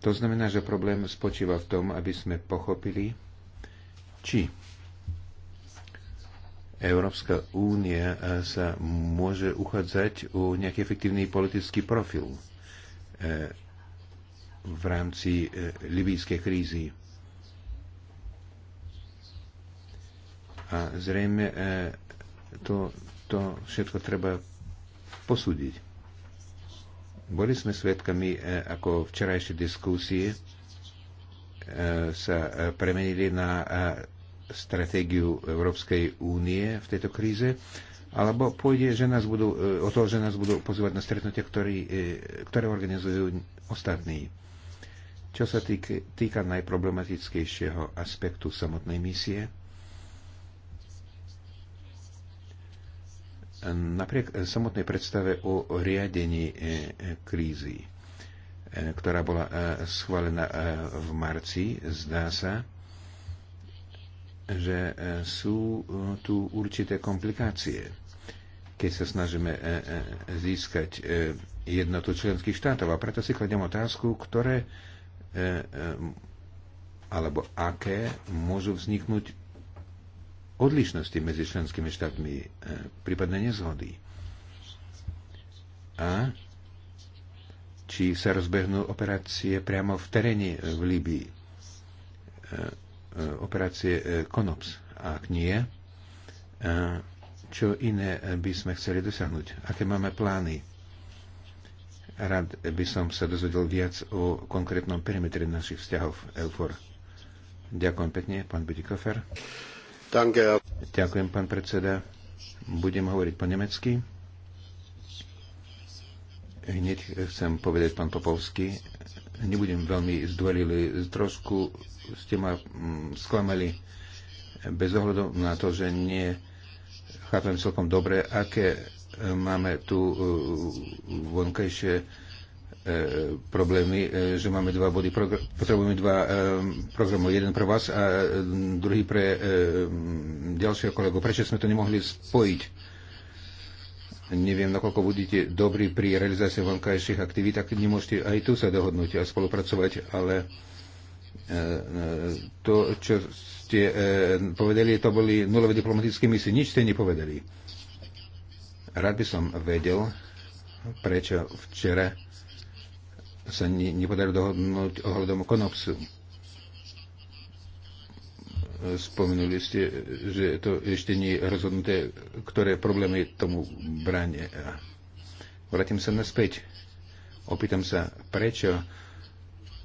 To znamená, že problém spočíva v tom, aby sme pochopili, či Európska únia sa môže uchádzať o nejaký efektívny politický profil e, v rámci e, libijskej krízy. A zrejme e, to, to všetko treba posúdiť. Boli sme svedkami, e, ako včerajšie diskusie e, sa e, premenili na stratégiu Európskej únie v tejto kríze, alebo pôjde že nás budú, o to, že nás budú pozývať na stretnutia, ktorý, ktoré organizujú ostatní. Čo sa týka, týka najproblematickejšieho aspektu samotnej misie, Napriek eh, samotnej predstave o riadení eh, krízy, eh, ktorá bola schválená v marci, zdá sa, že sú tu určité komplikácie, keď sa snažíme získať jednotu členských štátov. A preto si kladiem otázku, ktoré alebo aké môžu vzniknúť odlišnosti medzi členskými štátmi, e, prípadne nezhody. A či sa rozbehnú operácie priamo v teréne v Líbii. E, e, operácie Konops. Ak nie, čo iné by sme chceli dosiahnuť? Aké máme plány? Rád by som sa dozvedel viac o konkrétnom perimetre našich vzťahov EUFOR. Ďakujem pekne, pán Bidikofer. Ďakujem, pán predseda. Budem hovoriť po nemecky. Hneď chcem povedať, pán Popovský, nebudem veľmi zdvorili, trošku ste ma mm, sklamali bez ohľadu na to, že nie chápem celkom dobre, aké e, máme tu e, vonkajšie E, problémy, e, že máme dva body, potrebujeme dva e, programy, jeden pre vás a druhý pre ďalšieho kolegu. Prečo sme to nemohli spojiť? Neviem, nakoľko budete dobrí pri realizácii vonkajších aktivít, tak nemôžete aj tu sa dohodnúť a spolupracovať, ale to, čo ste povedali, to boli nulové diplomatické misie. Nič ste nepovedali. Rád by som vedel, prečo včera sa ne, nepodarilo dohodnúť ohľadom konopsu. Spomenuli ste, že to ešte nie je rozhodnuté, ktoré problémy tomu bráne. Vrátim sa naspäť. Opýtam sa, prečo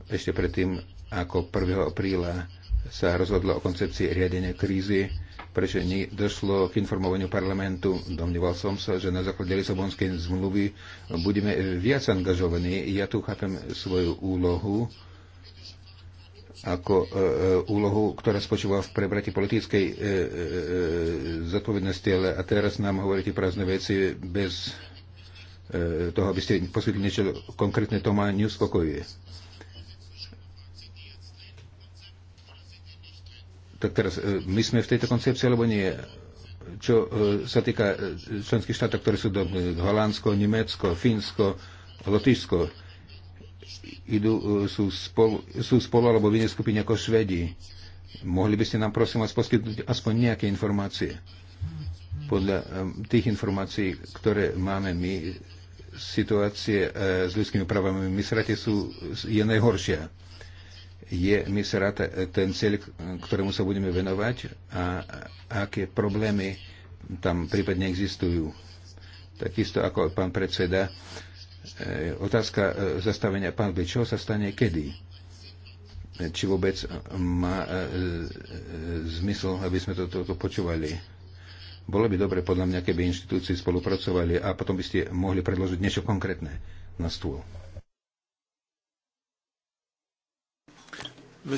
ešte predtým, ako 1. apríla sa rozhodlo o koncepcii riadenia krízy, prečo došlo k informovaniu parlamentu. Domníval som sa, že na základe Lisabonskej zmluvy budeme viac angažovaní. Ja tu chápem svoju úlohu ako e, e úlohu, ktorá spočíva v prebrati politickej e, e, e, zodpovednosti, ale a teraz nám hovoríte prázdne veci bez e, toho, aby ste poskytli niečo konkrétne, to ma neuspokojuje tak teraz, e, my sme v tejto koncepcii, alebo nie? Čo e, sa týka e, členských štátov, ktoré sú do Holandsko, Nemecko, Fínsko, Lotyšsko, idú, sú, spolu, sú spolu alebo v inej skupine ako Švedi. Mohli by ste nám prosím vás poskytnúť aspoň nejaké informácie? Podľa tých informácií, ktoré máme my, situácie s ľudskými právami v Misrate sú, je najhoršia je Misrata e, ten cieľ, ktorému sa budeme venovať a aké problémy tam prípadne existujú. Takisto ako pán predseda, e, otázka e, zastavenia pán, by čo sa stane kedy? Či vôbec má zmysel, aby sme toto to, to počúvali? Bolo by dobre podľa mňa, keby inštitúcie spolupracovali a potom by ste mohli predložiť niečo konkrétne na stôl. Uh,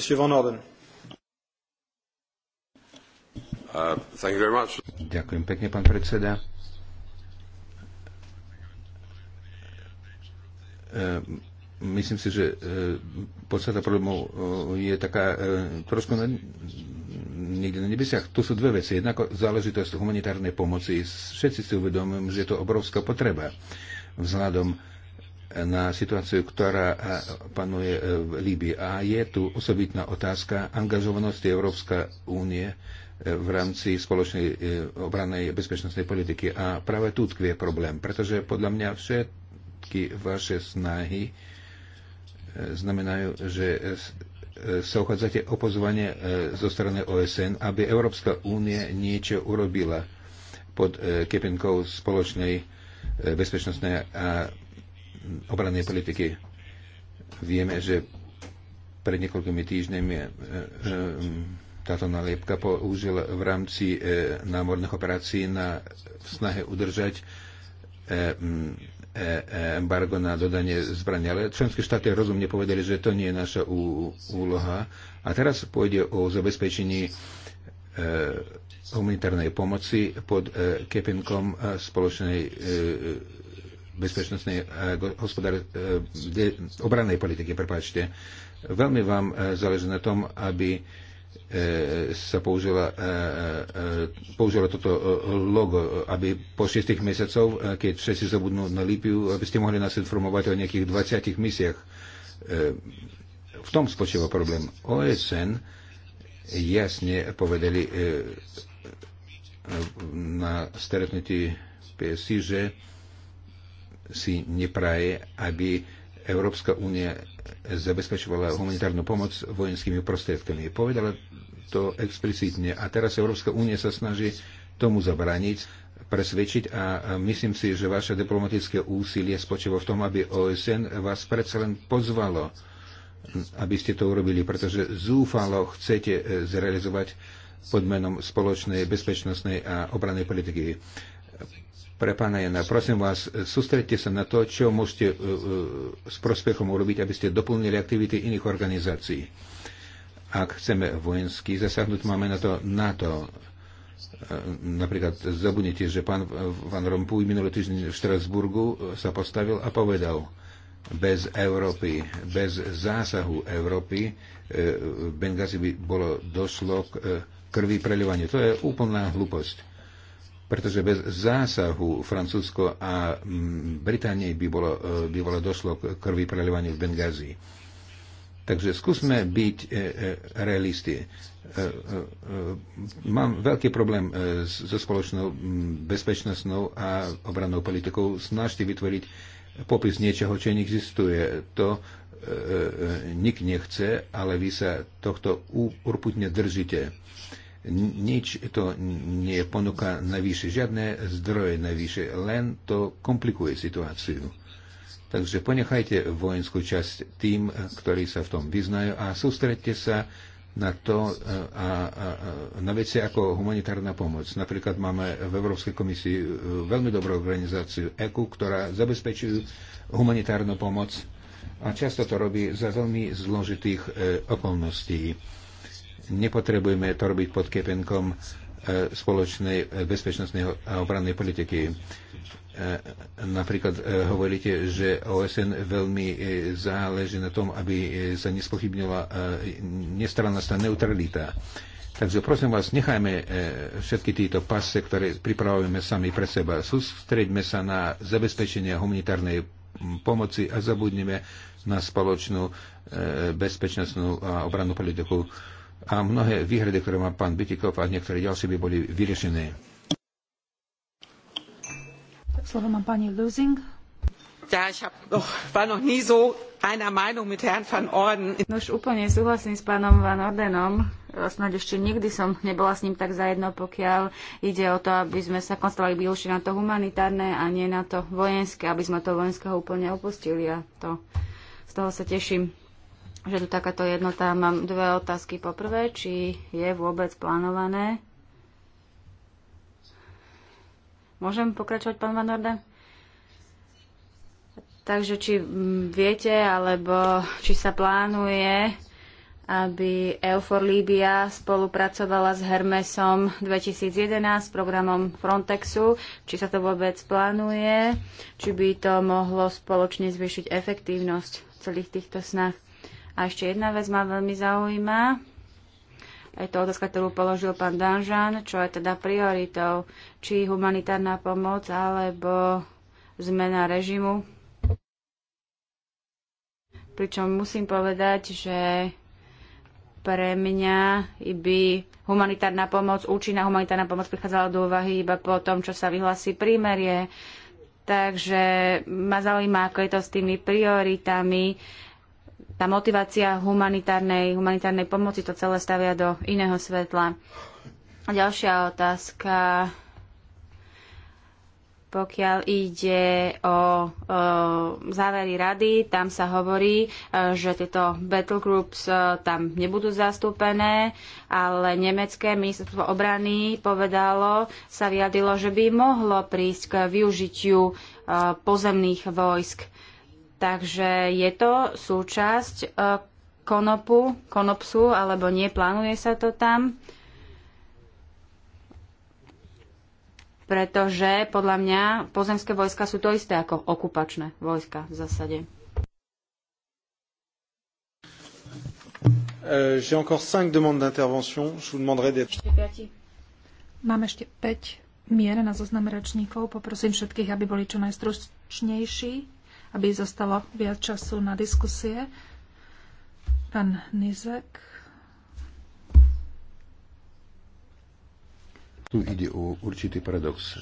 Ďakujem pekne, pán predseda. Uh, myslím si, že uh, podstata problémov je taká trošku na, niekde na nebesiach. Tu sú dve veci. Jedna záležitosť humanitárnej pomoci. Všetci si uvedomujem, že je to obrovská potreba vzhľadom na situáciu, ktorá eh, panuje eh, v Líbii. A je tu osobitná otázka angažovanosti Európska únie eh, v rámci spoločnej obranej bezpečnostnej politiky. A práve tu tkvie problém, pretože podľa mňa všetky vaše snahy znamenajú, že sa uchádzate o pozvanie zo strany OSN, aby Európska únie niečo urobila pod kepenkou spoločnej bezpečnostnej a obrannej politiky. Vieme, že pred niekoľkými týždňami e, e, táto nalepka použil v rámci e, námorných operácií na v snahe udržať embargo na dodanie zbrania. Ale členské štáty rozumne povedali, že to nie je naša úloha. A teraz pôjde o zabezpečení humanitárnej pomoci pod kepinkom spoločnej bezpečnostnej eh, hospodár, eh, obranej politiky, prepáčte. Veľmi vám eh, záleží na tom, aby sa použila, použilo toto logo, aby po 6 mesiacov, keď všetci zabudnú na Lípiu, aby ste mohli nás informovať o nejakých 20 misiach. V tom spočíva problém. OSN jasne povedali na stretnutí PSI, že si nepraje, aby Európska únia zabezpečovala humanitárnu pomoc vojenskými prostriedkami. Povedala to explicitne a teraz Európska únia sa snaží tomu zabraniť, presvedčiť a myslím si, že vaše diplomatické úsilie spočíva v tom, aby OSN vás predsa len pozvalo, aby ste to urobili, pretože zúfalo chcete zrealizovať pod menom spoločnej bezpečnostnej a obranej politiky pre pána Jana, prosím vás, sústredte sa na to, čo môžete e, e, s prospechom urobiť, aby ste doplnili aktivity iných organizácií. Ak chceme vojenský zasahnuť, máme na to NATO. E, napríklad zabudnite, že pán Van Rompuy minulý týždeň v Štrasburgu sa postavil a povedal, bez Európy, bez zásahu Európy v Bengazi by bolo došlo k krvi preľovanie. To je úplná hlúposť pretože bez zásahu Francúzsko a mm, Británie by bolo, e, by bolo došlo k krvi prelievaniu v Bengázi. Takže skúsme byť e, e, realisti. mám veľký problém so spoločnou bezpečnostnou a obrannou politikou. Snažte vytvoriť popis niečoho, čo neexistuje. To nik nechce, ale vy sa tohto urputne držíte. Nič to nie ponúka navyše, žiadne zdroje navyše, len to komplikuje situáciu. Takže ponechajte vojenskú časť tým, ktorí sa v tom vyznajú a sústredte sa na to e, a, a, a na veci ako humanitárna pomoc. Napríklad máme v Európskej komisii e, veľmi dobrú organizáciu EKU, ktorá zabezpečuje humanitárnu pomoc a často to robí za veľmi zložitých e, okolností Nepotrebujeme to robiť pod kepenkom e, spoločnej e, bezpečnostnej a obrannej politiky. E, napríklad hovoríte, že OSN veľmi záleží na tom, aby sa nespochybnila nestrannosť a neutralita. Takže prosím vás, nechajme všetky títo pase, ktoré pripravujeme sami pre seba. Sústreďme sa na zabezpečenie humanitárnej pomoci a zabudneme na spoločnú bezpečnostnú a obrannú politiku a mnohé výhrady, ktoré má pán Bytikov a niektoré ďalšie by boli vyriešené. Slovo má pani Lusing. Ja, ich hab noch, war noch nie so einer Meinung mit Herrn van Orden. No úplne súhlasím s pánom Van Ordenom. E, snáď ešte nikdy som nebola s ním tak zajedno, pokiaľ ide o to, aby sme sa koncentrovali výlučne na to humanitárne a nie na to vojenské, aby sme to vojenského úplne opustili a to, z toho sa teším že tu takáto jednota. Mám dve otázky. poprvé, či je vôbec plánované. Môžem pokračovať, pán Van Orden? Takže či mm, viete, alebo či sa plánuje, aby Eufor Líbia spolupracovala s Hermesom 2011 s programom Frontexu, či sa to vôbec plánuje, či by to mohlo spoločne zvýšiť efektívnosť celých týchto snah. A ešte jedna vec ma veľmi zaujíma. Je to otázka, ktorú položil pán Danžan, čo je teda prioritou, či humanitárna pomoc alebo zmena režimu. Pričom musím povedať, že pre mňa by humanitárna pomoc, účinná humanitárna pomoc prichádzala do úvahy iba po tom, čo sa vyhlasí prímerie. Takže ma zaujíma, ako je to s tými prioritami, tá motivácia humanitárnej, humanitárnej pomoci to celé stavia do iného svetla. A ďalšia otázka, pokiaľ ide o, o závery rady, tam sa hovorí, e, že tieto battle groups e, tam nebudú zastúpené, ale nemecké ministerstvo obrany povedalo, sa vyjadilo, že by mohlo prísť k využitiu e, pozemných vojsk Takže je to súčasť e, konopu, konopsu, alebo nie, plánuje sa to tam. Pretože podľa mňa pozemské vojska sú to isté ako okupačné vojska v zásade. E, j'ai encore 5 demandes d'intervention. Je vous demanderai d'être... Mám ešte 5 mier na zoznam rečníkov. Poprosím všetkých, aby boli čo najstručnejší aby zostalo viac času na diskusie. Pán Nizek. Tu ide o určitý paradox.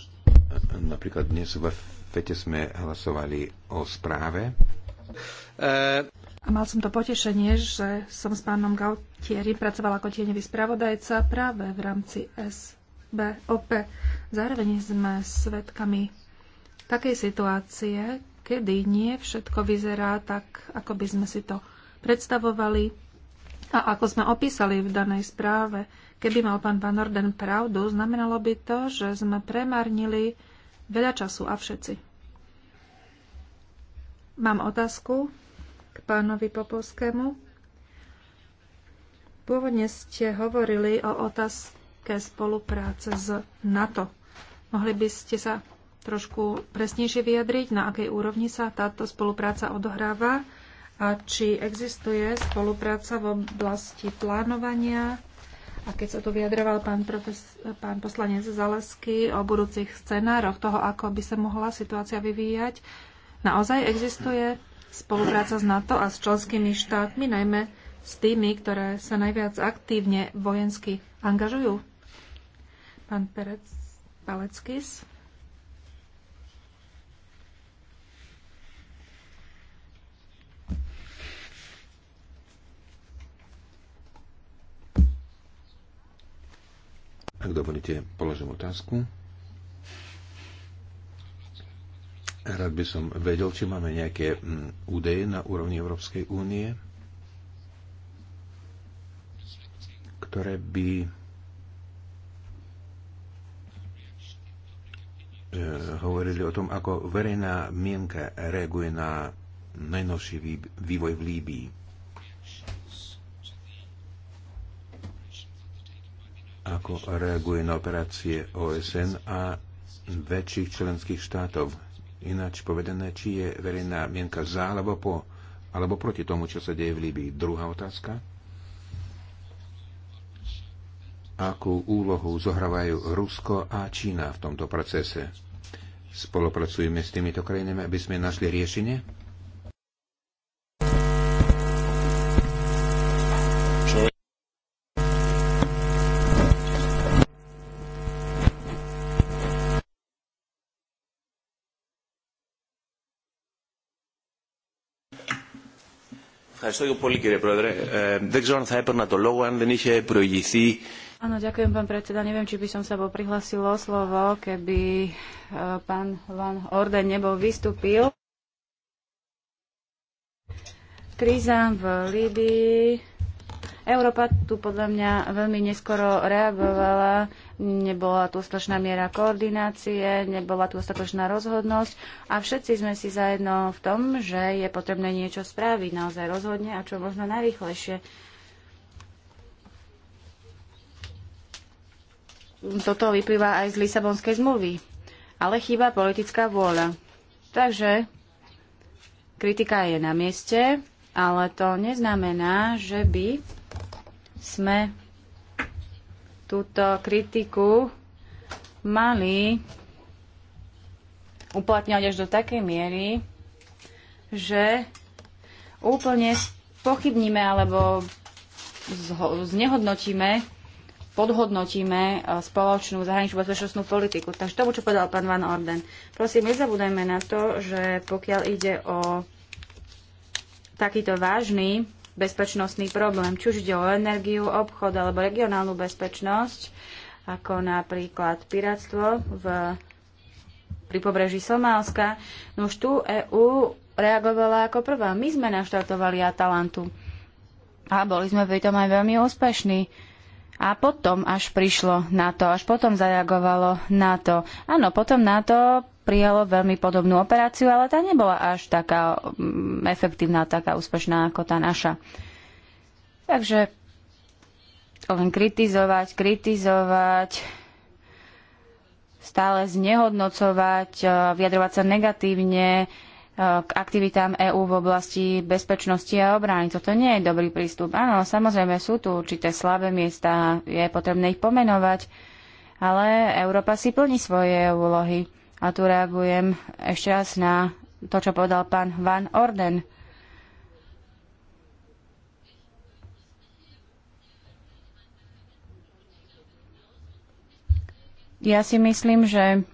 Napríklad dnes v Fete sme hlasovali o správe. E... A mal som to potešenie, že som s pánom Gautieri pracovala ako tieňový spravodajca práve v rámci SBOP. Zároveň sme svedkami takej situácie, kedy nie všetko vyzerá tak, ako by sme si to predstavovali a ako sme opísali v danej správe. Keby mal pán Van Orden pravdu, znamenalo by to, že sme premarnili veľa času a všetci. Mám otázku k pánovi Popolskému. Pôvodne ste hovorili o otázke spolupráce s NATO. Mohli by ste sa trošku presnejšie vyjadriť, na akej úrovni sa táto spolupráca odohráva a či existuje spolupráca v oblasti plánovania. A keď sa tu vyjadroval pán, profes, pán poslanec Zalesky o budúcich scenároch toho, ako by sa mohla situácia vyvíjať, naozaj existuje spolupráca s NATO a s členskými štátmi, najmä s tými, ktoré sa najviac aktívne vojensky angažujú? Pán Perec Paleckis. Ak dovolíte, položím otázku. Rád by som vedel, či máme nejaké mm, údaje na úrovni Európskej únie, ktoré by e, hovorili o tom, ako verejná mienka reaguje na najnovší vývoj v Líbii. ako reaguje na operácie OSN a väčších členských štátov. Ináč povedané, či je verejná mienka za alebo, po, alebo proti tomu, čo sa deje v Líbii. Druhá otázka. Akú úlohu zohrávajú Rusko a Čína v tomto procese? Spolupracujeme s týmito krajinami, aby sme našli riešenie? Ευχαριστώ πολύ κύριε Πρόεδρε. Ε, δεν ξέρω αν θα έπαιρνα το λόγο αν δεν είχε προηγηθεί Áno, ďakujem, pán predseda. Neviem, či by som sa prihlásil o slovo, keby e, pán Van Orden nebol vystúpil. Kríza v Líbii Európa tu podľa mňa veľmi neskoro reagovala, nebola tu ostatočná miera koordinácie, nebola tu ostatočná rozhodnosť a všetci sme si zajedno v tom, že je potrebné niečo spraviť naozaj rozhodne a čo možno najrychlejšie. Toto vyplýva aj z Lisabonskej zmluvy, ale chýba politická vôľa. Takže kritika je na mieste, ale to neznamená, že by sme túto kritiku mali uplatňovať až do takej miery, že úplne pochybníme alebo znehodnotíme, podhodnotíme eh, spoločnú zahraničnú bezpečnostnú politiku. Takže to, čo povedal pán Van Orden. Prosím, nezabúdajme na to, že pokiaľ ide o takýto vážny bezpečnostný problém, či už ide o energiu, obchod alebo regionálnu bezpečnosť, ako napríklad piráctvo v, pri pobreží Somálska. No už tu EÚ reagovala ako prvá. My sme naštartovali Atalantu a boli sme pri tom aj veľmi úspešní. A potom až prišlo na to, až potom zareagovalo na to. Áno, potom na to prijalo veľmi podobnú operáciu, ale tá nebola až taká mm, efektívna, taká úspešná ako tá naša. Takže len kritizovať, kritizovať, stále znehodnocovať, eh, vyjadrovať sa negatívne eh, k aktivitám EÚ v oblasti bezpečnosti a obrany. Toto nie je dobrý prístup. Áno, samozrejme sú tu určité slabé miesta, je potrebné ich pomenovať, ale Európa si plní svoje úlohy. A tu reagujem ešte raz na to, čo povedal pán Van Orden. Ja si myslím, že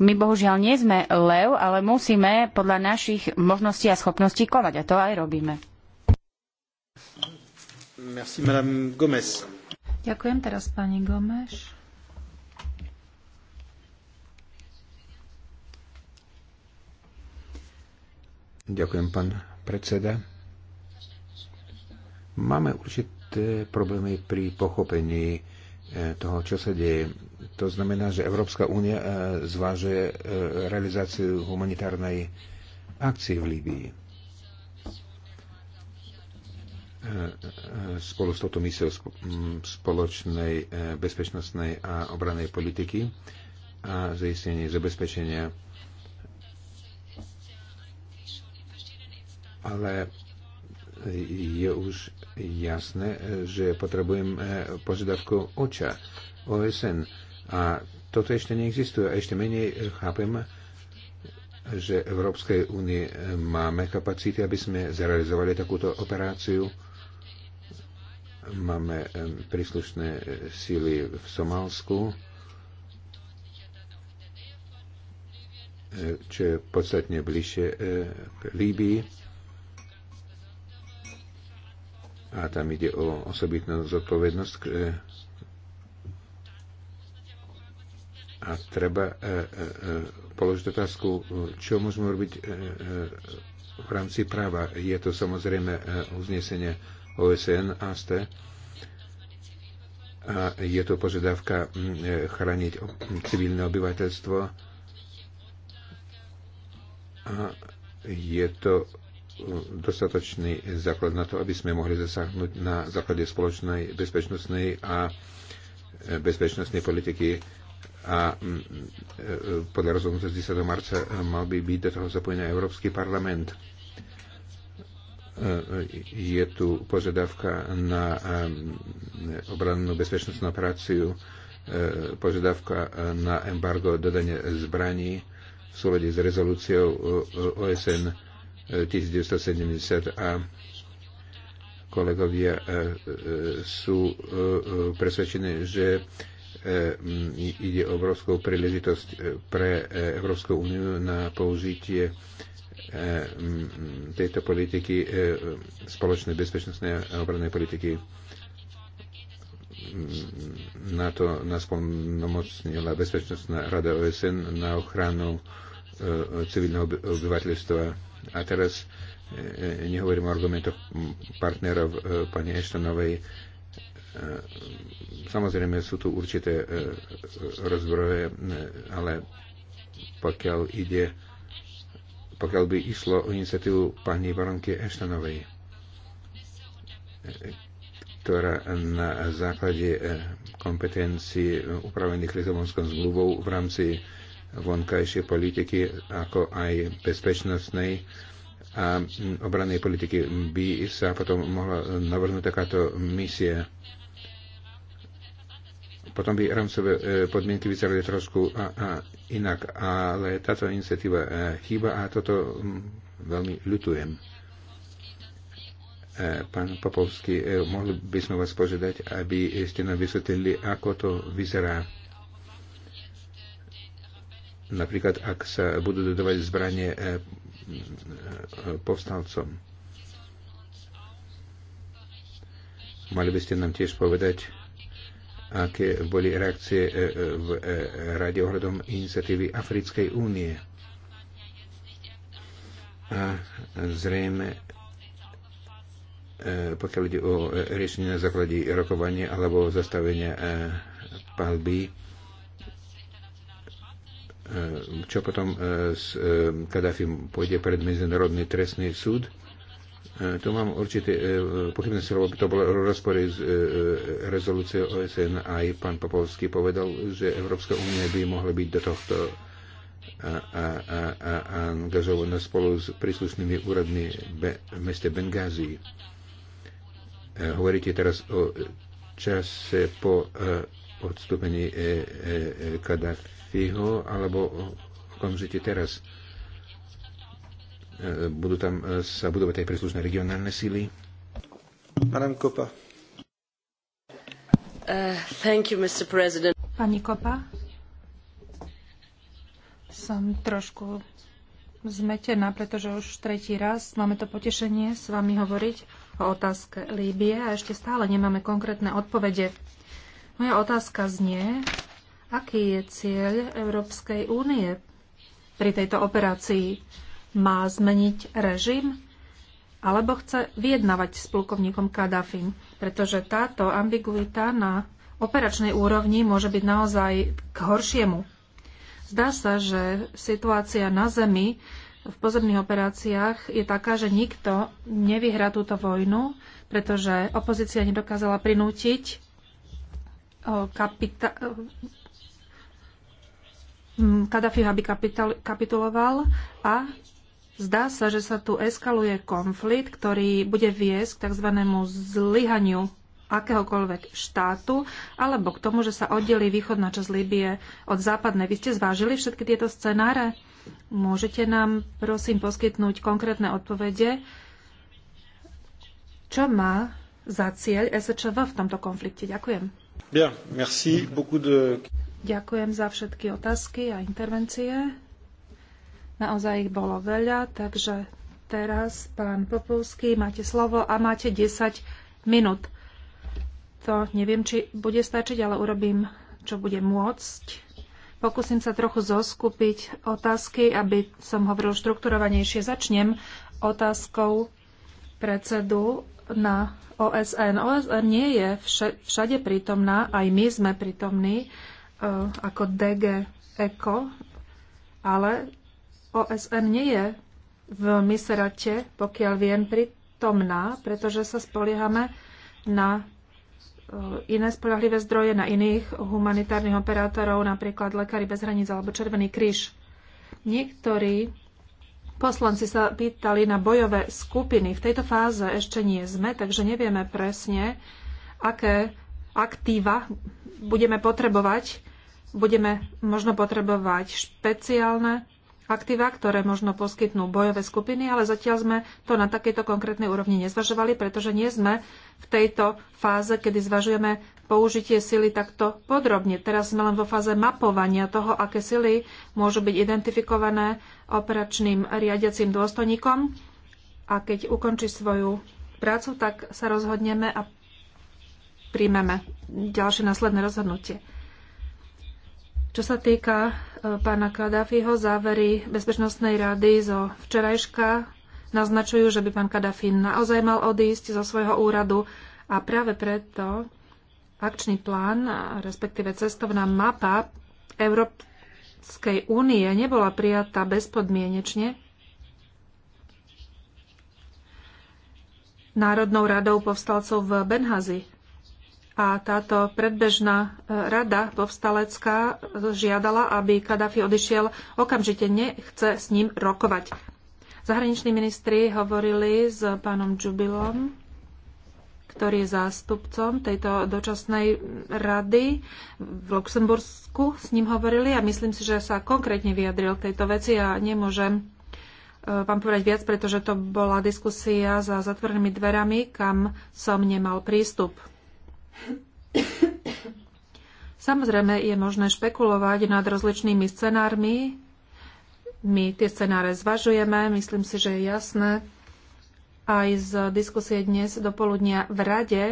my bohužiaľ nie sme lev, ale musíme podľa našich možností a schopností konať. A to aj robíme. Merci, Ďakujem teraz pani Gomez. Ďakujem, pán predseda. Máme určité problémy pri pochopení e, toho, čo sa deje. To znamená, že Európska únia e, zváže e, realizáciu humanitárnej akcie v Líbii. spolu s touto misiou spoločnej bezpečnostnej a obranej politiky a zaistenie zabezpečenia ale je už jasné, že potrebujem eh, požiadavku oča, OSN. A toto ešte neexistuje. A ešte menej eh, chápem, že Európskej únie eh, máme kapacity, aby sme zrealizovali takúto operáciu. Máme príslušné síly v Somálsku, čo je podstatne bližšie k Líbii a tam ide o osobitnú zodpovednosť e, a treba e, e, položiť otázku, čo môžeme robiť v rámci práva. Je to samozrejme uznesenie OSN, AST, a je to požiadavka chrániť civilné obyvateľstvo a je to dostatočný základ na to, aby sme mohli zasáhnuť na základe spoločnej bezpečnostnej a e, bezpečnostnej politiky a mm, e, podľa rozhodnutia z 10. marca e, mal by byť do toho zapojený Európsky parlament. Je tu požiadavka na obrannú bezpečnostnú operáciu, požiadavka na embargo dodania zbraní v súlade s rezolúciou OSN 1970 a kolegovia e, e, sú e, presvedčení, že ide o príležitosť pre Európsku úniu na použitie tejto politiky, spoločnej bezpečnostnej a obrannej politiky. Na to nás pomocnila Bezpečnostná rada OSN na ochranu civilného obyvateľstva a teraz e, e, nehovorím o argumentoch partnerov e, pani Eštonovej. Samozrejme sú tu určité rozbroje, ale pokiaľ ide pokiaľ by išlo o iniciatívu pani baronky Eštanovej, ktorá na základe kompetencií upravených Lisabonskou zmluvou v rámci vonkajšej politiky, ako aj bezpečnostnej a obranej politiky by sa potom mohla navrhnúť takáto misia. Potom by rámcové e, podmienky vyzerali trošku a, a inak, ale táto iniciatíva e, chýba a toto mm, veľmi ľutujem. E, pán Popovský, mohli by sme vás požiadať, aby ste nám vysvetlili, ako to vyzerá Napríklad, ak sa budú dodávať zbranie eh, eh, povstalcom. Mali by ste nám tiež povedať, aké boli reakcie eh, v rade ohľadom iniciatívy Africkej únie. A zrejme, pokiaľ ide o riešenie na základe rokovania alebo zastavenia palby, E, čo potom e, s e, Kadafim pôjde pred Medzinárodný trestný súd. Tu mám určité pochybnosti, lebo to bolo rozpory z rezolúcie rezolúciou OSN. Aj pán Popovský povedal, že Európska únia by mohla byť do tohto a, a, a, a angažovaná spolu s príslušnými úradmi v meste Bengázi. Hovoríte teraz o čase po odstúpení Kadafi Fiho, alebo okamžite teraz. E, budú tam e, sa budovať aj príslušné regionálne síly. Madame Kopa. Uh, thank you, Mr. President. Pani Kopa, som trošku zmetená, pretože už tretí raz máme to potešenie s vami hovoriť o otázke Líbie a ešte stále nemáme konkrétne odpovede. Moja otázka znie, Aký je cieľ Európskej únie pri tejto operácii? Má zmeniť režim? Alebo chce vyjednavať s plukovníkom Kadafim? Pretože táto ambiguita na operačnej úrovni môže byť naozaj k horšiemu. Zdá sa, že situácia na Zemi v pozemných operáciách je taká, že nikto nevyhrá túto vojnu, pretože opozícia nedokázala prinútiť kapita- Mm, Kadafiho, aby kapituloval a zdá sa, že sa tu eskaluje konflikt, ktorý bude viesť k tzv. zlyhaniu akéhokoľvek štátu, alebo k tomu, že sa oddelí východná časť Líbie od západnej. Vy ste zvážili všetky tieto scenáre? Môžete nám, prosím, poskytnúť konkrétne odpovede, čo má za cieľ SČV v tomto konflikte? Ďakujem. Bien, merci. Beaucoup de... Ďakujem za všetky otázky a intervencie. Naozaj ich bolo veľa, takže teraz pán Popovský, máte slovo a máte 10 minút. To neviem, či bude stačiť, ale urobím, čo bude môcť. Pokúsim sa trochu zoskupiť otázky, aby som hovoril štrukturovanejšie. Začnem otázkou predsedu na OSN. OSN nie je všade prítomná, aj my sme prítomní E, ako DG ECO, ale OSN nie je v Miserate, pokiaľ viem, pritomná, pretože sa spoliehame na e, iné spolahlivé zdroje, na iných humanitárnych operátorov, napríklad Lekári bez hraníc alebo Červený kríž. Niektorí poslanci sa pýtali na bojové skupiny. V tejto fáze ešte nie sme, takže nevieme presne, aké aktíva budeme potrebovať budeme možno potrebovať špeciálne aktíva, ktoré možno poskytnú bojové skupiny, ale zatiaľ sme to na takejto konkrétnej úrovni nezvažovali, pretože nie sme v tejto fáze, kedy zvažujeme použitie sily takto podrobne. Teraz sme len vo fáze mapovania toho, aké sily môžu byť identifikované operačným riadiacím dôstojníkom a keď ukončí svoju prácu, tak sa rozhodneme a príjmeme ďalšie následné rozhodnutie. Čo sa týka e, pána Kadafiho, závery Bezpečnostnej rady zo včerajška naznačujú, že by pán Kadafi naozaj mal odísť zo svojho úradu a práve preto akčný plán, respektíve cestovná mapa Európskej únie nebola prijatá bezpodmienečne Národnou radou povstalcov v Benhazi. A táto predbežná e, rada povstalecká žiadala, aby Kadafi odišiel okamžite, nechce s ním rokovať. Zahraniční ministri hovorili s pánom Jubilom, ktorý je zástupcom tejto dočasnej rady v Luxembursku. S ním hovorili a myslím si, že sa konkrétne vyjadril k tejto veci a nemôžem e, vám povedať viac, pretože to bola diskusia za zatvorenými dverami, kam som nemal prístup. Samozrejme je možné špekulovať nad rozličnými scenármi. My tie scenáre zvažujeme, myslím si, že je jasné aj z diskusie dnes do poludnia v Rade,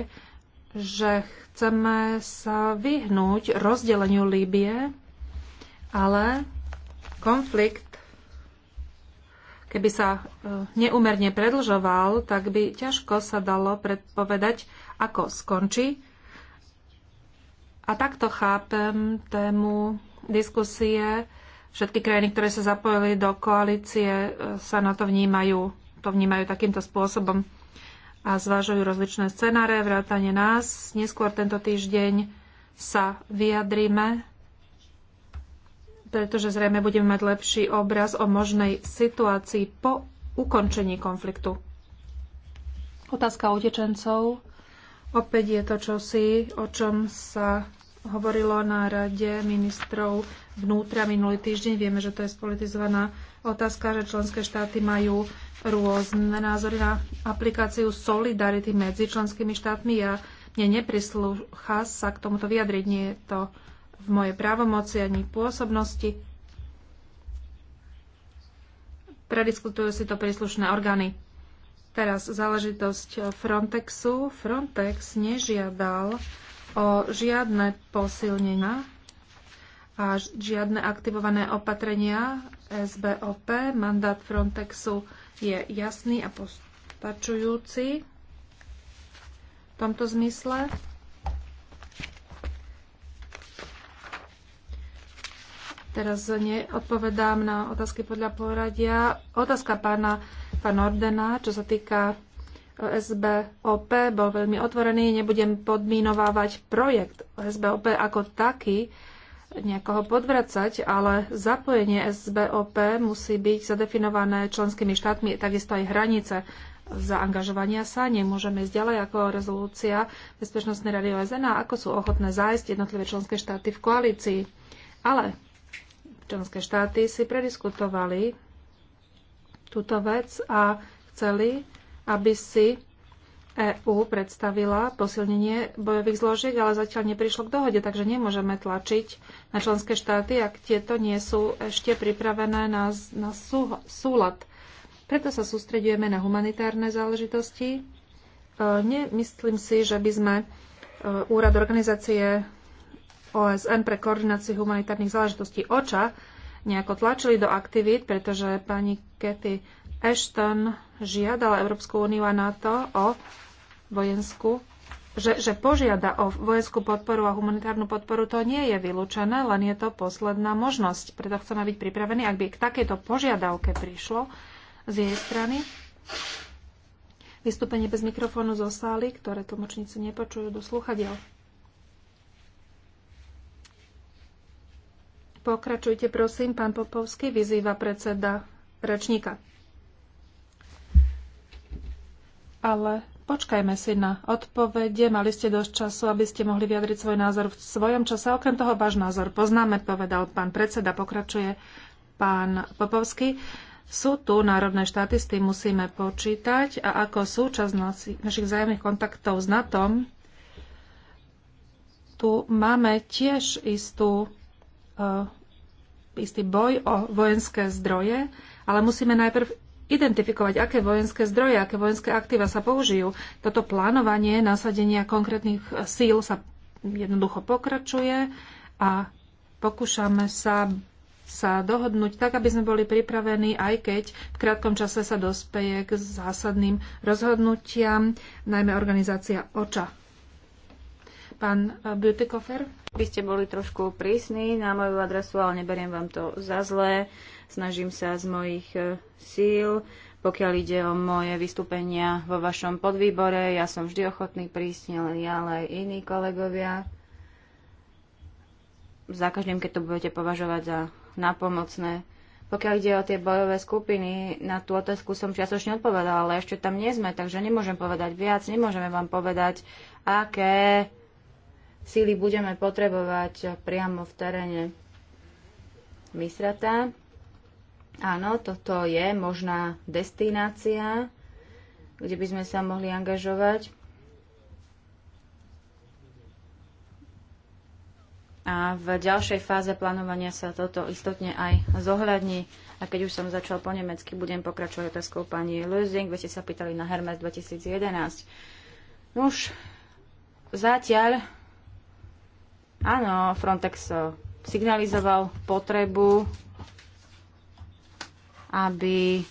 že chceme sa vyhnúť rozdeleniu Líbie, ale konflikt, keby sa e, neúmerne predlžoval, tak by ťažko sa dalo predpovedať, ako skončí a takto chápem tému diskusie. Všetky krajiny, ktoré sa zapojili do koalície, e, sa na to vnímajú, to vnímajú takýmto spôsobom a zvažujú rozličné scenáre, vrátane nás. Neskôr tento týždeň sa vyjadríme, pretože zrejme budeme mať lepší obraz o možnej situácii po ukončení konfliktu. Otázka utečencov. Opäť je to čosi, o čom sa hovorilo na rade ministrov vnútra minulý týždeň. Vieme, že to je spolitizovaná otázka, že členské štáty majú rôzne názory na aplikáciu solidarity medzi členskými štátmi. Ja mne neprislúcha sa k tomuto vyjadriť. Nie je to v mojej právomoci ani pôsobnosti. Prediskutujú si to príslušné orgány. Teraz záležitosť Frontexu. Frontex nežiadal o žiadne posilnenia a žiadne aktivované opatrenia SBOP. Mandát Frontexu je jasný a postačujúci v tomto zmysle. Teraz neodpovedám na otázky podľa poradia. Otázka pána, pána Ordena, čo sa týka SBOP bol veľmi otvorený. Nebudem podmínovávať projekt SBOP ako taký, nejakoho podvracať, ale zapojenie SBOP musí byť zadefinované členskými štátmi, takisto aj hranice zaangažovania sa. Nemôžeme ísť ďalej ako rezolúcia Bezpečnostnej rady OSN a ako sú ochotné zájsť jednotlivé členské štáty v koalícii. Ale členské štáty si prediskutovali túto vec a chceli aby si EU predstavila posilnenie bojových zložiek, ale zatiaľ neprišlo k dohode, takže nemôžeme tlačiť na členské štáty, ak tieto nie sú ešte pripravené na, na súlad. Preto sa sústredujeme na humanitárne záležitosti. E, nemyslím si, že by sme e, Úrad organizácie OSN pre koordináciu humanitárnych záležitostí OČA nejako tlačili do aktivít, pretože pani Kety Ashton žiadala Európsku úniu a NATO o vojenskú že, že požiada o vojenskú podporu a humanitárnu podporu, to nie je vylúčené, len je to posledná možnosť. Preto chceme byť pripravení, ak by k takejto požiadavke prišlo z jej strany. Vystúpenie bez mikrofónu zo sály, ktoré tlmočníci nepočujú do sluchadiel. Pokračujte, prosím, pán Popovský, vyzýva predseda rečníka ale počkajme si na odpovede. Mali ste dosť času, aby ste mohli vyjadriť svoj názor v svojom čase. Okrem toho váš názor poznáme, povedal pán predseda, pokračuje pán Popovský. Sú tu národné štáty, s tým musíme počítať a ako súčasť našich vzájomných kontaktov s NATO tu máme tiež istú, uh, istý boj o vojenské zdroje, ale musíme najprv identifikovať, aké vojenské zdroje, aké vojenské aktíva sa použijú. Toto plánovanie nasadenia konkrétnych síl sa jednoducho pokračuje a pokúšame sa sa dohodnúť tak, aby sme boli pripravení, aj keď v krátkom čase sa dospeje k zásadným rozhodnutiam, najmä organizácia OČA. Pán Beautykofer? Vy ste boli trošku prísni na moju adresu, ale neberiem vám to za zlé. Snažím sa z mojich e, síl, pokiaľ ide o moje vystúpenia vo vašom podvýbore, ja som vždy ochotný prísť, nielen ja, ale aj iní kolegovia. Za každým, keď to budete považovať za napomocné. Pokiaľ ide o tie bojové skupiny, na tú otázku som čiastočne odpovedala, ale ešte tam nie sme, takže nemôžem povedať viac, nemôžeme vám povedať, aké síly budeme potrebovať priamo v teréne. Misrata. Áno, toto je možná destinácia, kde by sme sa mohli angažovať. A v ďalšej fáze plánovania sa toto istotne aj zohľadní. A keď už som začal po nemecky, budem pokračovať otázkou pani Lösing, kde ste sa pýtali na Hermes 2011. už zatiaľ, áno, Frontex signalizoval potrebu aby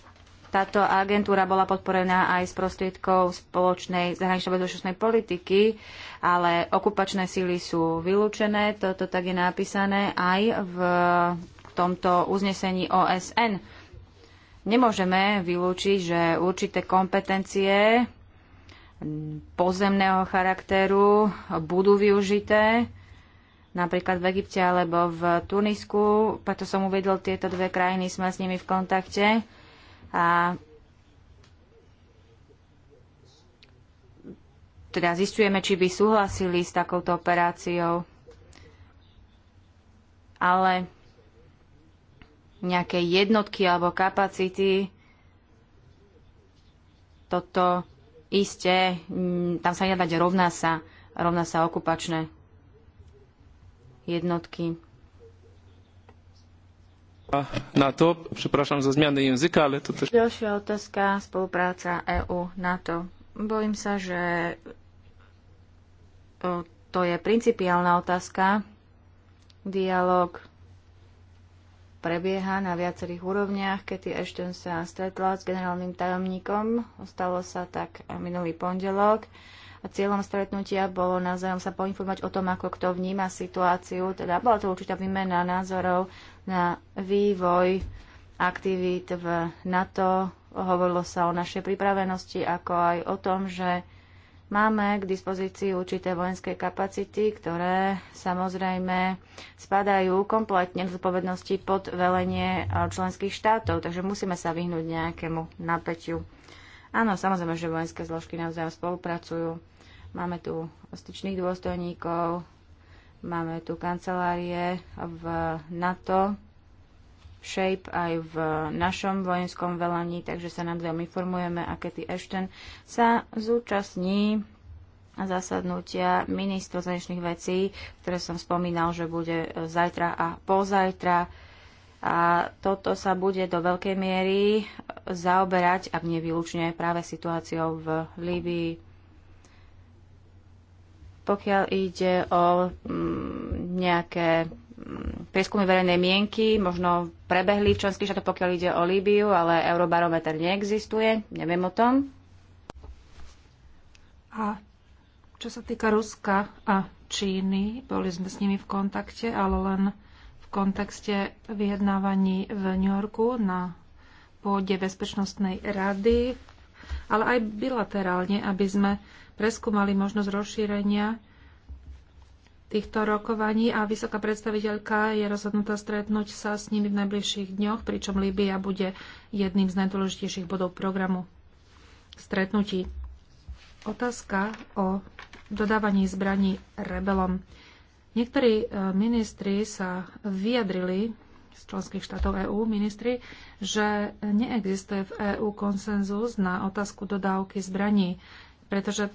táto agentúra bola podporená aj z prostriedkov spoločnej zahraničnej bezpečnostnej politiky, ale okupačné síly sú vylúčené. Toto tak je napísané aj v tomto uznesení OSN. Nemôžeme vylúčiť, že určité kompetencie pozemného charakteru budú využité napríklad v Egypte alebo v Tunisku, preto som uvedol tieto dve krajiny, sme s nimi v kontakte a teda zistujeme, či by súhlasili s takouto operáciou. Ale nejaké jednotky alebo kapacity, toto isté, mm, tam sa nedá dať rovná sa, rovná sa okupačné jednotky. Na to, przepraszam za zmianę języka, ale to też... Ďalšia otázka, spolupráca EU-NATO. Bojím sa, že to je principiálna otázka. Dialóg prebieha na viacerých úrovniach. keď Ashton sa stretla s generálnym tajomníkom. Ostalo sa tak minulý pondelok. A Cieľom stretnutia bolo navzájom sa poinformovať o tom, ako kto vníma situáciu. Teda bola to určitá výmena názorov na vývoj aktivít v NATO. Hovorilo sa o našej pripravenosti, ako aj o tom, že máme k dispozícii určité vojenské kapacity, ktoré samozrejme spadajú kompletne v zodpovednosti pod velenie členských štátov, takže musíme sa vyhnúť nejakému napätiu. Áno, samozrejme, že vojenské zložky navzájom spolupracujú. Máme tu styčných dôstojníkov, máme tu kancelárie v NATO, SHAPE aj v našom vojenskom velení, takže sa navzájom informujeme a Cathy Ashton sa zúčastní zasadnutia ministrov zahraničných vecí, ktoré som spomínal, že bude zajtra a pozajtra a toto sa bude do veľkej miery zaoberať, ak nevylučne, práve situáciou v Líbii. Pokiaľ ide o mm, nejaké mm, prieskumy verejnej mienky, možno prebehli v členských štátoch, pokiaľ ide o Líbiu, ale eurobarometer neexistuje, neviem o tom. A čo sa týka Ruska a Číny, boli sme s nimi v kontakte, ale len kontexte vyjednávaní v New Yorku na pôde Bezpečnostnej rady, ale aj bilaterálne, aby sme preskúmali možnosť rozšírenia týchto rokovaní a vysoká predstaviteľka je rozhodnutá stretnúť sa s nimi v najbližších dňoch, pričom Líbia bude jedným z najdôležitejších bodov programu stretnutí. Otázka o dodávaní zbraní rebelom. Niektorí e, ministri sa vyjadrili z členských štátov EÚ, ministri, že neexistuje v EÚ konsenzus na otázku dodávky zbraní, pretože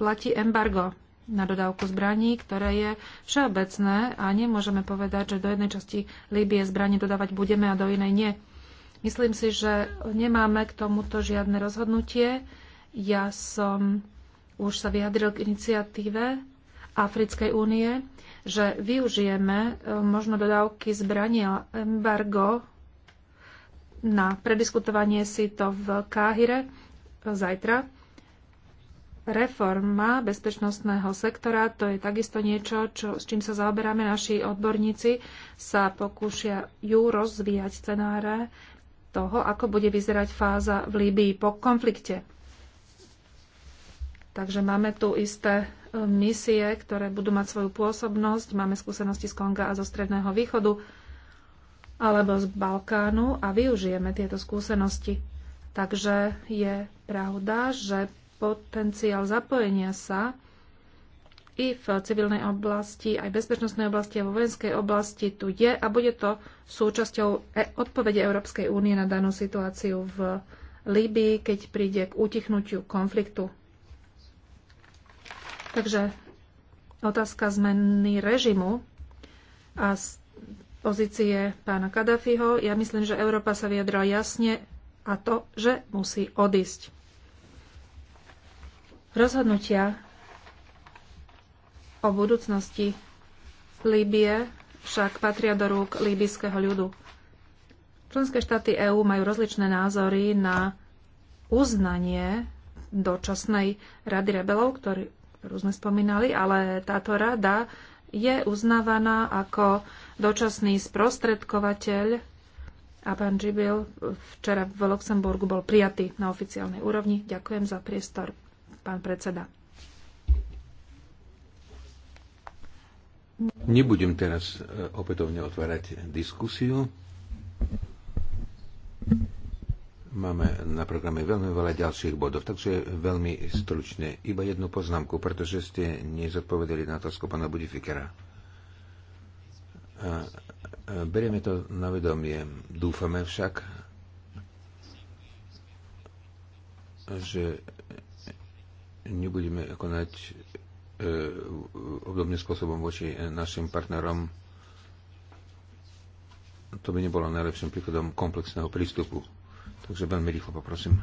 platí embargo na dodávku zbraní, ktoré je všeobecné a nemôžeme povedať, že do jednej časti Líbie zbraní dodávať budeme a do inej nie. Myslím si, že nemáme k tomuto žiadne rozhodnutie. Ja som už sa vyjadril k iniciatíve Africkej únie, že využijeme e, možno dodávky zbrania embargo na prediskutovanie si to v Káhire zajtra. Reforma bezpečnostného sektora, to je takisto niečo, čo, s čím sa zaoberáme. Naši odborníci sa pokúšia ju rozvíjať scenáre toho, ako bude vyzerať fáza v Líbii po konflikte. Takže máme tu isté e, misie, ktoré budú mať svoju pôsobnosť. Máme skúsenosti z Konga a zo Stredného východu alebo z Balkánu a využijeme tieto skúsenosti. Takže je pravda, že potenciál zapojenia sa i v civilnej oblasti, aj v bezpečnostnej oblasti a vo vojenskej oblasti tu je a bude to súčasťou e, odpovede Európskej únie na danú situáciu v Líbii, keď príde k utichnutiu konfliktu Takže otázka zmeny režimu a z pozície pána Kadafiho, ja myslím, že Európa sa vyjadrala jasne a to, že musí odísť. Rozhodnutia o budúcnosti Líbie však patria do rúk líbyského ľudu. Členské štáty EÚ majú rozličné názory na uznanie dočasnej rady rebelov, ktorý, ktorú sme spomínali, ale táto rada je uznávaná ako dočasný sprostredkovateľ a pán Džibil včera v Luxemburgu bol prijatý na oficiálnej úrovni. Ďakujem za priestor, pán predseda. Nebudem teraz e, opätovne otvárať diskusiu. Máme na programe veľmi veľa ďalších bodov, takže veľmi stručne. Iba jednu poznámku, pretože ste nezodpovedali na otázku pána Budifikera. Berieme to na vedomie. Dúfame však, že nebudeme konať e, obdobným spôsobom voči našim partnerom. To by nebolo najlepším príkladom komplexného prístupu. Takže veľmi rýchlo poprosím.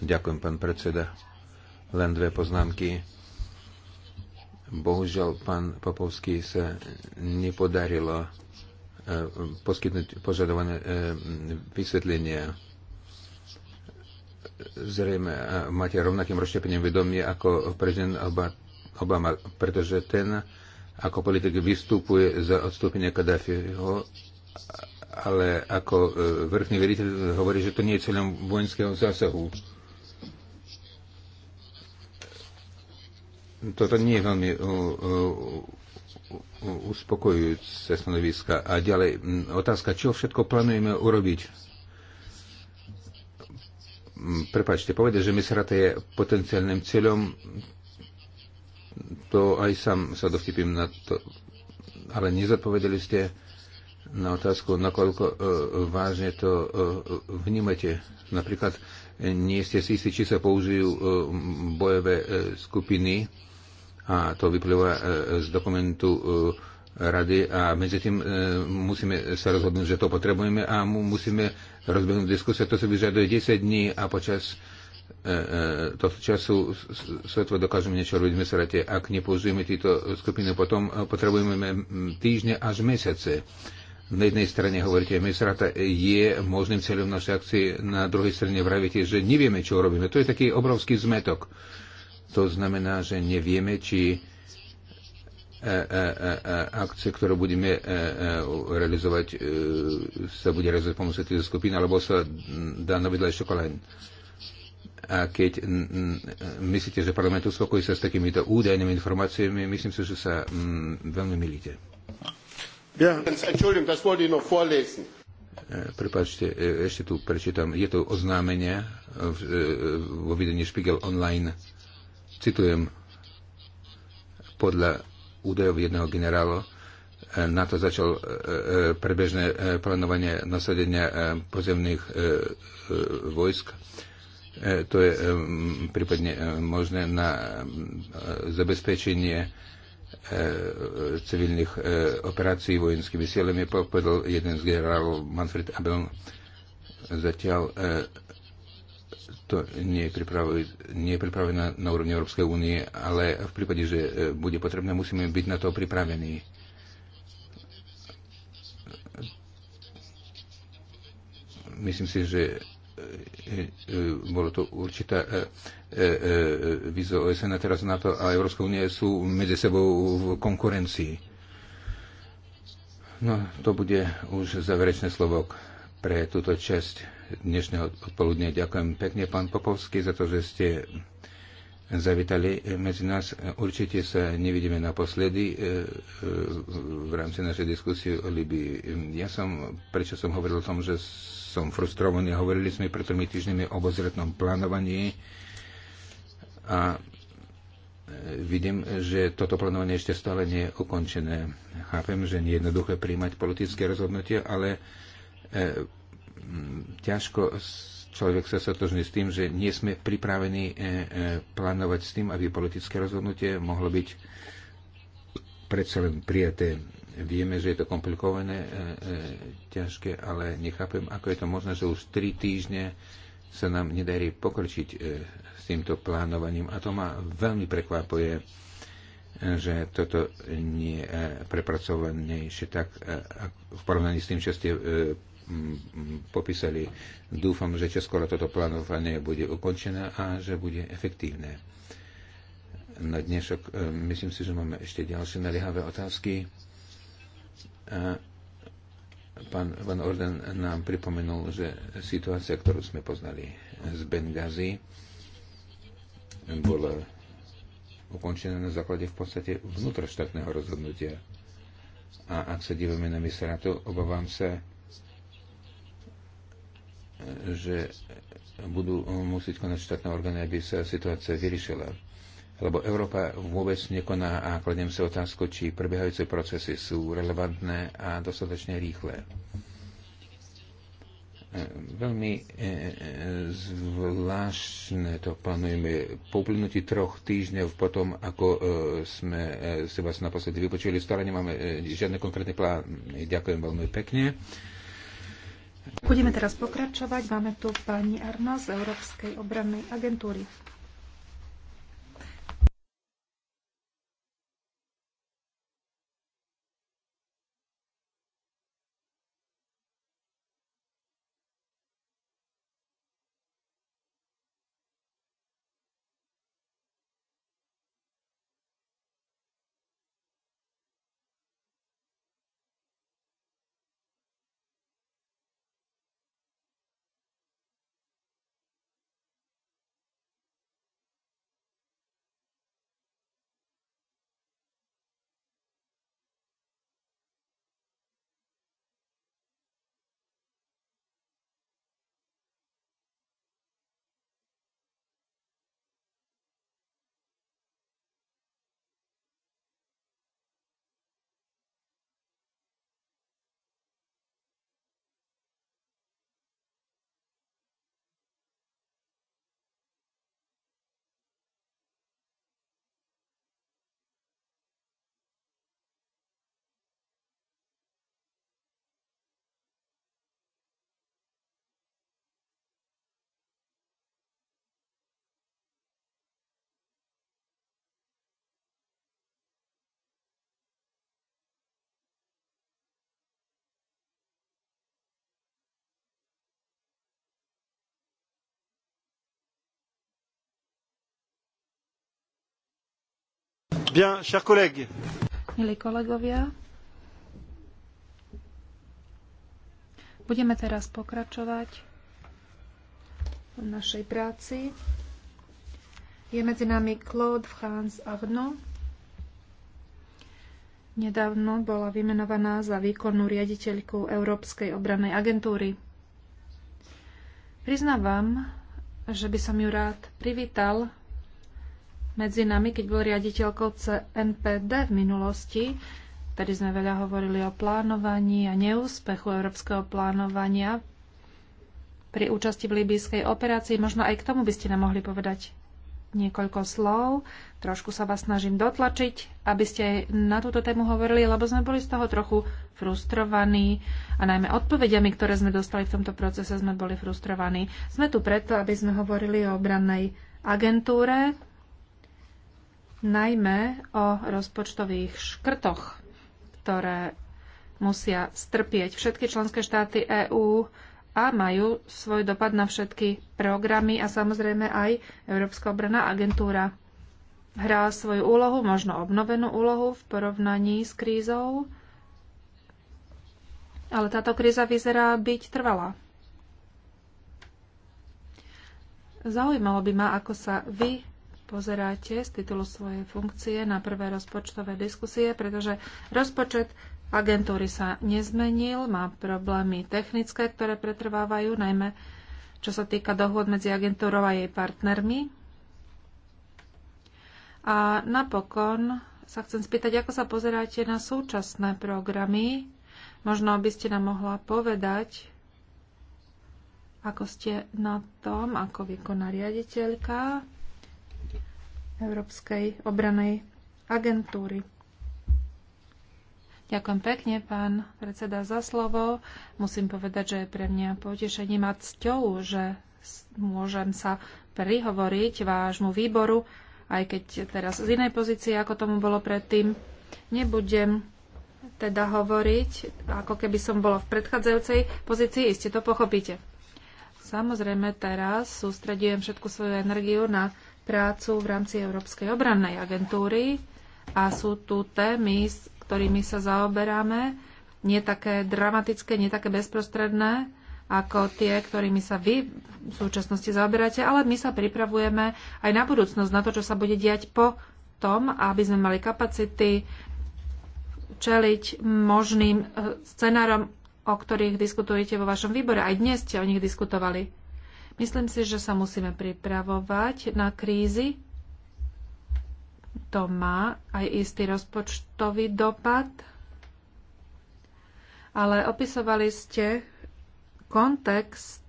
Ďakujem, pán predseda. Len dve poznámky. Bohužiaľ, pán Popovský sa nepodarilo e, poskytnúť požadované e, vysvetlenie. Zrejme e, máte rovnakým rozštepením vedomie ako prezident Obama, pretože ten ako politik vystupuje za odstúpenie Kadáfiho ale ako e, vrchný veriteľ hovorí, že to nie je celom vojenského zásahu. Toto nie je veľmi e, e, uspokojujúce stanoviska. A ďalej, otázka, čo všetko plánujeme urobiť prepačte, povedať, že Misrata je potenciálnym cieľom, to aj sám sa dovtipím na to, ale nezodpovedali ste na otázku, nakoľko e, vážne to e, vnímate. Napríklad, e, nie ste si istí, či sa použijú e, bojové e, skupiny a to vyplýva e, z dokumentu e, rady a medzi tým e, musíme sa rozhodnúť, že to potrebujeme a mu, musíme rozbehnúť diskusie. To sa vyžaduje 10 dní a počas e, e, tohto času svetlo dokážeme niečo robiť v mesarate. Ak nepoužijeme tieto skupiny, potom potrebujeme týždne až mesiace na jednej strane hovoríte, Mesrata je možným cieľom našej akcie, na druhej strane vravíte, že nevieme, čo robíme. To je taký obrovský zmetok. To znamená, že nevieme, či e, e, e, akcie, ktoré budeme realizovať, sa bude realizovať pomocou tých skupín, alebo sa dá na vedľajšie kolén. A keď myslíte, že parlament uspokojí sa s takýmito údajnými informáciami, myslím si, že sa veľmi milíte. Ja. Entschuldigung, das wollte ich noch vorlesen. E, prepačte, e, ešte tu prečítam. Je to oznámenie e, vo videní Spiegel Online. Citujem podľa údajov jedného generála NATO začal prebežné plánovanie nasadenia pozemných vojsk. To je prípadne možné na zabezpečenie E, civilných e, operácií vojenskými silami, povedal jeden z generálov Manfred Abel. Zatiaľ e, to nie je, nie je pripravené na úrovni Európskej únie, ale v prípade, že bude potrebné, musíme byť na to pripravení. Myslím si, že E, e, e, bolo to určitá víza OSN a teraz NATO a Európska únie sú medzi sebou v konkurencii. No, to bude už záverečné slovo pre túto časť dnešného odpoludne. Ďakujem pekne, pán Popovský, za to, že ste zavítali medzi nás. Určite sa nevidíme naposledy v rámci našej diskusie o Libii. Ja som, prečo som hovoril o tom, že som frustrovaný. Hovorili sme pred tromi týždňami o obozretnom plánovaní a e, vidím, že toto plánovanie ešte stále nie je ukončené. Chápem, že nie je jednoduché príjmať politické rozhodnutie, ale e, ťažko človek sa sotožní s tým, že nie sme pripravení e, e, plánovať s tým, aby politické rozhodnutie mohlo byť predsa len prijaté. Vieme, že je to komplikované, e, e, ťažké, ale nechápem, ako je to možné, že už 3 týždne sa nám nedarí pokročiť e, s týmto plánovaním. A to ma veľmi prekvapuje, e, že toto nie je prepracovanejšie tak e, v porovnaní s tým, čo ste e, popísali. Dúfam, že čoskoro toto plánovanie bude ukončené a že bude efektívne na dnešok. Myslím si, že máme ešte ďalšie naliehavé otázky pán Van Orden nám pripomenul, že situácia, ktorú sme poznali z Bengazi, bola ukončená na základe v podstate vnútroštátneho rozhodnutia. A ak sa dívame na Misratu, obávam sa, že budú musieť konať štátne orgány, aby sa situácia vyriešila lebo Európa vôbec nekoná a kladiem si otázku, či prebiehajúce procesy sú relevantné a dostatočne rýchle. E, veľmi e, zvláštne to plánujeme. Po uplynutí troch týždňov potom, ako e, sme si vás naposledy vypočuli, stále nemáme žiadne konkrétne plány. Ďakujem veľmi pekne. Budeme teraz pokračovať. Máme tu pani Arna z Európskej obrannej agentúry. Bien, chers collègues. Milí kolegovia, budeme teraz pokračovať v našej práci. Je medzi nami Claude a Arnaud. Nedávno bola vymenovaná za výkonnú riaditeľku Európskej obranej agentúry. Priznávam, že by som ju rád privítal medzi nami, keď bol riaditeľkou CNPD v minulosti. Tedy sme veľa hovorili o plánovaní a neúspechu európskeho plánovania pri účasti v libijskej operácii. Možno aj k tomu by ste nám mohli povedať niekoľko slov. Trošku sa vás snažím dotlačiť, aby ste aj na túto tému hovorili, lebo sme boli z toho trochu frustrovaní a najmä odpovediami, ktoré sme dostali v tomto procese, sme boli frustrovaní. Sme tu preto, aby sme hovorili o obrannej agentúre, najmä o rozpočtových škrtoch, ktoré musia strpieť všetky členské štáty EÚ a majú svoj dopad na všetky programy a samozrejme aj Európska obraná agentúra hrá svoju úlohu, možno obnovenú úlohu v porovnaní s krízou, ale táto kríza vyzerá byť trvalá. Zaujímalo by ma, ako sa vy pozeráte z titulu svojej funkcie na prvé rozpočtové diskusie, pretože rozpočet agentúry sa nezmenil, má problémy technické, ktoré pretrvávajú, najmä čo sa týka dohôd medzi agentúrou a jej partnermi. A napokon sa chcem spýtať, ako sa pozeráte na súčasné programy. Možno by ste nám mohla povedať, ako ste na tom, ako vykoná riaditeľka Európskej obranej agentúry. Ďakujem pekne, pán predseda, za slovo. Musím povedať, že je pre mňa potešením a cťou, že môžem sa prihovoriť vášmu výboru, aj keď teraz z inej pozície, ako tomu bolo predtým. Nebudem teda hovoriť, ako keby som bola v predchádzajúcej pozícii, iste to pochopíte. Samozrejme, teraz sústredujem všetku svoju energiu na prácu v rámci Európskej obrannej agentúry a sú tu témy, s ktorými sa zaoberáme, nie také dramatické, nie také bezprostredné, ako tie, ktorými sa vy v súčasnosti zaoberáte, ale my sa pripravujeme aj na budúcnosť, na to, čo sa bude diať po tom, aby sme mali kapacity čeliť možným eh, scenárom, o ktorých diskutujete vo vašom výbore. Aj dnes ste o nich diskutovali. Myslím si, že sa musíme pripravovať na krízy. To má aj istý rozpočtový dopad. Ale opisovali ste kontext,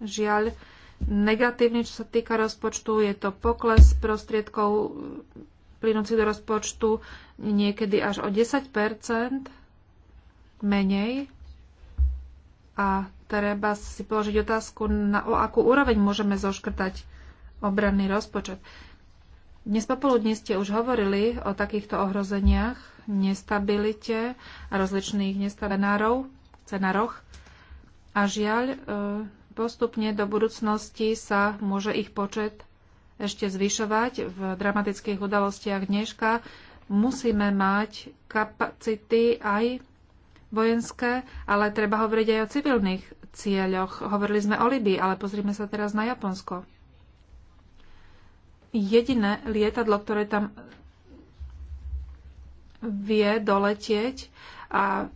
žiaľ, negatívny, čo sa týka rozpočtu. Je to pokles prostriedkov plynúci do rozpočtu niekedy až o 10 menej. A treba si položiť otázku, na, o akú úroveň môžeme zoškrtať obranný rozpočet. Dnes popoludne ste už hovorili o takýchto ohrozeniach, nestabilite a rozličných nestavenárov, cenároch. A žiaľ, e, postupne do budúcnosti sa môže ich počet ešte zvyšovať. V dramatických udalostiach dneška musíme mať kapacity aj vojenské, ale treba hovoriť aj o civilných cieľoch. Hovorili sme o Libii, ale pozrime sa teraz na Japonsko. Jediné lietadlo, ktoré tam vie doletieť a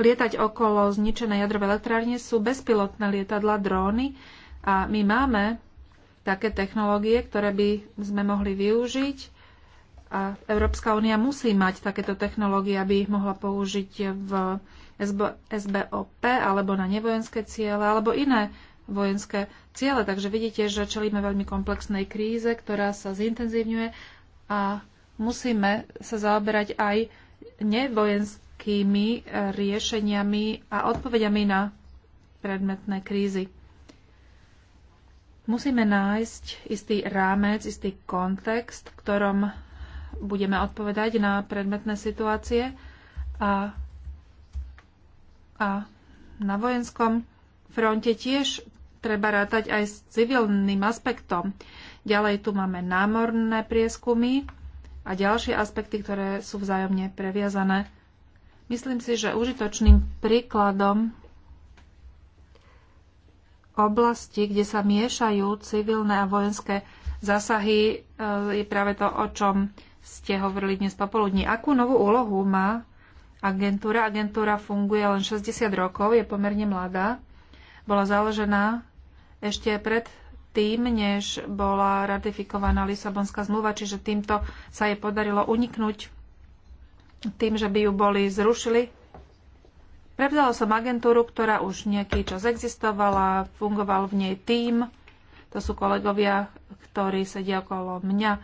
lietať okolo zničenej jadrovej elektrárne sú bezpilotné lietadla, dróny a my máme také technológie, ktoré by sme mohli využiť a Európska únia musí mať takéto technológie, aby ich mohla použiť v SBOP alebo na nevojenské ciele alebo iné vojenské ciele. Takže vidíte, že čelíme veľmi komplexnej kríze, ktorá sa zintenzívňuje a musíme sa zaoberať aj nevojenskými eh, riešeniami a odpovediami na predmetné krízy. Musíme nájsť istý rámec, istý kontext, v ktorom budeme odpovedať na predmetné situácie a a na vojenskom fronte tiež treba rátať aj s civilným aspektom. Ďalej tu máme námorné prieskumy a ďalšie aspekty, ktoré sú vzájomne previazané. Myslím si, že užitočným príkladom oblasti, kde sa miešajú civilné a vojenské zásahy, e, je práve to, o čom ste hovorili dnes popoludní. Akú novú úlohu má agentúra. Agentúra funguje len 60 rokov, je pomerne mladá. Bola založená ešte pred tým, než bola ratifikovaná Lisabonská zmluva, čiže týmto sa jej podarilo uniknúť tým, že by ju boli zrušili. Prevzala som agentúru, ktorá už nejaký čas existovala, fungoval v nej tým, to sú kolegovia, ktorí sedia okolo mňa.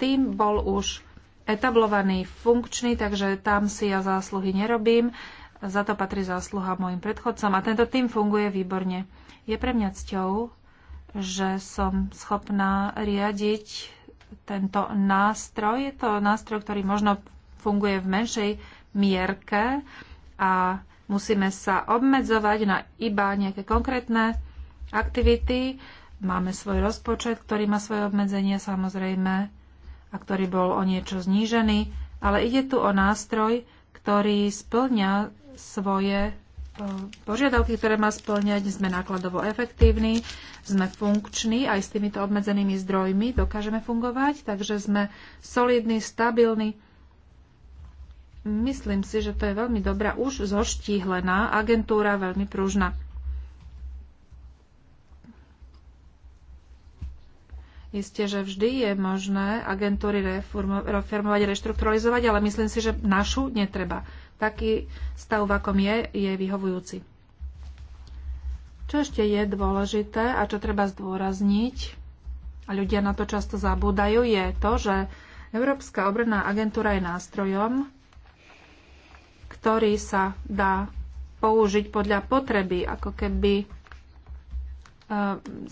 Tým bol už etablovaný, funkčný, takže tam si ja zásluhy nerobím. Za to patrí zásluha mojim predchodcom a tento tým funguje výborne. Je pre mňa cťou, že som schopná riadiť tento nástroj. Je to nástroj, ktorý možno funguje v menšej mierke a musíme sa obmedzovať na iba nejaké konkrétne aktivity. Máme svoj rozpočet, ktorý má svoje obmedzenie samozrejme a ktorý bol o niečo znížený, ale ide tu o nástroj, ktorý splňa svoje e, požiadavky, ktoré má splňať. Sme nákladovo efektívni, sme funkční, aj s týmito obmedzenými zdrojmi dokážeme fungovať, takže sme solidní, stabilní. Myslím si, že to je veľmi dobrá, už zoštíhlená agentúra, veľmi pružná. Isté, že vždy je možné agentúry reformovať, reštrukturalizovať, ale myslím si, že našu netreba. Taký stav, v akom je, je vyhovujúci. Čo ešte je dôležité a čo treba zdôrazniť, a ľudia na to často zabúdajú, je to, že Európska obranná agentúra je nástrojom, ktorý sa dá použiť podľa potreby, ako keby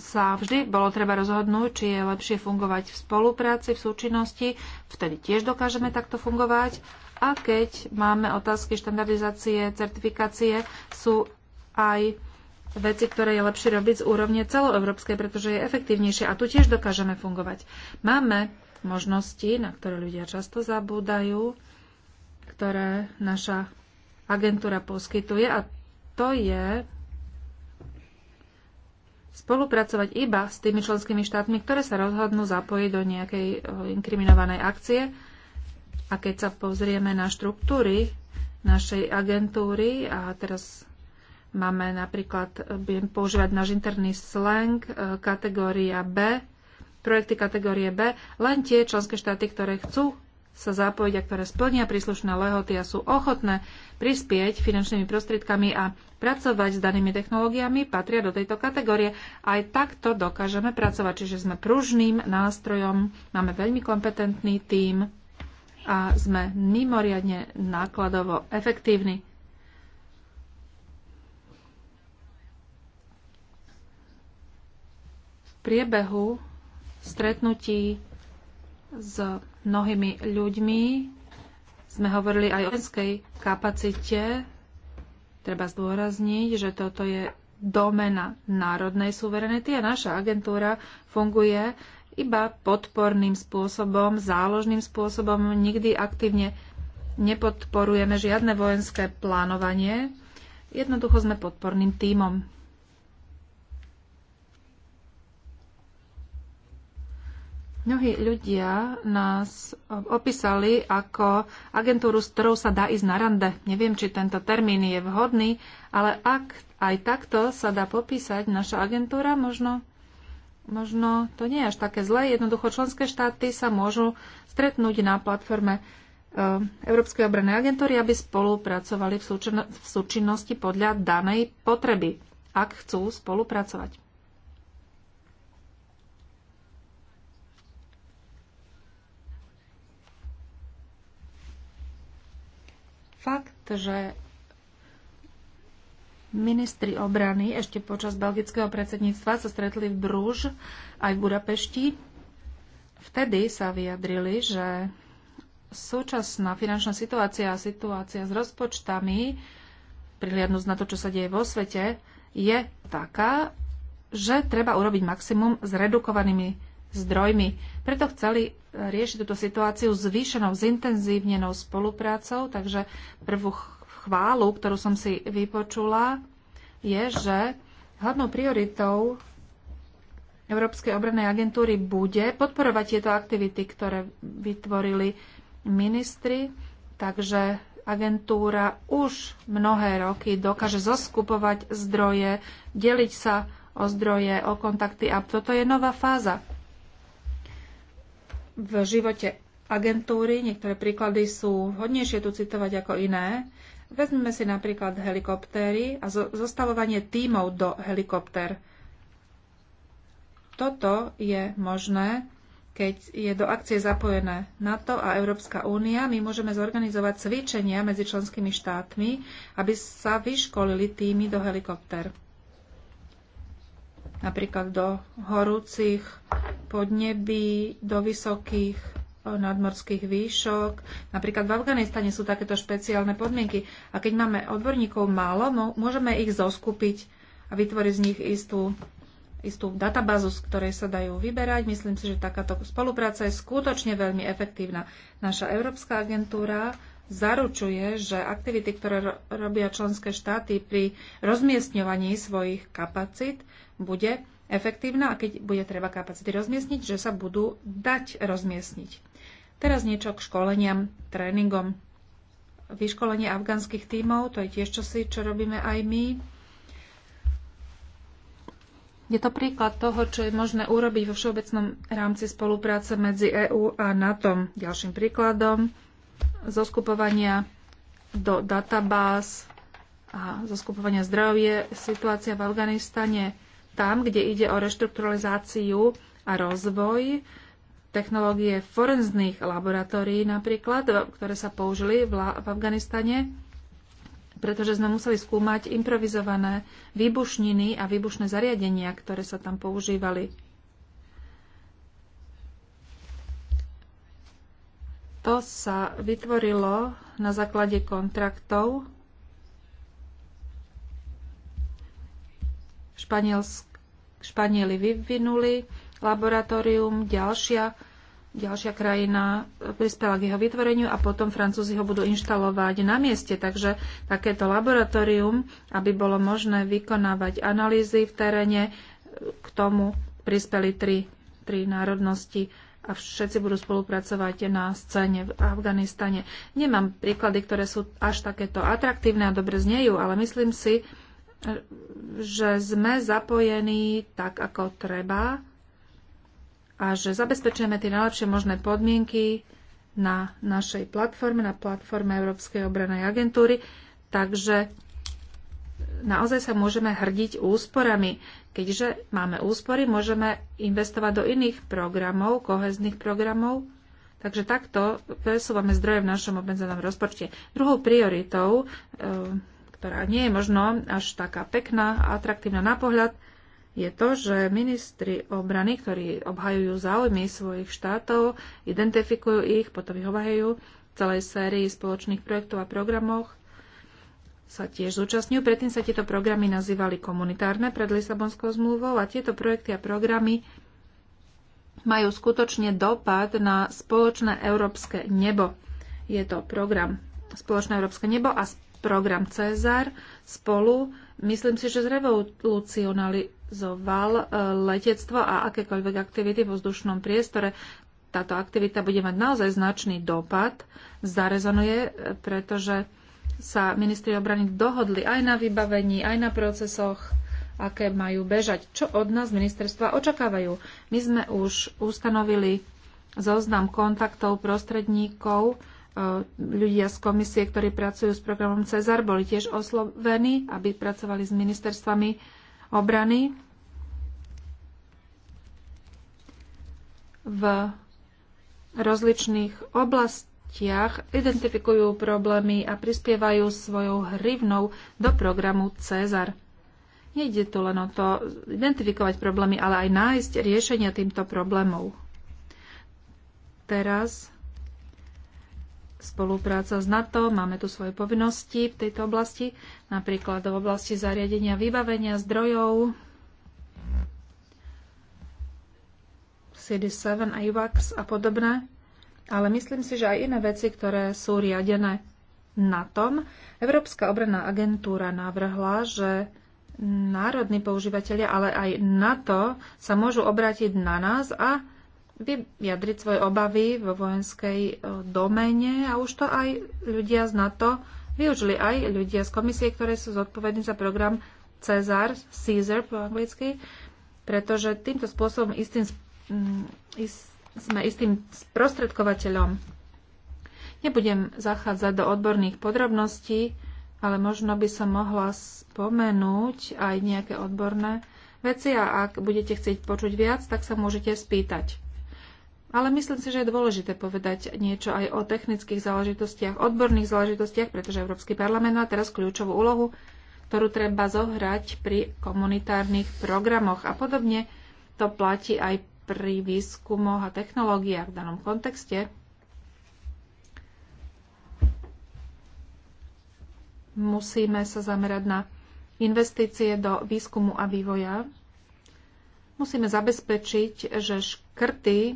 sa vždy bolo treba rozhodnúť, či je lepšie fungovať v spolupráci, v súčinnosti, vtedy tiež dokážeme takto fungovať. A keď máme otázky štandardizácie, certifikácie, sú aj veci, ktoré je lepšie robiť z úrovne celoeurópskej, pretože je efektívnejšie a tu tiež dokážeme fungovať. Máme možnosti, na ktoré ľudia často zabúdajú, ktoré naša agentúra poskytuje a to je spolupracovať iba s tými členskými štátmi, ktoré sa rozhodnú zapojiť do nejakej eh, inkriminovanej akcie. A keď sa pozrieme na štruktúry našej agentúry a teraz máme napríklad, eh, budem používať náš interný slang, eh, kategória B, projekty kategórie B, len tie členské štáty, ktoré chcú sa zapojiť a ktoré splnia príslušné lehoty a sú ochotné prispieť finančnými prostriedkami a pracovať s danými technológiami, patria do tejto kategórie. Aj takto dokážeme pracovať, čiže sme pružným nástrojom, máme veľmi kompetentný tím a sme mimoriadne nákladovo efektívni. V priebehu stretnutí s mnohými ľuďmi. Sme hovorili aj o vojenskej kapacite. Treba zdôrazniť, že toto je domena národnej suverenity a naša agentúra funguje iba podporným spôsobom, záložným spôsobom. Nikdy aktívne nepodporujeme žiadne vojenské plánovanie. Jednoducho sme podporným tímom. Mnohí ľudia nás opísali ako agentúru, s ktorou sa dá ísť na rande. Neviem, či tento termín je vhodný, ale ak aj takto sa dá popísať naša agentúra, možno, možno to nie je až také zlé. Jednoducho členské štáty sa môžu stretnúť na platforme e, Európskej obranej agentúry, aby spolupracovali v súčinnosti podľa danej potreby, ak chcú spolupracovať. fakt, že ministri obrany ešte počas belgického predsedníctva sa stretli v Brúž aj v Budapešti. Vtedy sa vyjadrili, že súčasná finančná situácia a situácia s rozpočtami, prihliadnúc na to, čo sa deje vo svete, je taká, že treba urobiť maximum s redukovanými zdrojmi. Preto chceli e, riešiť túto situáciu zvýšenou, zintenzívnenou spoluprácou, takže prvú chválu, ktorú som si vypočula, je, že hlavnou prioritou Európskej obrannej agentúry bude podporovať tieto aktivity, ktoré vytvorili ministri, takže agentúra už mnohé roky dokáže zoskupovať zdroje, deliť sa o zdroje, o kontakty a toto je nová fáza v živote agentúry. Niektoré príklady sú hodnejšie tu citovať ako iné. Vezmeme si napríklad helikoptéry a zostavovanie tímov do helikoptér. Toto je možné, keď je do akcie zapojené NATO a Európska únia. My môžeme zorganizovať cvičenia medzi členskými štátmi, aby sa vyškolili týmy do helikoptér napríklad do horúcich podnebí, do vysokých eh, nadmorských výšok. Napríklad v Afganistane sú takéto špeciálne podmienky. A keď máme odborníkov málo, môžeme ich zoskupiť a vytvoriť z nich istú, istú databázu, z ktorej sa dajú vyberať. Myslím si, že takáto spolupráca je skutočne veľmi efektívna. Naša Európska agentúra zaručuje, že aktivity, ktoré robia členské štáty pri rozmiestňovaní svojich kapacít, bude efektívna a keď bude treba kapacity rozmiestniť, že sa budú dať rozmiestniť. Teraz niečo k školeniam, tréningom. Vyškolenie afgánskych tímov, to je tiež čosi, čo robíme aj my. Je to príklad toho, čo je možné urobiť vo všeobecnom rámci spolupráce medzi EÚ a NATO. Ďalším príkladom zoskupovania do databáz a zoskupovania zdrojov je situácia v Afganistane tam, kde ide o reštrukturalizáciu a rozvoj technológie forenzných laboratórií napríklad, ktoré sa použili v, v Afganistane, pretože sme museli skúmať improvizované výbušniny a výbušné zariadenia, ktoré sa tam používali. To sa vytvorilo na základe kontraktov Španielsk, Španieli vyvinuli laboratórium, ďalšia, ďalšia krajina prispela k jeho vytvoreniu a potom Francúzi ho budú inštalovať na mieste. Takže takéto laboratórium, aby bolo možné vykonávať analýzy v teréne, k tomu prispeli tri, tri národnosti a všetci budú spolupracovať na scéne v Afganistane. Nemám príklady, ktoré sú až takéto atraktívne a dobre znejú, ale myslím si, že sme zapojení tak, ako treba a že zabezpečujeme tie najlepšie možné podmienky na našej platforme, na platforme Európskej obranej agentúry. Takže naozaj sa môžeme hrdiť úsporami. Keďže máme úspory, môžeme investovať do iných programov, kohezných programov. Takže takto presúvame zdroje v našom obmedzenom rozpočte. Druhou prioritou, e, ktorá nie je možno až taká pekná a atraktívna na pohľad, je to, že ministri obrany, ktorí obhajujú záujmy svojich štátov, identifikujú ich, potom ich obhajujú v celej sérii spoločných projektov a programoch sa tiež zúčastňujú. Predtým sa tieto programy nazývali komunitárne pred Lisabonskou zmluvou a tieto projekty a programy majú skutočne dopad na spoločné európske nebo. Je to program Spoločné európske nebo a program Cezar spolu. Myslím si, že zrevolucionalizoval e, letectvo a akékoľvek aktivity v vzdušnom priestore. Táto aktivita bude mať naozaj značný dopad, zarezonuje, e, pretože sa ministri obrany dohodli aj na vybavení, aj na procesoch, aké majú bežať. Čo od nás ministerstva očakávajú? My sme už ustanovili zoznam kontaktov prostredníkov, e, ľudia z komisie, ktorí pracujú s programom Cezar, boli tiež oslovení, aby pracovali s ministerstvami obrany. V rozličných oblastiach oblastiach identifikujú problémy a prispievajú svojou hrivnou do programu Cezar. Nejde tu len o to identifikovať problémy, ale aj nájsť riešenia týmto problémov. Teraz spolupráca s NATO, máme tu svoje povinnosti v tejto oblasti, napríklad v oblasti zariadenia vybavenia zdrojov, CD7 a a podobné ale myslím si, že aj iné veci, ktoré sú riadené na tom. Európska obranná agentúra navrhla, že národní používateľia, ale aj NATO sa môžu obrátiť na nás a vyjadriť svoje obavy vo vojenskej e, domene a už to aj ľudia z NATO využili, aj ľudia z komisie, ktoré sú zodpovední za program Cezar, Caesar po anglicky, pretože týmto spôsobom istým, istým sme istým sprostredkovateľom. Nebudem zachádzať do odborných podrobností, ale možno by som mohla spomenúť aj nejaké odborné veci a ak budete chcieť počuť viac, tak sa môžete spýtať. Ale myslím si, že je dôležité povedať niečo aj o technických záležitostiach, odborných záležitostiach, pretože Európsky parlament má teraz kľúčovú úlohu, ktorú treba zohrať pri komunitárnych programoch. A podobne to platí aj pri výskumoch a technológiách v danom kontexte, musíme sa zamerať na investície do výskumu a vývoja. Musíme zabezpečiť, že škrty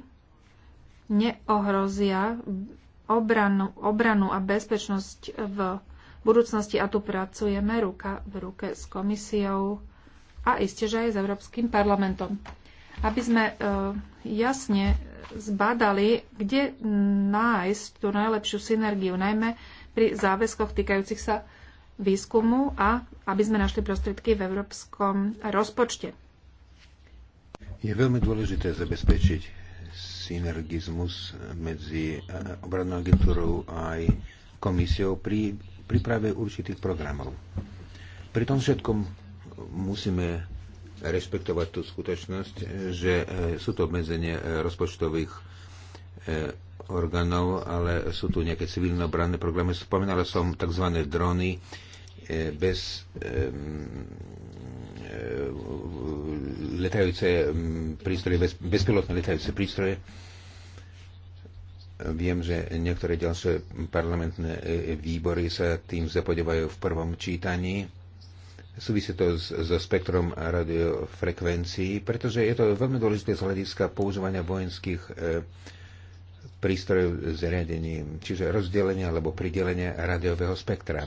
neohrozia obranu, obranu a bezpečnosť v budúcnosti a tu pracujeme ruka v ruke s komisiou a iste, že aj s Európskym parlamentom aby sme e, jasne zbadali, kde nájsť tú najlepšiu synergiu, najmä pri záväzkoch týkajúcich sa výskumu a aby sme našli prostriedky v európskom rozpočte. Je veľmi dôležité zabezpečiť synergizmus medzi e, obradnou agentúrou a aj komisiou pri príprave určitých programov. Pri tom všetkom musíme rešpektovať tú skutočnosť, že e, sú to obmedzenie rozpočtových e, orgánov, ale sú tu nejaké civilné obranné programy. Spomínala som tzv. drony e, bez letajúce prístroje, bez, bezpilotné letajúce prístroje. Viem, že niektoré ďalšie parlamentné výbory sa tým zapodevajú v prvom čítaní Súvisí to so spektrom radiofrekvencií, pretože je to veľmi dôležité z hľadiska používania vojenských e, prístrojov zariadení, čiže rozdelenia alebo pridelenia radiového spektra.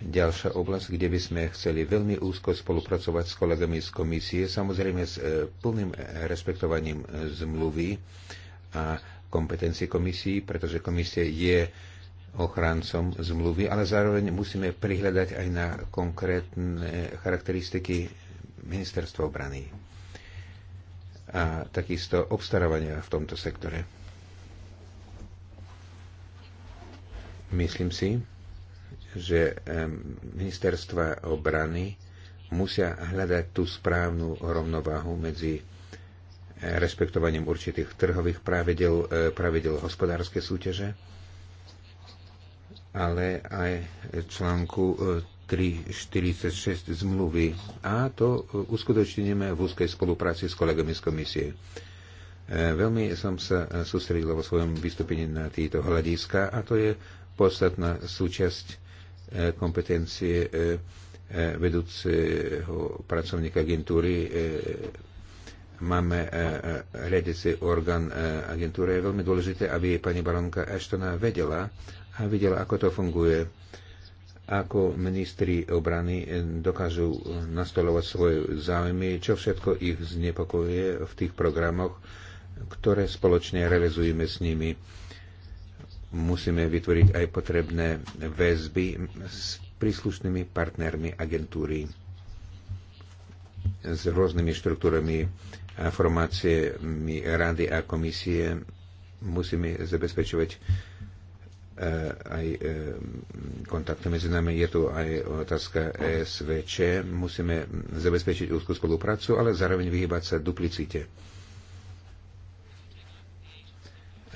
Ďalšia oblasť, kde by sme chceli veľmi úzko spolupracovať s kolegami z komisie, samozrejme s e, plným respektovaním e, zmluvy a kompetencie komisii, pretože komisie je ochrancom zmluvy, ale zároveň musíme prihľadať aj na konkrétne charakteristiky ministerstva obrany a takisto obstarávania v tomto sektore. Myslím si, že ministerstva obrany musia hľadať tú správnu rovnováhu medzi eh, respektovaním určitých trhových pravidel, eh, pravidel hospodárskej súťaže ale aj článku 346 e, zmluvy. A to e, uskutočníme v úzkej spolupráci s kolegami z komisie. E, veľmi som sa sústredil vo svojom vystúpení na tieto hľadiska a to je podstatná súčasť kompetencie vedúceho pracovníka agentúry máme e, e, riadiaci orgán e, agentúry. Je veľmi dôležité, aby pani baronka Ashtona vedela a videla, ako to funguje, ako ministri obrany dokážu nastolovať svoje záujmy, čo všetko ich znepokojuje v tých programoch, ktoré spoločne realizujeme s nimi. Musíme vytvoriť aj potrebné väzby s príslušnými partnermi agentúry s rôznymi štruktúrami my rady a komisie musíme zabezpečovať e, aj e, kontakty medzi nami. Je tu aj otázka SVČ. Musíme zabezpečiť úzkú spoluprácu, ale zároveň vyhybať sa duplicite.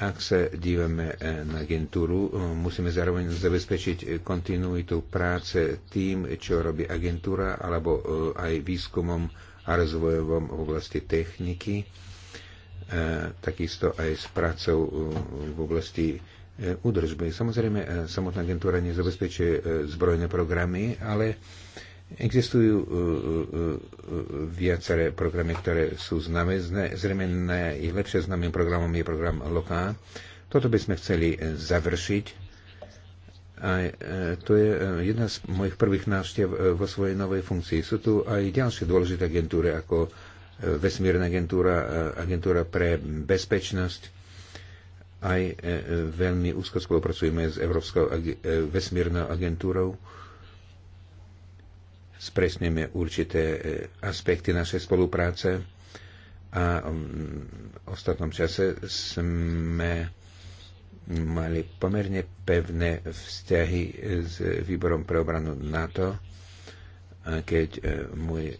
Ak sa dívame e, na agentúru, musíme zároveň zabezpečiť kontinuitu práce tým, čo robí agentúra, alebo aj výskumom a rozvojovom v oblasti techniky, e, takisto aj s prácou e, v oblasti e, údržby. Samozrejme, samotná agentúra nezabezpečuje zbrojné programy, ale Existujú viaceré programy, ktoré sú známe. Zrejme najlepšie známym programom je program Loka. Toto by sme chceli završiť a e, to je e, jedna z mojich prvých návštev e, vo svojej novej funkcii. Sú tu aj ďalšie dôležité agentúry, ako vesmírna agentúra, agentúra pre bezpečnosť. Aj veľmi úzko spolupracujeme s Európskou vesmírnou agentúrou. Spresneme určité aspekty našej spolupráce a mm, v ostatnom čase sme mali pomerne pevné vzťahy s výborom pre obranu NATO, keď e, môj e,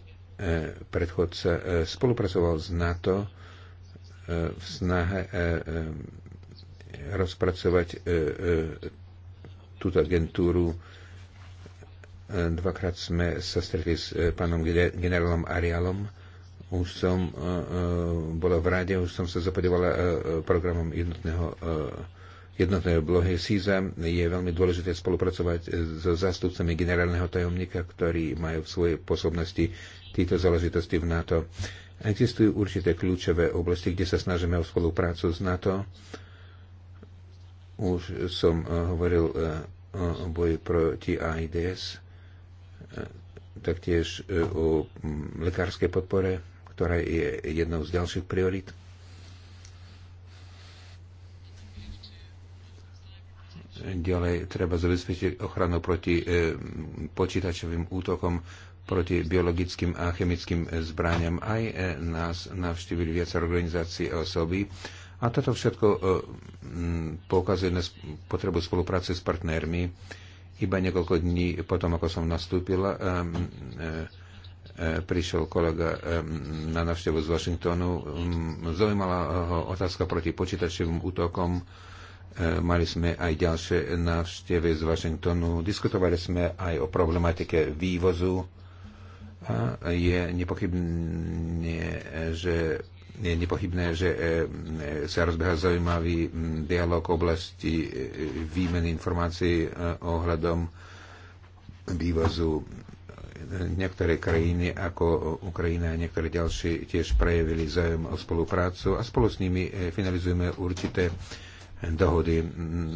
predchodca e, spolupracoval s NATO v snahe rozpracovať túto agentúru. Dvakrát sme sa stretli s pánom generálom Arialom. Už som bola v rade, už som sa zapodovala programom jednotného jednotnej oblohy SISA je veľmi dôležité spolupracovať s zástupcami generálneho tajomníka, ktorí majú v svojej pôsobnosti tieto záležitosti v NATO. Existujú určité kľúčové oblasti, kde sa snažíme o spoluprácu s NATO. Už som eh, hovoril eh, o boji proti AIDS, eh, taktiež o mm, lekárskej podpore, ktorá je jednou z ďalších priorit. Ďalej treba zabezpečiť ochranu proti e, počítačovým útokom, proti biologickým a chemickým e, zbraniam. Aj e, nás navštívili viac organizácií a osoby. A toto všetko poukazuje na potrebu spolupráce s partnermi. Iba niekoľko dní potom, ako som nastúpila, prišiel kolega na návštevu z Washingtonu. Zaujímala ho otázka proti počítačovým útokom E, mali sme aj ďalšie návštevy z Washingtonu. Diskutovali sme aj o problematike vývozu. A je nepochybné, že je nepochybné, že e, sa rozbieha zaujímavý dialog oblasti e, výmeny informácií ohľadom vývozu. Niektoré krajiny ako Ukrajina a niektoré ďalšie tiež prejavili zájem o spoluprácu a spolu s nimi finalizujeme určité dohody.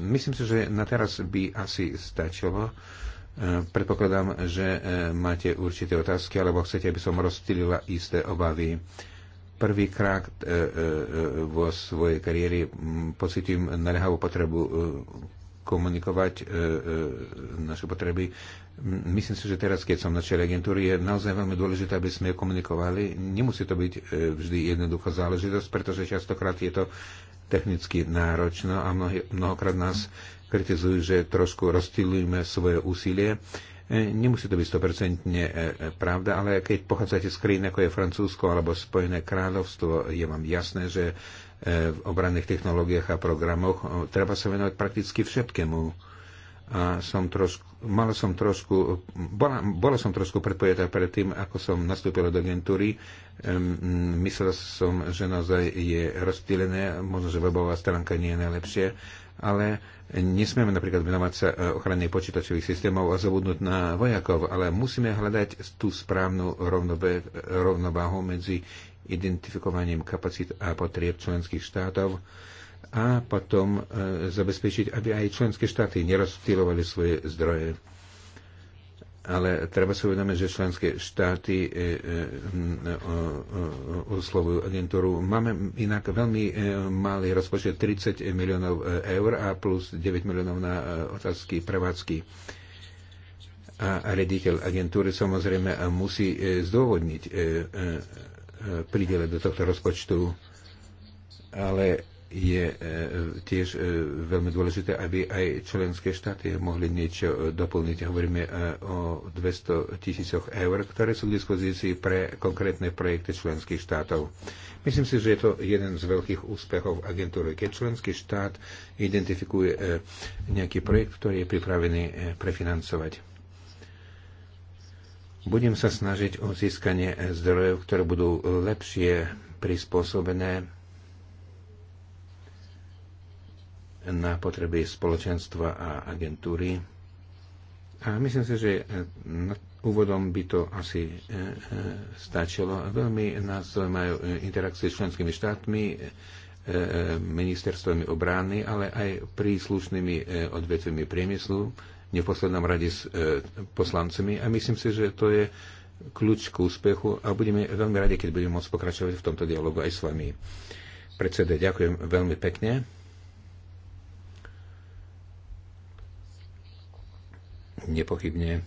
Myslím si, že na teraz by asi stačilo. E, predpokladám, že e, máte určité otázky, alebo chcete, aby som rozstýlila isté obavy. Prvýkrát e, vo svojej kariére pocitím naliehavú potrebu komunikovať naše potreby. Myslím si, že teraz, keď som na čele agentúry, je naozaj veľmi dôležité, aby sme komunikovali. Nemusí to byť vždy jednoduchá záležitosť, pretože častokrát je to technicky náročná a mnohý, mnohokrát nás kritizujú, že trošku rozstýlujeme svoje úsilie. E, nemusí to byť 100% e, e, pravda, ale keď pochádzate z krajín ako je Francúzsko alebo Spojené kráľovstvo, je vám jasné, že v obranných technológiách a programoch treba sa venovať prakticky všetkému a som trošku, mala som trošku, bola, bola som trošku predpojetá pred tým, ako som nastúpila do agentúry. Um, som, že naozaj je rozptýlené, možno, že webová stránka nie je najlepšie, ale nesmieme napríklad venovať sa e, ochrane počítačových systémov a zabudnúť na vojakov, ale musíme hľadať tú správnu rovnováhu medzi identifikovaním kapacít a potrieb členských štátov a potom e, zabezpečiť, aby aj členské štáty nerozptýlovali svoje zdroje. Ale treba si uvedomiť, že členské štáty e, e, oslovujú agentúru. Máme inak veľmi malý rozpočet 30 miliónov eur a plus 9 miliónov na otázky prevádzky. A rediteľ agentúry samozrejme musí zdôvodniť pridele do tohto rozpočtu. Ale je e, tiež e, veľmi dôležité, aby aj členské štáty mohli niečo e, doplniť. Hovoríme o 200 tisícoch eur, ktoré sú k dispozícii pre konkrétne projekty členských štátov. Myslím si, že je to jeden z veľkých úspechov agentúry. Keď členský štát identifikuje nejaký projekt, ktorý je pripravený prefinancovať. Budem sa snažiť o získanie zdrojov, ktoré budú lepšie prispôsobené na potreby spoločenstva a agentúry. A myslím si, že úvodom by to asi e, e, stačilo. Veľmi nás majú e, interakcie s členskými štátmi, ministerstvami obrany, ale aj príslušnými odvetvami priemyslu, neposlednom rade s poslancami. A myslím si, že to je kľúč k úspechu a budeme veľmi radi, keď budeme môcť pokračovať v tomto dialogu aj s vami. Predsede. ďakujem veľmi pekne. nepochybne e,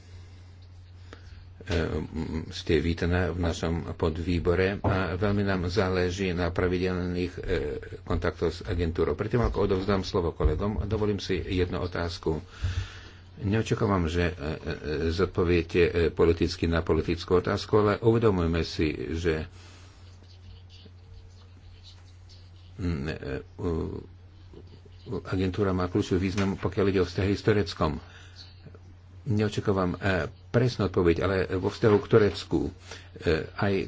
ste vítaná v našom podvýbore a veľmi nám záleží na pravidelných e, kontaktoch s agentúrou. Predtým, ako odovzdám slovo kolegom, dovolím si jednu otázku. Neočakávam, že e, zodpoviete politicky na politickú otázku, ale uvedomujme si, že agentúra má kľúčový význam, pokiaľ ide o vzťahy s Tureckom neočakávam e, presnú odpoveď, ale vo vzťahu k Turecku e, aj e,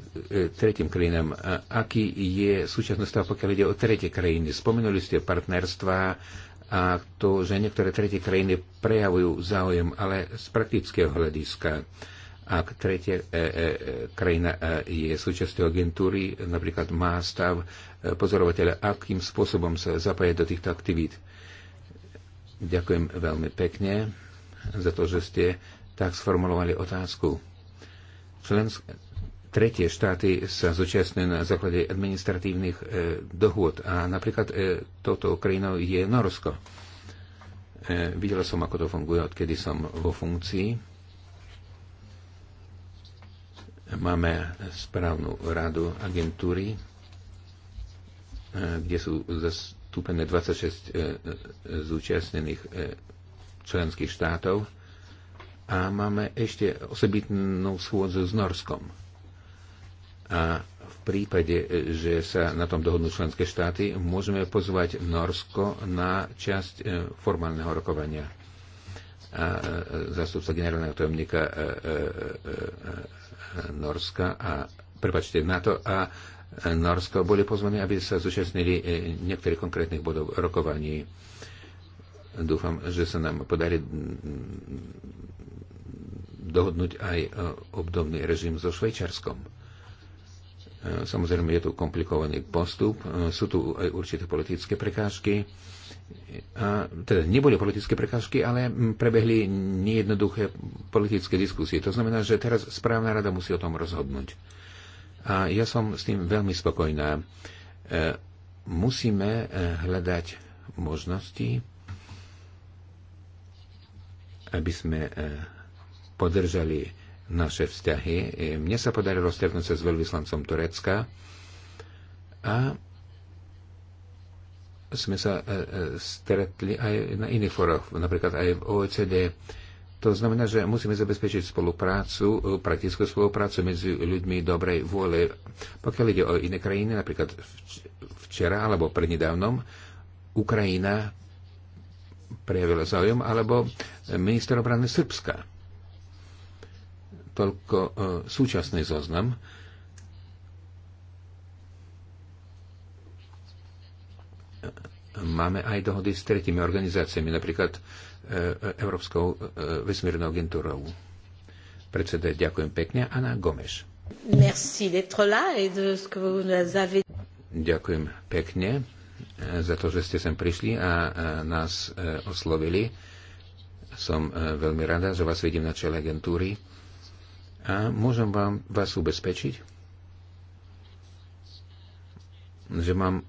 tretím krajinám, aký je súčasný stav, pokiaľ ide o tretie krajiny? Spomenuli ste partnerstva a to, že niektoré tretie krajiny prejavujú záujem, ale z praktického hľadiska. Ak tretia e, e, krajina e, je súčasťou agentúry, napríklad má stav e, pozorovateľa, akým spôsobom sa zapája do týchto aktivít. Ďakujem veľmi pekne za to, že ste tak sformulovali otázku. Člensk- tretie štáty sa zúčastňujú na základe administratívnych e, dohôd a napríklad e, toto krajinou je Norsko. E, videla som, ako to funguje, odkedy som vo funkcii. Máme správnu radu agentúry, e, kde sú zastúpené 26 e, e, zúčastnených e, členských štátov a máme ešte osobitnú schôdzu s Norskom. A v prípade, že sa na tom dohodnú členské štáty, môžeme pozvať Norsko na časť e, formálneho rokovania. A e, zastupca generálneho tajomníka e, Norska a prepačte, NATO a Norsko boli pozvaní, aby sa zúčastnili niektorých konkrétnych bodov rokovaní Dúfam, že sa nám podarí dohodnúť aj e, obdobný režim so Švajčarskom. E, samozrejme, je tu komplikovaný postup, e, sú tu aj určité politické prekážky. A, teda neboli politické prekážky, ale prebehli nejednoduché politické diskusie. To znamená, že teraz správna rada musí o tom rozhodnúť. A ja som s tým veľmi spokojná. Musíme hľadať možnosti, aby sme e, podržali naše vzťahy. E, mne sa podarilo stretnúť sa s veľvyslancom Turecka a sme sa e, stretli aj na iných foroch, napríklad aj v OECD. To znamená, že musíme zabezpečiť spoluprácu, praktickú spoluprácu medzi ľuďmi dobrej vôle. Pokiaľ ide o iné krajiny, napríklad včera alebo prednedávnom, Ukrajina prejavila záujem, alebo minister obrany Srbska. Toľko e, súčasný zoznam. Máme aj dohody s tretími organizáciami, napríklad e, Európskou e, vesmírnou agentúrou. Predseda, ďakujem pekne. Anna Gomes. Merci d'être là et de ce que vous nous avez... Ďakujem pekne za to, že ste sem prišli a nás e, oslovili. Som e, veľmi rada, že vás vidím na čele agentúry a môžem vám, vás ubezpečiť, že mám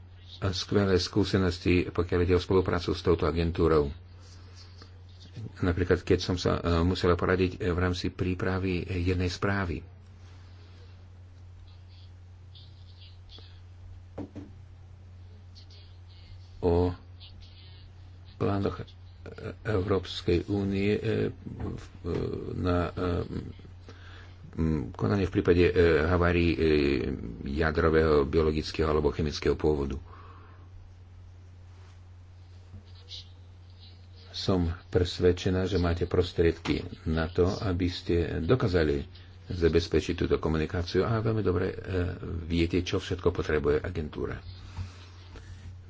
skvelé skúsenosti, pokiaľ ide o spoluprácu s touto agentúrou. Napríklad, keď som sa e, musela poradiť v rámci prípravy jednej správy. o plánoch Európskej únie e, na e, konanie v prípade e, havárií jadrového, biologického alebo chemického pôvodu. Som presvedčená, že máte prostriedky na to, aby ste dokázali zabezpečiť túto komunikáciu a veľmi dobre viete, čo všetko potrebuje agentúra.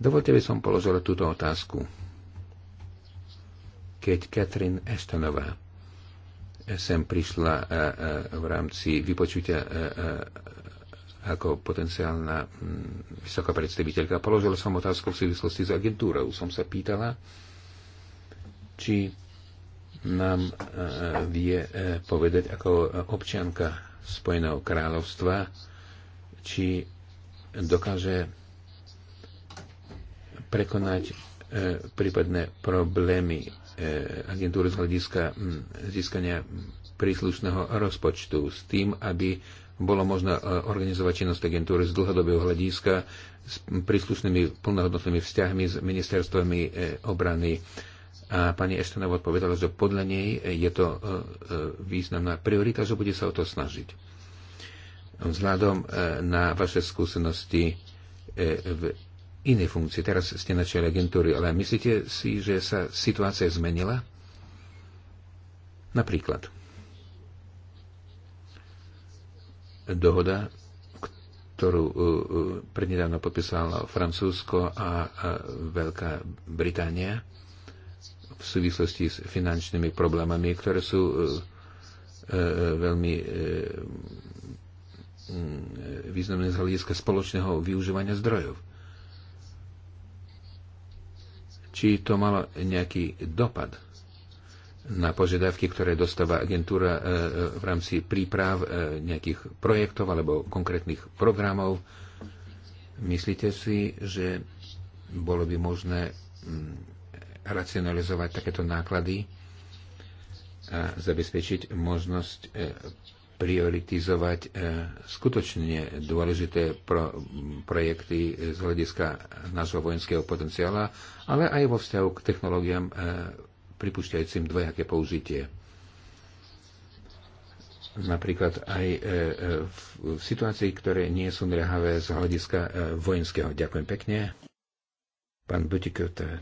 Dovolte by som položil túto otázku. Keď Katrin Estonová eh, sem prišla eh, eh, v rámci vypočutia ako potenciálna hm, vysoká predstaviteľka, položila som otázku v súvislosti s agentúrou. Som sa pýtala, či nám vie povedať ako občianka Spojeného kráľovstva, či dokáže prekonať e, prípadné problémy e, agentúry z hľadiska získania príslušného rozpočtu s tým, aby bolo možné e, organizovať činnosť agentúry z dlhodobého hľadiska s príslušnými plnohodnotnými vzťahmi s ministerstvami obrany. A pani Eštanova odpovedala, že podľa nej je to významná priorita, že bude sa o to snažiť. Vzhľadom na vaše skúsenosti v iné funkcie. Teraz ste na čele agentúry, ale myslíte si, že sa situácia zmenila? Napríklad dohoda, ktorú uh, uh, prednedávno podpísalo Francúzsko a Veľká Británia v súvislosti s finančnými problémami, ktoré sú uh, veľmi mm, významné z hľadiska spoločného využívania zdrojov či to malo nejaký dopad na požiadavky, ktoré dostáva agentúra e, e, v rámci príprav e, nejakých projektov alebo konkrétnych programov. Myslíte si, že bolo by možné mm, racionalizovať takéto náklady a zabezpečiť možnosť prioritizovať e, skutočne dôležité pro, projekty z hľadiska nášho vojenského potenciála, ale aj vo vzťahu k technológiám e, pripúšťajúcim dvojaké použitie. Napríklad aj e, v situácii, ktoré nie sú nrehavé z hľadiska vojenského. Ďakujem pekne. Pán Butiköte.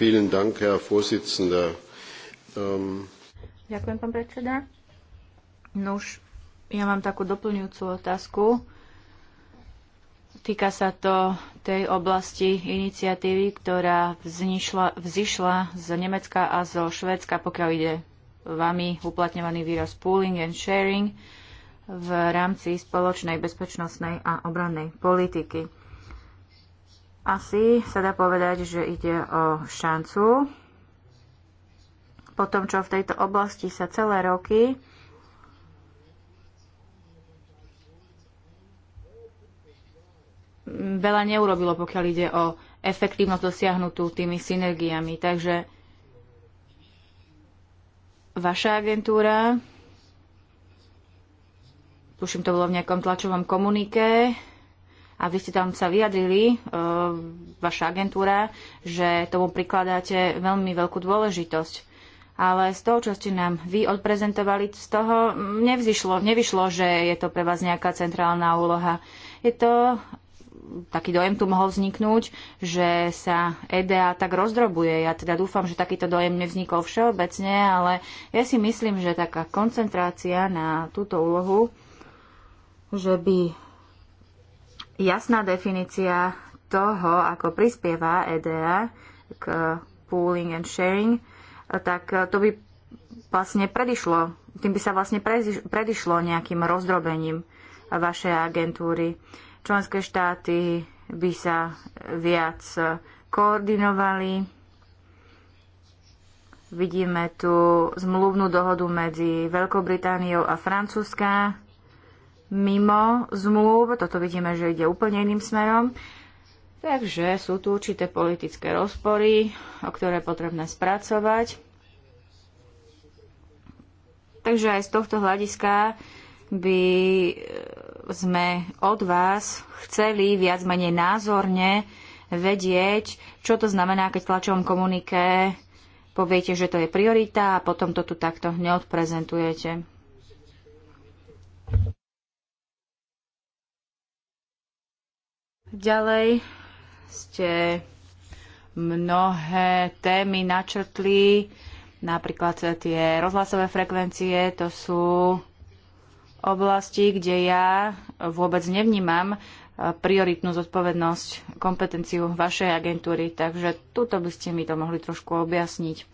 Vielen Dank, Herr Vorsitzender. Um... Ďakujem, pán predseda už ja mám takú doplňujúcu otázku. Týka sa to tej oblasti iniciatívy, ktorá vznišla, vzýšla z Nemecka a zo Švédska, pokiaľ ide vami uplatňovaný výraz pooling and sharing v rámci spoločnej bezpečnostnej a obrannej politiky. Asi sa dá povedať, že ide o šancu. Po tom, čo v tejto oblasti sa celé roky veľa neurobilo, pokiaľ ide o efektívnosť dosiahnutú tými synergiami. Takže vaša agentúra, tuším, to bolo v nejakom tlačovom komunike, a vy ste tam sa vyjadrili, e, vaša agentúra, že tomu prikladáte veľmi veľkú dôležitosť. Ale z toho, čo ste nám vy odprezentovali, z toho nevyšlo, že je to pre vás nejaká centrálna úloha. Je to taký dojem tu mohol vzniknúť, že sa EDA tak rozdrobuje. Ja teda dúfam, že takýto dojem nevznikol všeobecne, ale ja si myslím, že taká koncentrácia na túto úlohu, že by jasná definícia toho, ako prispieva EDA k pooling and sharing, tak to by vlastne predišlo, tým by sa vlastne predišlo nejakým rozdrobením vašej agentúry. Členské štáty by sa viac koordinovali. Vidíme tu zmluvnú dohodu medzi Veľkou Britániou a Francúzska. Mimo zmluv, toto vidíme, že ide úplne iným smerom. Takže sú tu určité politické rozpory, o ktoré je potrebné spracovať. Takže aj z tohto hľadiska by sme od vás chceli viac menej názorne vedieť, čo to znamená, keď v tlačovom komunike poviete, že to je priorita a potom to tu takto neodprezentujete. Ďalej ste mnohé témy načrtli, napríklad tie rozhlasové frekvencie, to sú oblasti, kde ja vôbec nevnímam e, prioritnú zodpovednosť, kompetenciu vašej agentúry, takže tuto by ste mi to mohli trošku objasniť.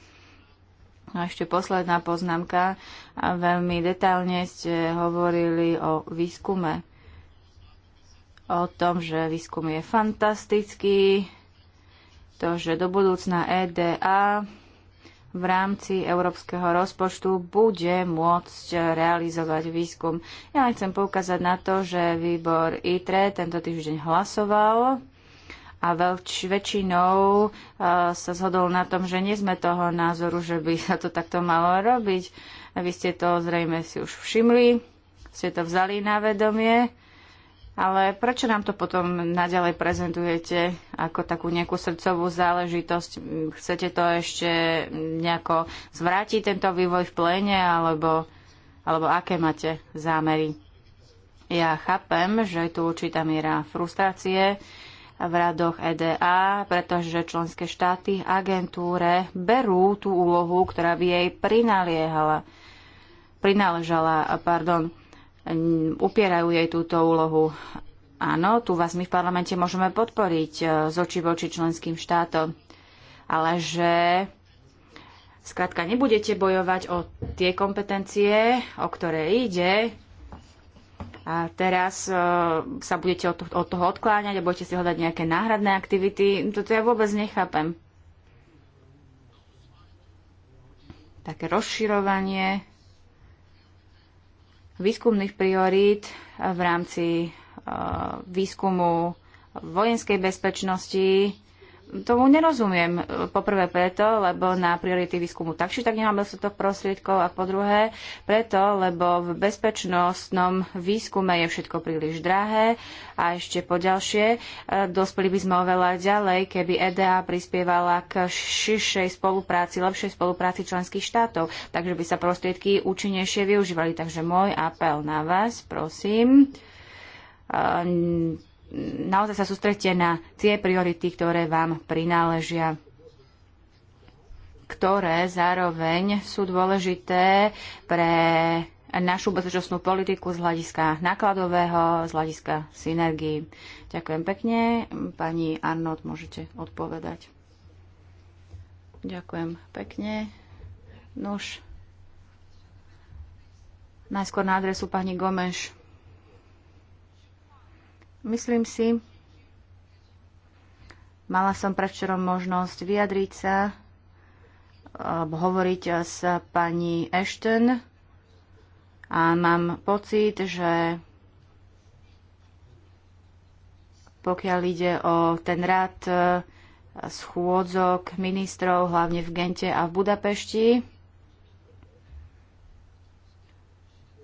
A ešte posledná poznámka. Veľmi detailne ste hovorili o výskume. O tom, že výskum je fantastický, to, že do budúcna EDA v rámci európskeho rozpočtu bude môcť realizovať výskum. Ja len chcem poukázať na to, že výbor ITRE tento týždeň hlasoval a veľč, väčšinou e, sa zhodol na tom, že nie sme toho názoru, že by sa to takto malo robiť. Vy ste to zrejme si už všimli, ste to vzali na vedomie ale prečo nám to potom naďalej prezentujete ako takú nejakú srdcovú záležitosť? Chcete to ešte nejako zvrátiť tento vývoj v pléne, alebo, alebo aké máte zámery? Ja chápem, že je tu určitá miera frustrácie v radoch EDA, pretože členské štáty agentúre berú tú úlohu, ktorá by jej prinaliehala, prináležala. Pardon upierajú jej túto úlohu. Áno, tu vás my v parlamente môžeme podporiť e, z očí voči členským štátom, ale že skrátka nebudete bojovať o tie kompetencie, o ktoré ide, a teraz uh, sa budete od, toho, od toho odkláňať a budete si hľadať nejaké náhradné aktivity. Toto ja vôbec nechápem. Také rozširovanie výskumných priorít v rámci eh, výskumu vojenskej bezpečnosti tomu nerozumiem. E, poprvé preto, lebo na priority výskumu tak, či tak nemáme dostatok prostriedkov a po druhé preto, lebo v bezpečnostnom výskume je všetko príliš drahé a ešte po ďalšie e, dospeli by sme oveľa ďalej, keby EDA prispievala k širšej spolupráci, lepšej spolupráci členských štátov, takže by sa prostriedky účinnejšie využívali. Takže môj apel na vás, prosím, e, naozaj sa sústredte na tie priority, ktoré vám prináležia ktoré zároveň sú dôležité pre našu bezpečnostnú politiku z hľadiska nákladového, z hľadiska synergii. Ďakujem pekne. Pani Arnold, môžete odpovedať. Ďakujem pekne. Nuž, najskôr na adresu pani Gomeš. Myslím si, mala som predvčerom možnosť vyjadriť sa, hovoriť s pani Ashton a mám pocit, že pokiaľ ide o ten rad eh, schôdzok ministrov, hlavne v Gente a v Budapešti,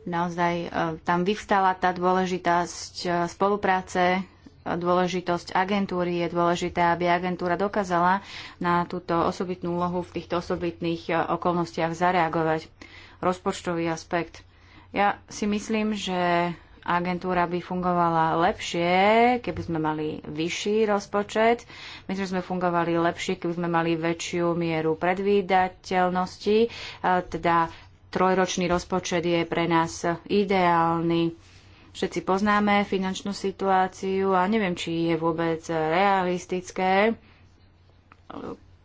naozaj e, tam vyvstala tá dôležitosť e, spolupráce, e, dôležitosť agentúry. Je dôležité, aby agentúra dokázala na túto osobitnú úlohu v týchto osobitných okolnostiach zareagovať. Rozpočtový aspekt. Ja si myslím, že agentúra by fungovala lepšie, keby sme mali vyšší rozpočet. Myslím, že sme fungovali lepšie, keby sme mali väčšiu mieru predvídateľnosti, teda trojročný rozpočet je pre nás ideálny. Všetci poznáme finančnú situáciu a neviem, či je vôbec realistické,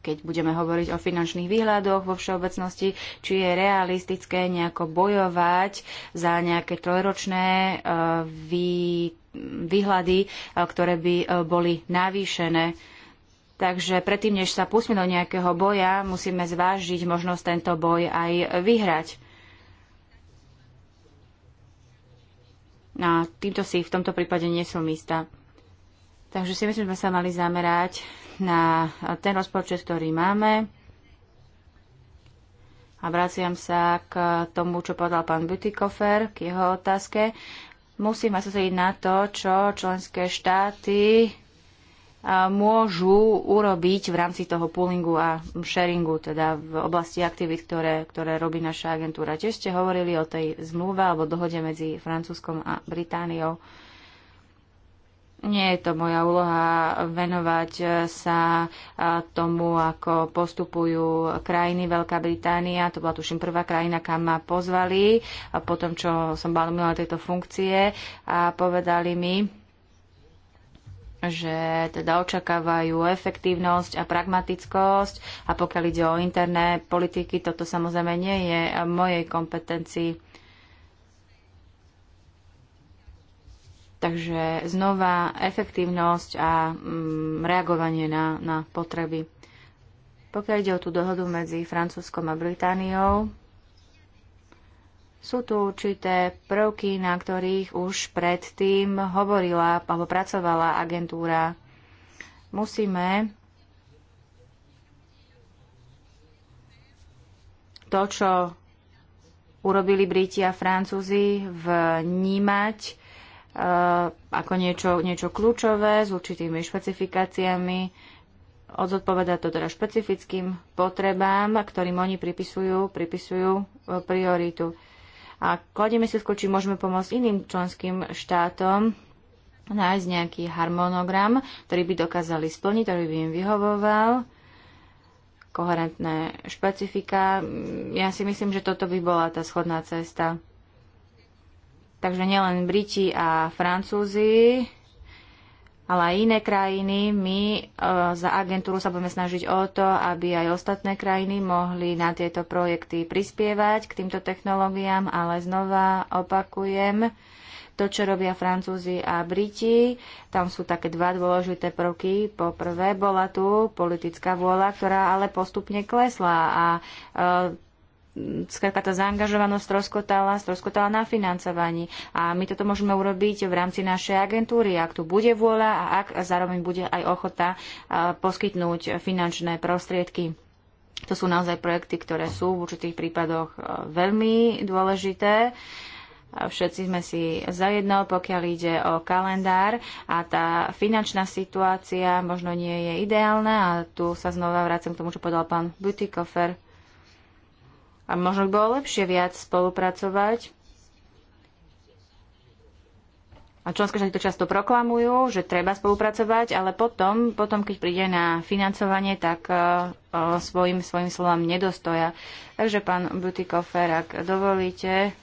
keď budeme hovoriť o finančných výhľadoch vo všeobecnosti, či je realistické nejako bojovať za nejaké trojročné eh, výhľady, eh, ktoré by eh, boli navýšené Takže predtým, než sa pustíme do nejakého boja, musíme zvážiť možnosť tento boj aj vyhrať. A no, týmto si v tomto prípade nie som istá. Takže si myslím, že sme sa mali zamerať na ten rozpočet, ktorý máme. A vraciam sa k tomu, čo povedal pán Butikofer, k jeho otázke. Musíme sa sústrediť na to, čo členské štáty môžu urobiť v rámci toho poolingu a sharingu, teda v oblasti aktivít, ktoré, ktoré robí naša agentúra. Tiež ste hovorili o tej zmluve alebo dohode medzi Francúzskom a Britániou. Nie je to moja úloha venovať sa tomu, ako postupujú krajiny Veľká Británia. To bola tuším prvá krajina, kam ma pozvali a potom, čo som balomila tejto funkcie a povedali mi, že teda očakávajú efektívnosť a pragmatickosť a pokiaľ ide o interné politiky, toto samozrejme nie je mojej kompetencii. Takže znova efektívnosť a mm, reagovanie na, na potreby. Pokiaľ ide o tú dohodu medzi Francúzskom a Britániou, sú tu určité prvky, na ktorých už predtým hovorila alebo pracovala agentúra. Musíme to, čo urobili Briti a Francúzi, vnímať e, ako niečo, niečo kľúčové s určitými špecifikáciami, odzodpovedať to teda špecifickým potrebám, ktorým oni pripisujú, pripisujú e, prioritu. A kladieme si skôr, či môžeme pomôcť iným členským štátom nájsť nejaký harmonogram, ktorý by dokázali splniť, ktorý by im vyhovoval, koherentné špecifika. Ja si myslím, že toto by bola tá schodná cesta. Takže nielen Briti a Francúzi, ale aj iné krajiny. My e, za agentúru sa budeme snažiť o to, aby aj ostatné krajiny mohli na tieto projekty prispievať k týmto technológiám, ale znova opakujem, to, čo robia Francúzi a Briti, tam sú také dva dôležité prvky. Po prvé, bola tu politická vôľa, ktorá ale postupne klesla a e, skrátka tá zaangažovanosť rozkotala, rozkotala na financovaní. A my toto môžeme urobiť v rámci našej agentúry, ak tu bude vôľa a ak zároveň bude aj ochota poskytnúť finančné prostriedky. To sú naozaj projekty, ktoré sú v určitých prípadoch veľmi dôležité. Všetci sme si zajedno, pokiaľ ide o kalendár a tá finančná situácia možno nie je ideálna a tu sa znova vracem k tomu, čo povedal pán Butikofer. A možno by bolo lepšie viac spolupracovať. A členské štáty to často proklamujú, že treba spolupracovať, ale potom, potom keď príde na financovanie, tak uh, svojim, svojim slovám nedostoja. Takže, pán Butikofer, ak dovolíte,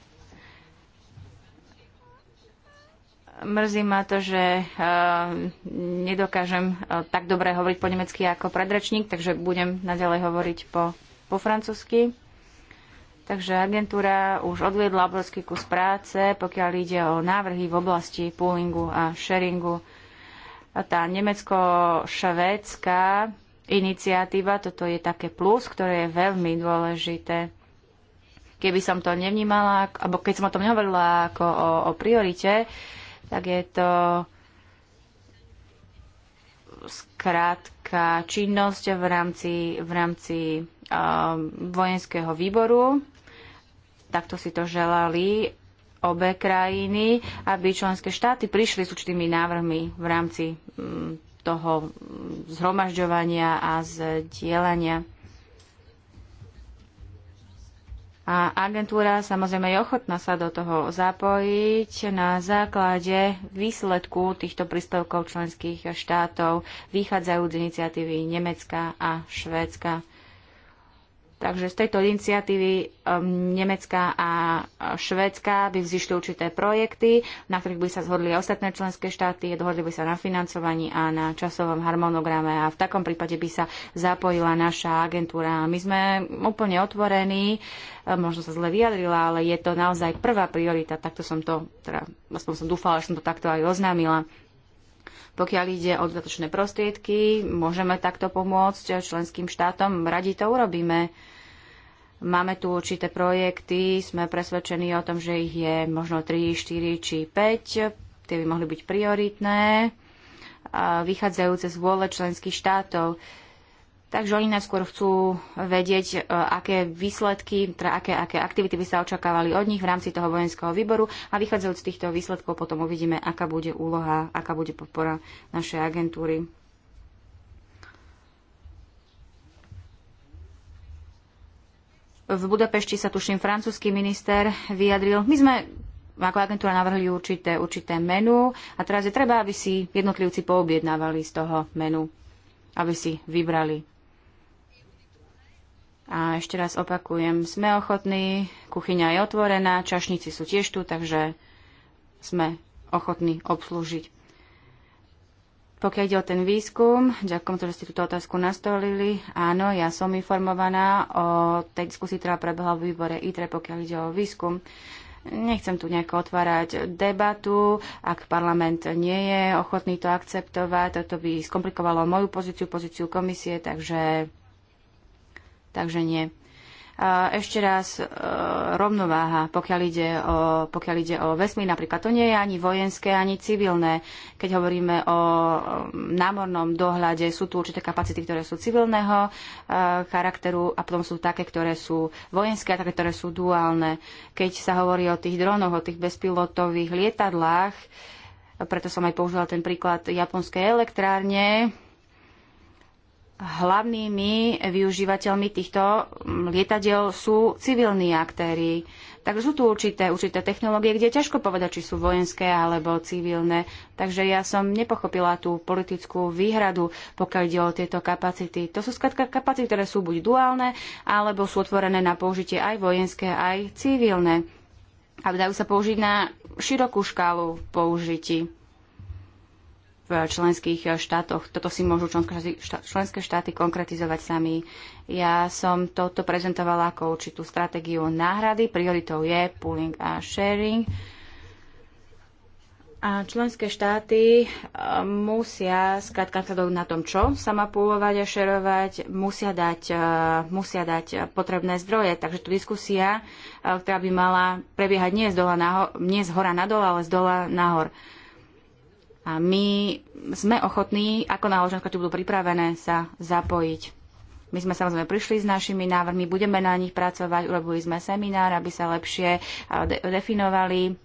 mrzí ma to, že uh, nedokážem uh, tak dobre hovoriť po nemecky ako predrečník, takže budem naďalej hovoriť po, po francúzsky. Takže agentúra už odviedla obrovský kus práce, pokiaľ ide o návrhy v oblasti poolingu a sharingu. A tá nemecko-švédska iniciatíva, toto je také plus, ktoré je veľmi dôležité. Keby som to nevnímala, alebo keď som o tom nehovorila ako o, o priorite, tak je to skrátka činnosť v rámci, v rámci vojenského výboru. Takto si to želali obe krajiny, aby členské štáty prišli s určitými návrhmi v rámci mm, toho zhromažďovania a zdieľania. A agentúra samozrejme je ochotná sa do toho zapojiť na základe výsledku týchto príspevkov členských štátov, vychádzajúc z iniciatívy Nemecka a Švédska. Takže z tejto iniciatívy um, Nemecka a Švédska by vzýšli určité projekty, na ktorých by sa zhodli ostatné členské štáty, dohodli by sa na financovaní a na časovom harmonograme a v takom prípade by sa zapojila naša agentúra. My sme úplne otvorení, e, možno sa zle vyjadrila, ale je to naozaj prvá priorita, takto som to, teda, aspoň som dúfala, že som to takto aj oznámila. Pokiaľ ide o dodatočné prostriedky, môžeme takto pomôcť členským štátom, radi to urobíme. Máme tu určité projekty, sme presvedčení o tom, že ich je možno 3, 4 či 5. Tie by mohli byť prioritné, vychádzajúce z vôle členských štátov. Takže oni najskôr chcú vedieť, e, aké výsledky, teda aké, aké aktivity by sa očakávali od nich v rámci toho vojenského výboru a vychádzajúc z týchto výsledkov potom uvidíme, aká bude úloha, aká bude podpora našej agentúry. V Budapešti sa tuším francúzsky minister vyjadril. My sme ako agentúra navrhli určité, určité menu a teraz je treba, aby si jednotlivci poobjednávali z toho menu, aby si vybrali. A ešte raz opakujem, sme ochotní, kuchyňa je otvorená, čašníci sú tiež tu, takže sme ochotní obslúžiť. Pokiaľ ide o ten výskum, ďakujem, že ste túto otázku nastolili. Áno, ja som informovaná o tej diskusii, ktorá prebehla v výbore ITRE, pokiaľ ide o výskum. Nechcem tu nejako otvárať debatu, ak parlament nie je ochotný to akceptovať, toto by skomplikovalo moju pozíciu, pozíciu komisie, takže Takže nie. A ešte raz e, rovnováha, pokiaľ ide, o, pokiaľ ide o vesmír napríklad. To nie je ani vojenské, ani civilné. Keď hovoríme o e, námornom dohľade, sú tu určité kapacity, ktoré sú civilného e, charakteru a potom sú také, ktoré sú vojenské a také, ktoré sú duálne. Keď sa hovorí o tých dronoch, o tých bezpilotových lietadlách, preto som aj použila ten príklad japonskej elektrárne, hlavnými využívateľmi týchto lietadiel sú civilní aktéry. Takže sú tu určité, určité technológie, kde je ťažko povedať, či sú vojenské alebo civilné. Takže ja som nepochopila tú politickú výhradu, pokiaľ ide o tieto kapacity. To sú skratka kapacity, ktoré sú buď duálne, alebo sú otvorené na použitie aj vojenské, aj civilné. A dajú sa použiť na širokú škálu použití v členských štátoch. Toto si môžu členské štáty konkretizovať sami. Ja som toto prezentovala ako určitú stratégiu náhrady. Prioritou je pooling a sharing. A členské štáty um, musia skrátka sa na tom, čo sa má púlovať a šerovať, musia dať, uh, musia dať potrebné zdroje. Takže tu diskusia, uh, ktorá by mala prebiehať nie z, dola nahor, nie z hora na dole, ale z dola nahor. hor a my sme ochotní, ako náležné štáty budú pripravené, sa zapojiť. My sme samozrejme prišli s našimi návrhmi, budeme na nich pracovať, urobili sme seminár, aby sa lepšie definovali,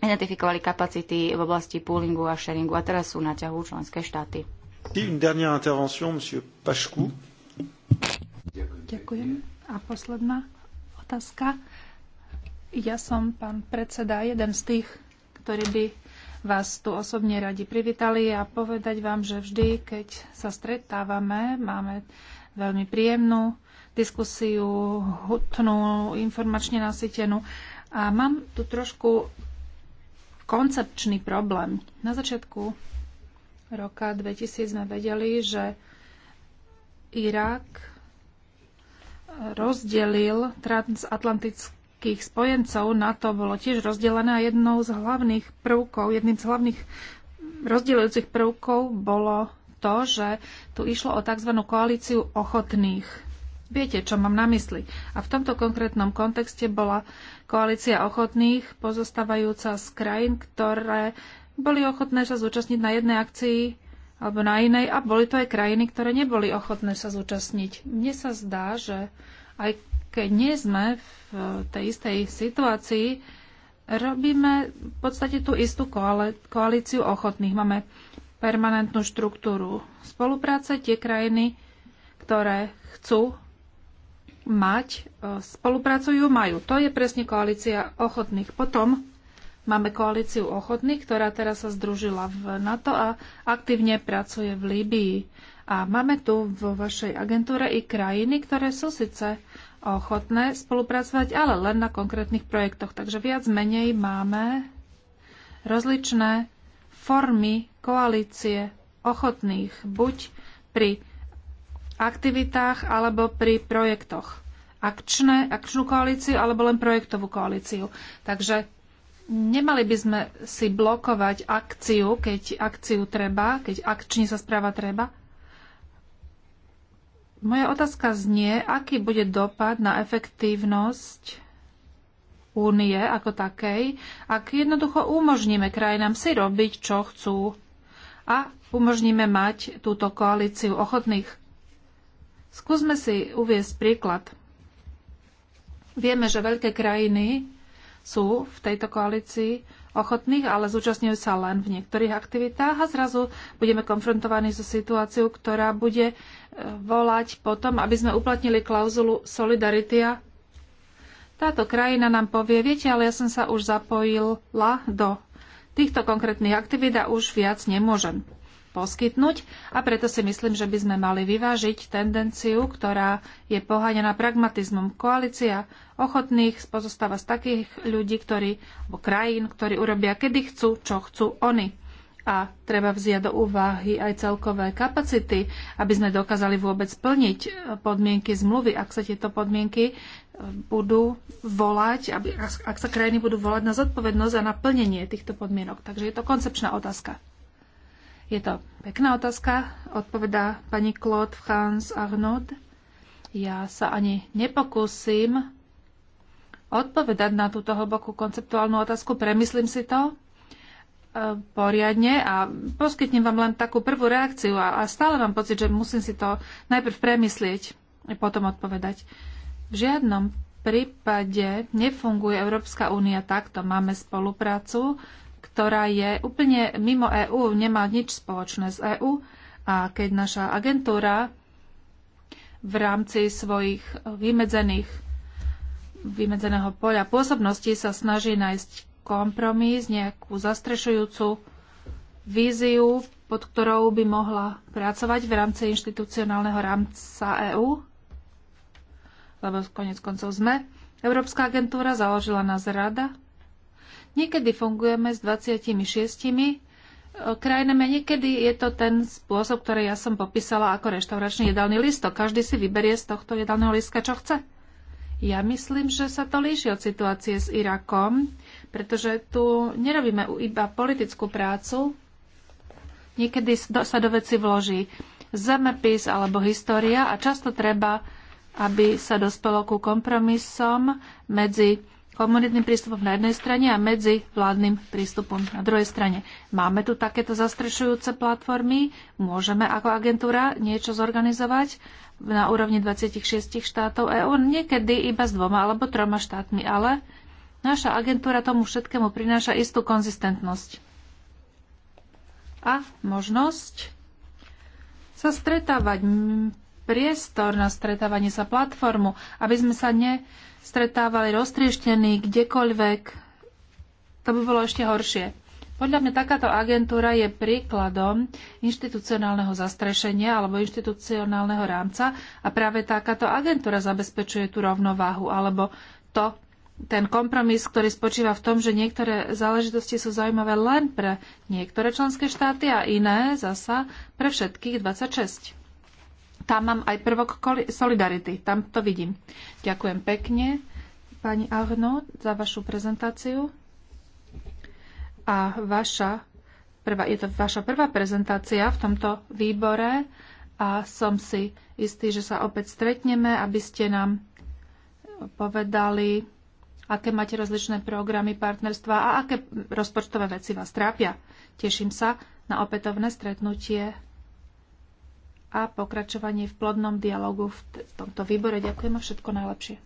identifikovali kapacity v oblasti poolingu a sharingu a teraz sú na ťahu členské štáty. Ďakujem. A posledná otázka. Ja som, pán predseda, jeden z tých, ktorý by vás tu osobne radi privítali a povedať vám, že vždy, keď sa stretávame, máme veľmi príjemnú diskusiu, hutnú, informačne nasytenú. A mám tu trošku koncepčný problém. Na začiatku roka 2000 sme vedeli, že Irak rozdelil transatlantický amerických spojencov NATO bolo tiež rozdelené a jednou z hlavných prvkov, jedným z hlavných rozdielujúcich prvkov bolo to, že tu išlo o tzv. koalíciu ochotných. Viete, čo mám na mysli. A v tomto konkrétnom kontexte bola koalícia ochotných, pozostávajúca z krajín, ktoré boli ochotné sa zúčastniť na jednej akcii alebo na inej a boli to aj krajiny, ktoré neboli ochotné sa zúčastniť. Mne sa zdá, že aj keď nie sme v tej istej situácii, robíme v podstate tú istú koalíciu ochotných. Máme permanentnú štruktúru spolupráce, tie krajiny, ktoré chcú mať, e, spolupracujú, majú. To je presne koalícia ochotných. Potom máme koalíciu ochotných, ktorá teraz sa združila v NATO a aktívne pracuje v Líbii. A máme tu v vašej agentúre i krajiny, ktoré sú síce ochotné spolupracovať, ale len na konkrétnych projektoch. Takže viac menej máme rozličné formy koalície ochotných buď pri aktivitách alebo pri projektoch. Akčné, akčnú koalíciu alebo len projektovú koalíciu. Takže Nemali by sme si blokovať akciu, keď akciu treba, keď akčne sa správa treba, moja otázka znie, aký bude dopad na efektívnosť únie ako takej, ak jednoducho umožníme krajinám si robiť, čo chcú a umožníme mať túto koalíciu ochotných. Skúsme si uviesť príklad. Vieme, že veľké krajiny sú v tejto koalícii ochotných, ale zúčastňujú sa len v niektorých aktivitách a zrazu budeme konfrontovaní so situáciou, ktorá bude e, volať potom, aby sme uplatnili klauzulu solidarity táto krajina nám povie, viete, ale ja som sa už zapojila do týchto konkrétnych aktivít a už viac nemôžem poskytnúť a preto si myslím, že by sme mali vyvážiť tendenciu, ktorá je poháňaná pragmatizmom. Koalícia ochotných pozostáva z takých ľudí, ktorí, alebo krajín, ktorí urobia, kedy chcú, čo chcú oni. A treba vziať do úvahy aj celkové kapacity, aby sme dokázali vôbec plniť podmienky zmluvy, ak sa tieto podmienky e, budú volať, aby, ak sa krajiny budú volať na zodpovednosť a na plnenie týchto podmienok. Takže je to koncepčná otázka. Je to pekná otázka, odpovedá pani Claude France Arnaud. Ja sa ani nepokúsim odpovedať na túto hlbokú konceptuálnu otázku. Premyslím si to e, poriadne a poskytnem vám len takú prvú reakciu a, a stále mám pocit, že musím si to najprv premyslieť a potom odpovedať. V žiadnom prípade nefunguje Európska únia takto. Máme spoluprácu ktorá je úplne mimo EÚ, nemá nič spoločné s EÚ. A keď naša agentúra v rámci svojich vymedzených, vymedzeného poľa pôsobnosti sa snaží nájsť kompromis, nejakú zastrešujúcu víziu, pod ktorou by mohla pracovať v rámci inštitucionálneho rámca EÚ, lebo konec koncov sme. Európska agentúra založila nás rada, Niekedy fungujeme s 26 e, krajinami a niekedy je to ten spôsob, ktorý ja som popísala ako reštauračný jedálny listok. Každý si vyberie z tohto jedálneho listka, čo chce. Ja myslím, že sa to líši od situácie s Irakom, pretože tu nerobíme iba politickú prácu. Niekedy sa do veci vloží zemepis alebo história a často treba, aby sa dospelo ku kompromisom medzi komunitným prístupom na jednej strane a medzi vládnym prístupom na druhej strane. Máme tu takéto zastrešujúce platformy, môžeme ako agentúra niečo zorganizovať na úrovni 26 štátov EÚ, niekedy iba s dvoma alebo troma štátmi, ale naša agentúra tomu všetkému prináša istú konzistentnosť a možnosť sa stretávať, priestor na stretávanie sa platformu, aby sme sa ne, stretávali roztrieštení kdekoľvek, to by bolo ešte horšie. Podľa mňa takáto agentúra je príkladom inštitucionálneho zastrešenia alebo inštitucionálneho rámca a práve takáto agentúra zabezpečuje tú rovnováhu alebo to, ten kompromis, ktorý spočíva v tom, že niektoré záležitosti sú zaujímavé len pre niektoré členské štáty a iné zasa pre všetkých 26 tam mám aj prvok solidarity. Tam to vidím. Ďakujem pekne, pani Arno, za vašu prezentáciu. A vaša prvá, je to vaša prvá prezentácia v tomto výbore a som si istý, že sa opäť stretneme, aby ste nám povedali, aké máte rozličné programy partnerstva a aké rozpočtové veci vás trápia. Teším sa na opätovné stretnutie a pokračovanie v plodnom dialogu v tomto výbore. Ďakujem a všetko najlepšie.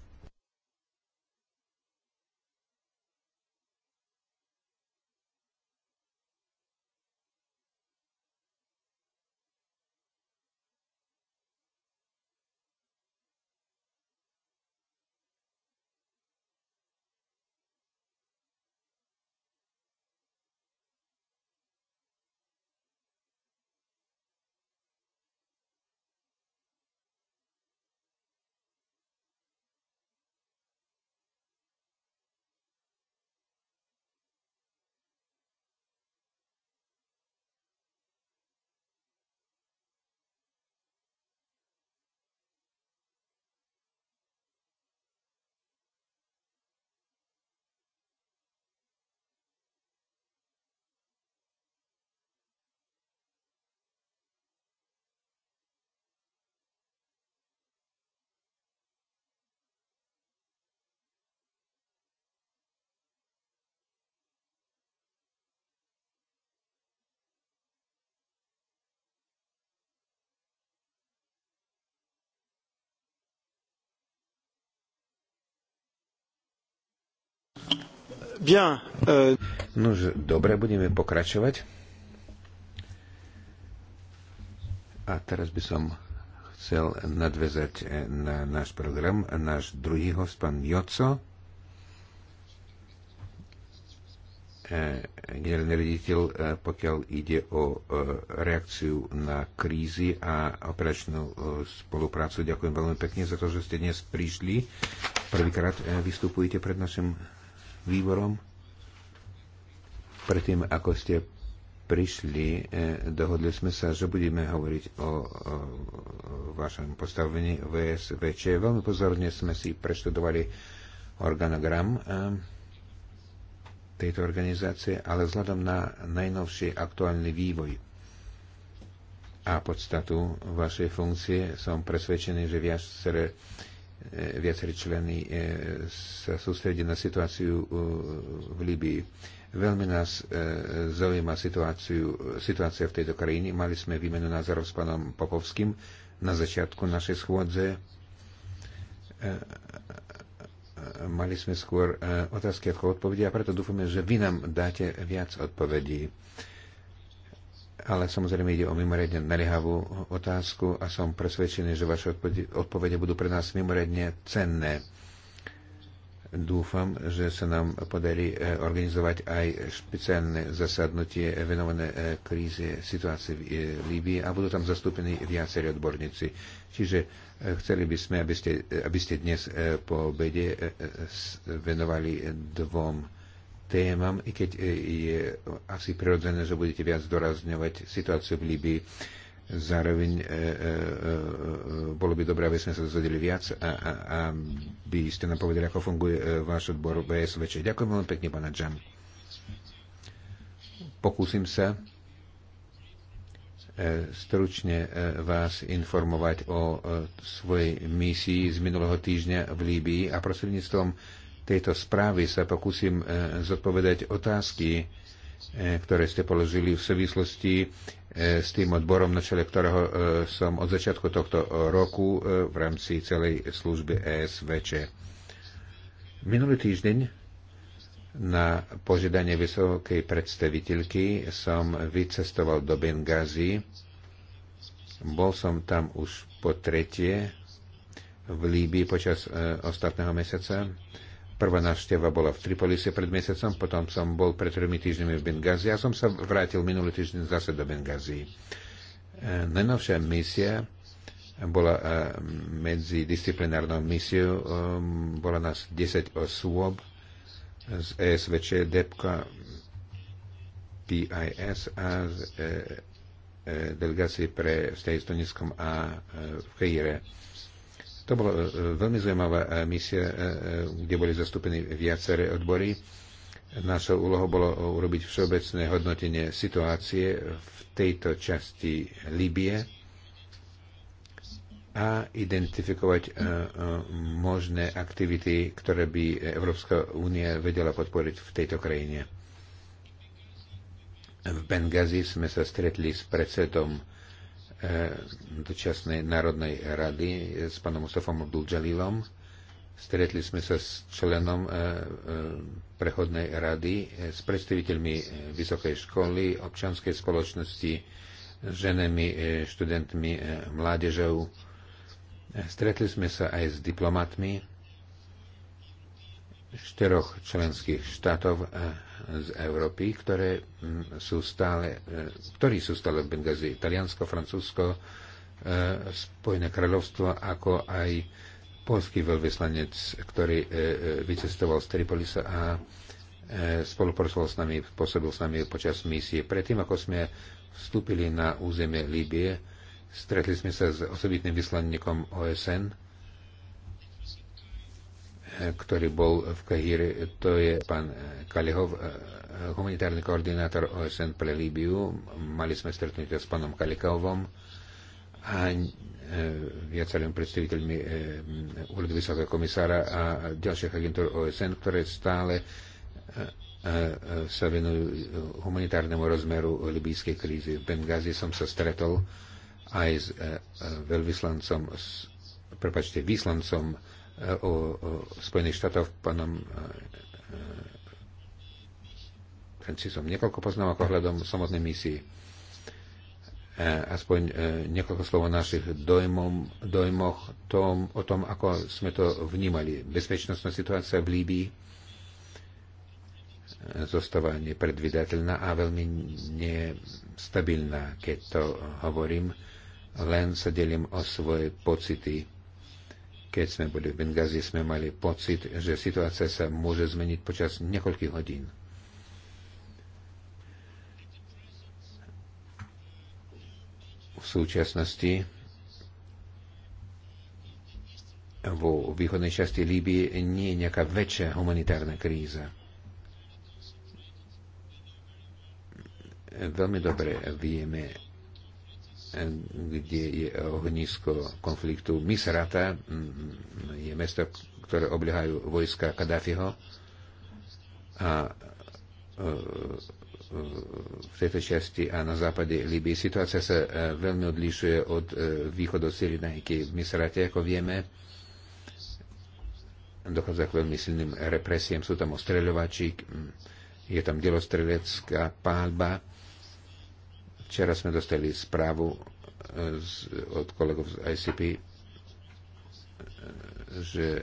Bien. Euh... Nož, dobre, budeme pokračovať. A teraz by som chcel nadvezať eh, na náš program, náš druhý host, pán Joco, eh, generálny riaditeľ, eh, pokiaľ ide o reakciu na krízy a operačnú spoluprácu. Ďakujem veľmi pekne za to, že ste dnes prišli. Prvýkrát vystupujete pred našim výborom. Predtým, ako ste prišli, eh, dohodli sme sa, že budeme hovoriť o, o, o vašom postavení VSVČ. Veľmi pozorne sme si preštudovali organogram eh, tejto organizácie, ale vzhľadom na najnovší aktuálny vývoj a podstatu vašej funkcie som presvedčený, že viaceré E, viacerí členy e, sa sústredí na situáciu e, v Libii. Veľmi nás zaujíma situáciu, situácia v tejto krajine. Mali sme výmenu názorov s pánom Popovským na začiatku našej schôdze. Mali sme skôr otázky ako odpovede a preto dúfame, že vy nám dáte viac odpovedí ale samozrejme ide o mimoriadne naliehavú otázku a som presvedčený, že vaše odpovede budú pre nás mimoriadne cenné. Dúfam, že sa nám podarí e, organizovať aj špeciálne zasadnutie venované e, kríze situácie v e, Líbii a budú tam zastúpení viacerí odborníci. Čiže chceli by sme, aby ste, aby ste dnes po obede venovali dvom témam, i keď e, je asi prirodzené, že budete viac dorazňovať situáciu v Líbii. Zároveň e, e, e, bolo by dobré, aby sme sa dozvedeli viac a, a, by ste nám povedali, ako funguje e, váš odbor BSV. Ďakujem veľmi pekne, pána Džan. Pokúsim sa e, stručne vás informovať o svojej misii z minulého týždňa v Líbii a prostredníctvom tejto správy sa pokúsim e, zodpovedať otázky, e, ktoré ste položili v súvislosti e, s tým odborom, na čele ktorého som od začiatku tohto roku v rámci celej služby ESVČ. Minulý týždeň na požiadanie vysokej predstaviteľky som vycestoval do Bengázy. Bol som tam už po tretie v Líbii počas e, ostatného mesiaca. E, Prvá návšteva bola v Tripolise pred mesiacom, potom som bol pred tromi týždňami v Bengázi a som sa vrátil minulý týždeň zase do Bengázi. E, najnovšia misia bola e, medzi disciplinárnou misiou, e, bola nás 10 osôb z ESVČ, DEPKA, PIS a z delegácie pre vzťahy s Tuniskom a v Kejre. To bola e, e, veľmi zaujímavá e, misia, kde boli zastúpení viaceré odbory. Našou úlohou bolo urobiť všeobecné hodnotenie situácie v tejto časti Libie a identifikovať možné aktivity, ktoré by Európska únia vedela podporiť v tejto krajine. V Bengazi sme sa stretli s predsedom E, dočasnej Národnej rady s pánom Mustafom Abdul-Jalilom. Stretli sme sa s členom e, e, prechodnej rady, s predstaviteľmi vysokej školy, občanskej spoločnosti, ženami, študentmi, mládežou. Stretli sme sa aj s diplomatmi štyroch členských štátov eh, z Európy, ktoré hm, sú stále, eh, ktorí sú stále v Bengazi. Taliansko, Francúzsko, eh, Spojené kráľovstvo, ako aj polský veľvyslanec, ktorý vycestoval z Tripolisa a spolupracoval s nami, pôsobil s nami počas misie. Predtým, ako sme vstúpili na územie Líbie, stretli sme sa s osobitným vyslanníkom OSN, ktorý bol v Kahíre, to je pán eh, Kalihov, eh, humanitárny koordinátor OSN pre Líbiu. Mali sme stretnutie s pánom Kalikovom a eh, viacerými predstaviteľmi úradu vysokého komisára a ďalších agentúr OSN, ktoré stále sa venujú humanitárnemu rozmeru libijskej krízy. V Bengázi som sa stretol aj s veľvyslancom, prepačte, výslancom o, eh, o Spojených štátoch pánom eh, eh, Francisom. Niekoľko poznámok ohľadom samotnej misii. Aspoň niekoľko slov o našich dojmom, dojmoch tom, o tom, ako sme to vnímali. Bezpečnostná situácia v Líbii zostáva nepredvydateľná a veľmi nestabilná, keď to hovorím. Len sa delím o svoje pocity keď sme boli v Bengazi, sme mali pocit, že situácia sa môže zmeniť počas niekoľkých hodín. V súčasnosti vo východnej časti Líbie nie je nejaká väčšia humanitárna kríza. Veľmi dobre vieme, kde je ohnisko konfliktu. Misrata je mesto, ktoré obliehajú vojska Kadáfiho a e, e, v tejto časti a na západe Libii. Situácia sa e, veľmi odlišuje od východu Syrinajky v Misrate, ako vieme. Dochádza k veľmi silným represiem, sú tam ostreľovači, je tam delostrelecká pálba, Včera sme dostali správu e, z, od kolegov z ICP, e, že e,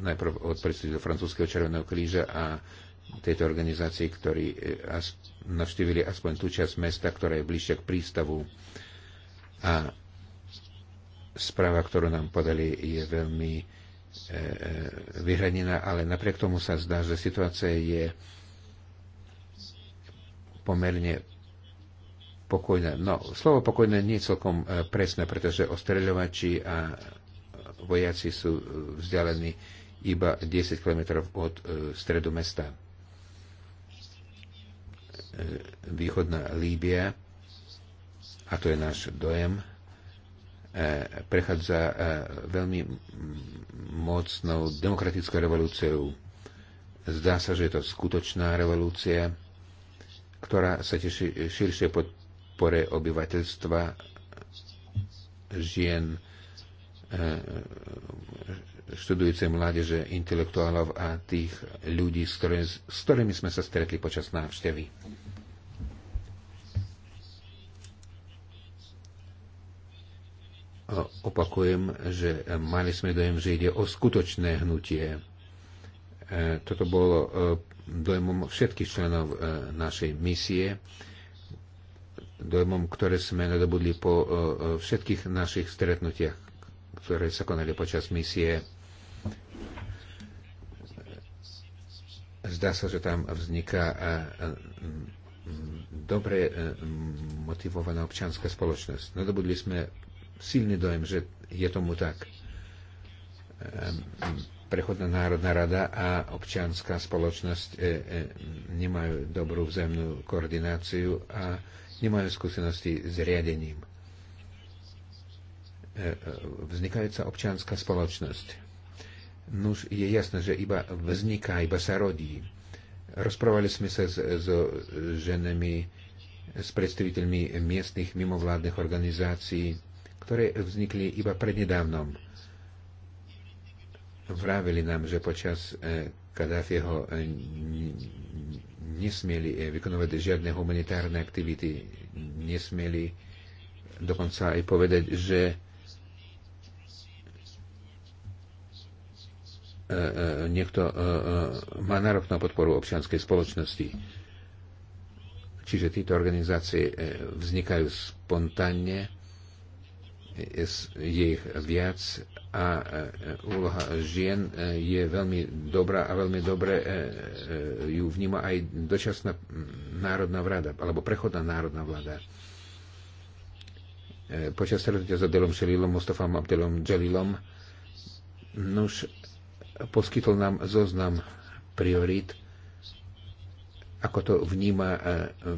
najprv od predstaviteľa Francúzského Červeného kríža a tejto organizácie, ktorí as, navštívili aspoň tú časť mesta, ktorá je bližšia k prístavu. A správa, ktorú nám podali, je veľmi e, vyhranená, ale napriek tomu sa zdá, že situácia je pomerne pokojné. No, slovo pokojné nie je celkom e, presné, pretože ostreľovači a vojaci sú e, vzdialení iba 10 km od e, stredu mesta. Východná Líbia, a to je náš dojem, prechádza veľmi mocnou demokratickou revolúciou. Zdá sa, že je to skutočná revolúcia, ktorá sa teší širšie pod podpore obyvateľstva žien, eh, študujúcej mládeže, intelektuálov a tých ľudí, s, ktorými, s ktorými sme sa stretli počas návštevy. Opakujem, že mali sme dojem, že ide o skutočné hnutie. Eh, toto bolo eh, dojmom všetkých členov našej misie dojmom, ktoré sme nadobudli po e, e, všetkých našich stretnutiach, ktoré sa konali počas misie. Zdá sa, že tam vzniká e, dobre motivovaná občianská spoločnosť. Nadobudli sme silný dojem, že je tomu tak. Prechodná národná rada a občianská spoločnosť nemajú dobrú vzájomnú koordináciu a nemajú skúsenosti s riadením. E, e, Vznikajúca občianská spoločnosť. Nuž je jasné, že iba vzniká, iba sa rodí. Rozprávali sme sa s, s ženami, s predstaviteľmi miestnych mimovládnych organizácií, ktoré vznikli iba prednedávnom. Vrávili nám, že počas e, Kadáfieho eh, nesmieli eh, vykonovať žiadne humanitárne aktivity, nesmieli dokonca aj povedať, že eh, niekto má nárok na podporu občianskej spoločnosti. Čiže títo organizácie vznikajú spontánne je ich viac a e, e, úloha žien e, je veľmi dobrá a veľmi dobre ju vníma aj dočasná národná vláda alebo prechodná národná vláda. Počas stretnutia s Adelom Šelilom, Mustafom Abdelom Jalilom nuž poskytol nám zoznam priorít, ako to vníma e,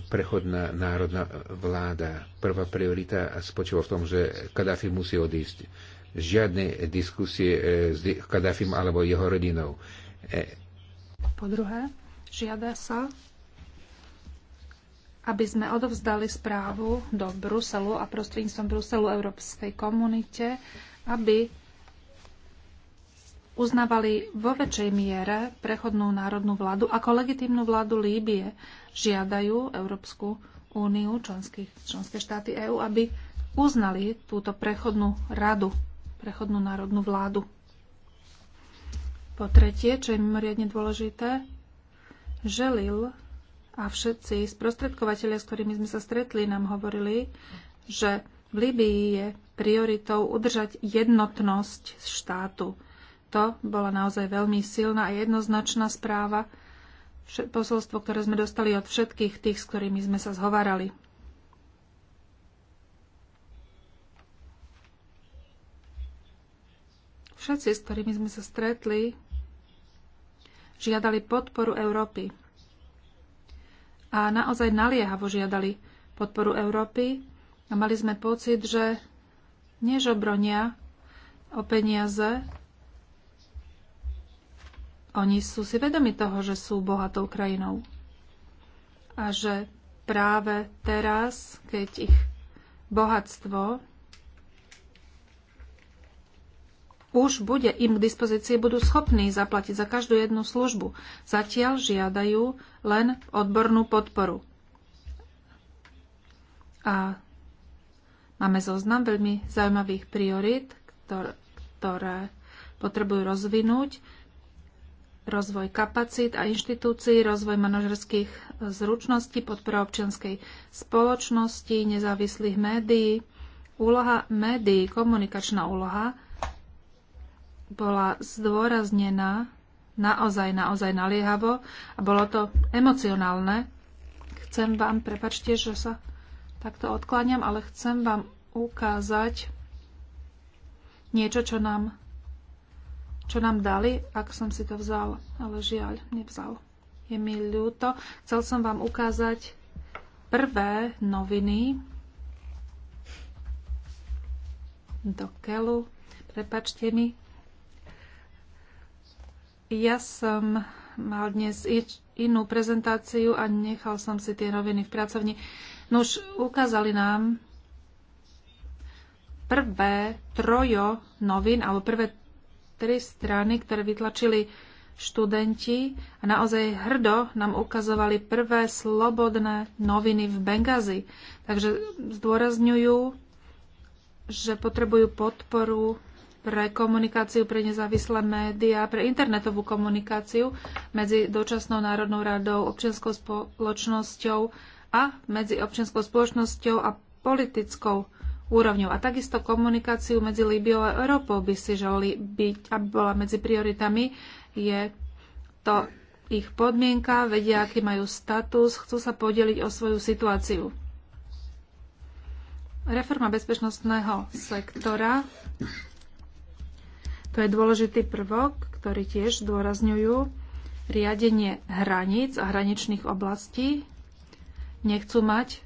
prechodná národná vláda. Prvá priorita spočíva v tom, že Kadáfi musí odísť. Žiadne diskusie e, s Kadáfim alebo jeho rodinou. E, po druhé, žiada sa, aby sme odovzdali správu do Bruselu a prostredníctvom Bruselu Európskej komunite, aby uznávali vo väčšej miere prechodnú národnú vládu ako legitímnu vládu Líbie. Žiadajú Európsku úniu, členské štáty EÚ, aby uznali túto prechodnú radu, prechodnú národnú vládu. Po tretie, čo je mimoriadne dôležité, želil a všetci sprostredkovateľia, s ktorými sme sa stretli, nám hovorili, že v Libii je prioritou udržať jednotnosť štátu. To bola naozaj veľmi silná a jednoznačná správa, posolstvo, ktoré sme dostali od všetkých tých, s ktorými sme sa zhovárali. Všetci, s ktorými sme sa stretli, žiadali podporu Európy. A naozaj naliehavo žiadali podporu Európy a mali sme pocit, že nežobronia o peniaze oni sú si vedomi toho, že sú bohatou krajinou. A že práve teraz, keď ich bohatstvo už bude im k dispozícii, budú schopní zaplatiť za každú jednu službu. Zatiaľ žiadajú len odbornú podporu. A máme zoznam veľmi zaujímavých priorit, ktoré, ktoré potrebujú rozvinúť rozvoj kapacít a inštitúcií, rozvoj manažerských e, zručností, podpora občianskej spoločnosti, nezávislých médií. Úloha médií, komunikačná úloha, bola zdôraznená naozaj, naozaj naliehavo a bolo to emocionálne. Chcem vám, prepačte, že sa takto odkláňam, ale chcem vám ukázať niečo, čo nám čo nám dali, ak som si to vzal, ale žiaľ, nevzal. Je mi ľúto. Chcel som vám ukázať prvé noviny do Kelu. Prepačte mi. Ja som mal dnes inú prezentáciu a nechal som si tie noviny v pracovni. No už ukázali nám prvé trojo novín, alebo prvé tri strany, ktoré vytlačili študenti a naozaj hrdo nám ukazovali prvé slobodné noviny v Bengazi. Takže zdôrazňujú, že potrebujú podporu pre komunikáciu, pre nezávislé médiá, pre internetovú komunikáciu medzi dočasnou Národnou radou, občianskou spoločnosťou a medzi občianskou spoločnosťou a politickou úrovňou. A takisto komunikáciu medzi Líbiou a Európou by si želali byť, aby bola medzi prioritami. Je to ich podmienka, vedia, aký majú status, chcú sa podeliť o svoju situáciu. Reforma bezpečnostného sektora to je dôležitý prvok, ktorý tiež zdôrazňujú riadenie hraníc a hraničných oblastí. Nechcú mať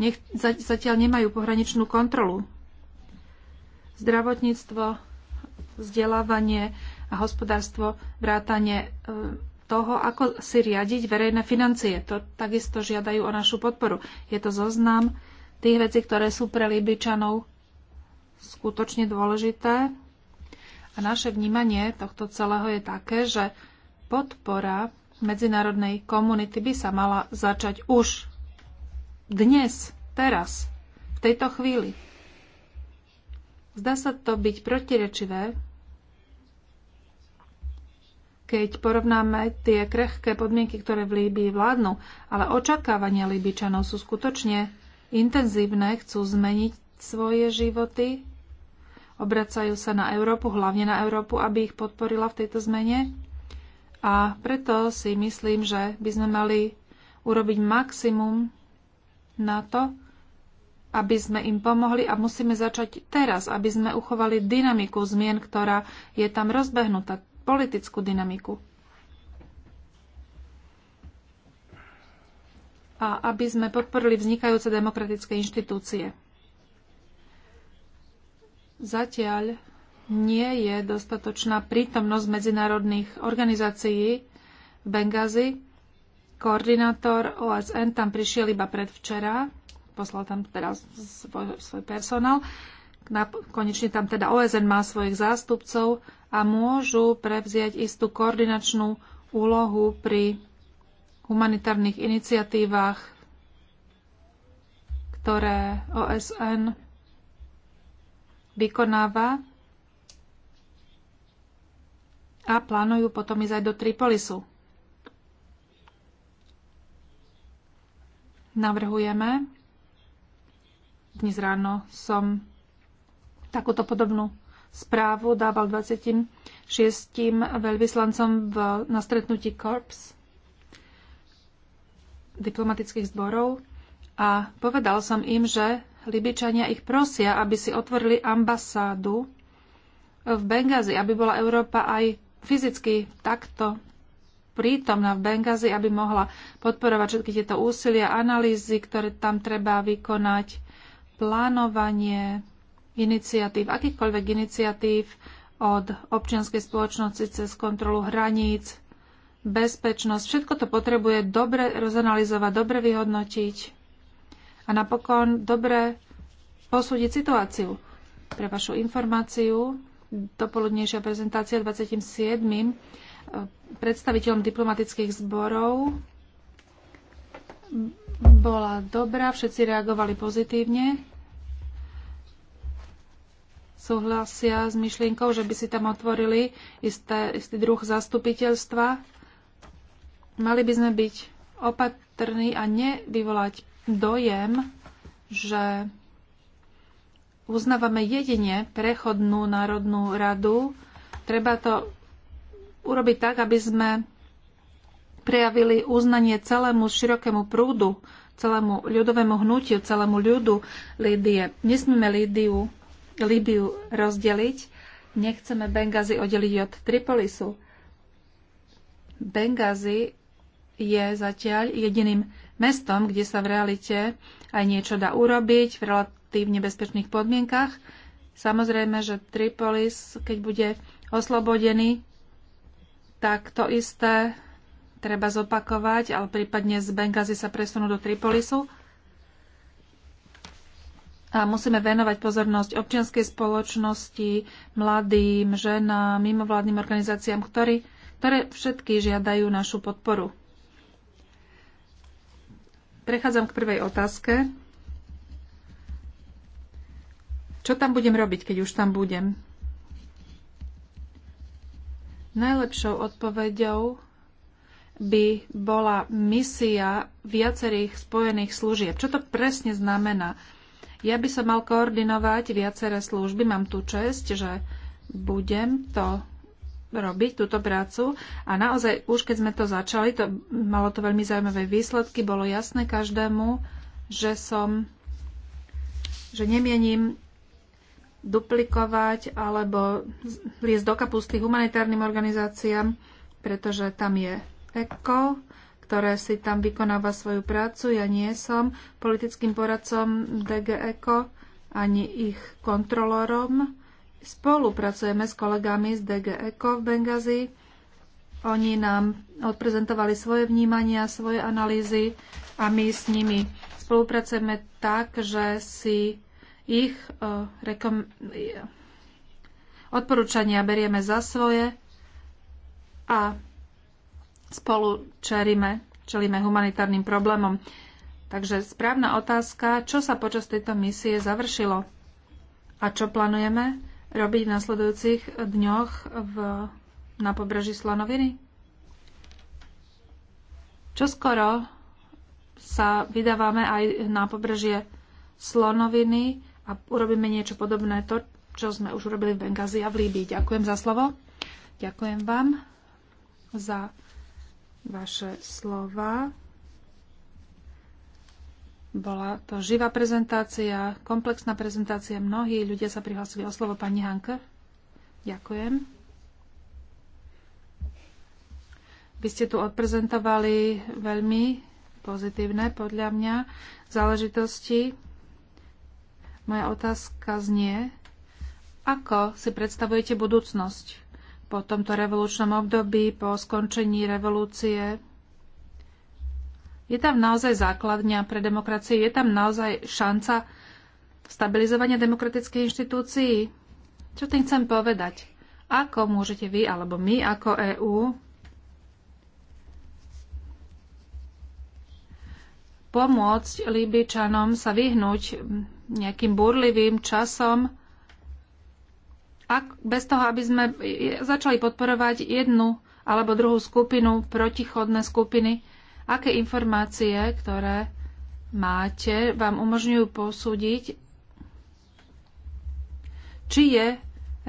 nech, zatiaľ nemajú pohraničnú kontrolu. Zdravotníctvo, vzdelávanie a hospodárstvo, vrátanie e, toho, ako si riadiť verejné financie. To takisto žiadajú o našu podporu. Je to zoznam tých vecí, ktoré sú pre Libyčanov skutočne dôležité. A naše vnímanie tohto celého je také, že podpora medzinárodnej komunity by sa mala začať už dnes, teraz, v tejto chvíli. Zdá sa to byť protirečivé, keď porovnáme tie krehké podmienky, ktoré v Líbii vládnu, ale očakávania Líbičanov sú skutočne intenzívne, chcú zmeniť svoje životy, obracajú sa na Európu, hlavne na Európu, aby ich podporila v tejto zmene. A preto si myslím, že by sme mali urobiť maximum na to, aby sme im pomohli a musíme začať teraz, aby sme uchovali dynamiku zmien, ktorá je tam rozbehnutá, politickú dynamiku. A aby sme podporili vznikajúce demokratické inštitúcie. Zatiaľ nie je dostatočná prítomnosť medzinárodných organizácií v Bengázi, koordinátor OSN tam prišiel iba predvčera, poslal tam teraz svoj, svoj personál. Na, konečne tam teda OSN má svojich zástupcov a môžu prevziať istú koordinačnú úlohu pri humanitárnych iniciatívach, ktoré OSN vykonáva a plánujú potom ísť aj do Tripolisu. navrhujeme. Dnes ráno som takúto podobnú správu dával 26. veľvyslancom v, na stretnutí Korps diplomatických zborov a povedal som im, že Libyčania ich prosia, aby si otvorili ambasádu v Bengázi, aby bola Európa aj fyzicky takto prítomná v Bengazi, aby mohla podporovať všetky tieto úsilia, analýzy, ktoré tam treba vykonať, plánovanie iniciatív, akýchkoľvek iniciatív od občianskej spoločnosti cez kontrolu hraníc, bezpečnosť. Všetko to potrebuje dobre rozanalizovať, dobre vyhodnotiť a napokon dobre posúdiť situáciu. Pre vašu informáciu, dopoludnejšia prezentácia 27 predstaviteľom diplomatických zborov bola dobrá, všetci reagovali pozitívne. Súhlasia s myšlienkou, že by si tam otvorili isté, istý druh zastupiteľstva. Mali by sme byť opatrní a nevyvolať dojem, že uznávame jedine prechodnú národnú radu. Treba to urobiť tak, aby sme prejavili uznanie celému širokému prúdu, celému ľudovému hnutiu, celému ľudu Lídie. Nesmíme Lídiu, Líbiu rozdeliť. Nechceme Bengazi oddeliť od Tripolisu. Bengazi je zatiaľ jediným mestom, kde sa v realite aj niečo dá urobiť v relatívne bezpečných podmienkach. Samozrejme, že Tripolis, keď bude oslobodený, tak to isté treba zopakovať, ale prípadne z Bengazi sa presunú do Tripolisu. A musíme venovať pozornosť občianskej spoločnosti, mladým, ženám, mimovládnym organizáciám, ktorý, ktoré všetky žiadajú našu podporu. Prechádzam k prvej otázke. Čo tam budem robiť, keď už tam budem? Najlepšou odpoveďou by bola misia viacerých spojených služieb. Čo to presne znamená? Ja by som mal koordinovať viaceré služby. Mám tu čest, že budem to robiť, túto prácu. A naozaj, už keď sme to začali, to malo to veľmi zaujímavé výsledky. Bolo jasné každému, že som že nemienim duplikovať alebo liesť do kapusty humanitárnym organizáciám, pretože tam je ECO, ktoré si tam vykonáva svoju prácu. Ja nie som politickým poradcom DG ECO ani ich kontrolorom. Spolupracujeme s kolegami z DG ECO v Bengazi. Oni nám odprezentovali svoje vnímania, svoje analýzy a my s nimi spolupracujeme tak, že si ich eh, rekom- odporúčania berieme za svoje a spolu čeríme, čelíme humanitárnym problémom. Takže správna otázka, čo sa počas tejto misie završilo a čo plánujeme robiť v nasledujúcich dňoch v, na pobreží Slonoviny? skoro sa vydávame aj na pobrežie Slonoviny a urobíme niečo podobné to, čo sme už urobili v Bengazi a v Líbii. Ďakujem za slovo. Ďakujem vám za vaše slova. Bola to živá prezentácia, komplexná prezentácia. Mnohí ľudia sa prihlásili o slovo pani Hanke. Ďakujem. Vy ste tu odprezentovali veľmi pozitívne, podľa mňa, záležitosti moja otázka znie, ako si predstavujete budúcnosť po tomto revolučnom období, po skončení revolúcie? Je tam naozaj základňa pre demokracie, Je tam naozaj šanca stabilizovania demokratickej inštitúcií? Čo tým chcem povedať? Ako môžete vy alebo my ako EÚ pomôcť Líbičanom sa vyhnúť nejakým burlivým časom, ak, bez toho, aby sme začali podporovať jednu alebo druhú skupinu, protichodné skupiny, aké informácie, ktoré máte, vám umožňujú posúdiť, či je